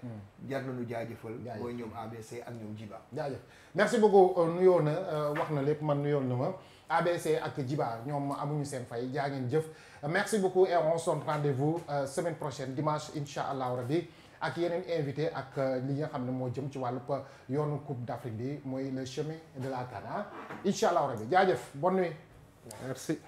jar nañu jaajëfal. jaajëf mooy ñoom ABC ak ñoom Jiba. jaajëf merci beaucoup nuyoon na wax na lépp man yoon na ma. ABC ak Djiba ñoom amuñu seen fay jaa ngeen jëf merci beaucoup et on se rendez-vous euh, semaine prochaine dimanche incha allahu rabi ak yeneen invité ak euh, li nga xam ne moo jëm ci wàllu euh, yoonu Coupe d'Afrique bi mooy le chemin de la Kana incha allahu rabi jaajëf bonne nuit merci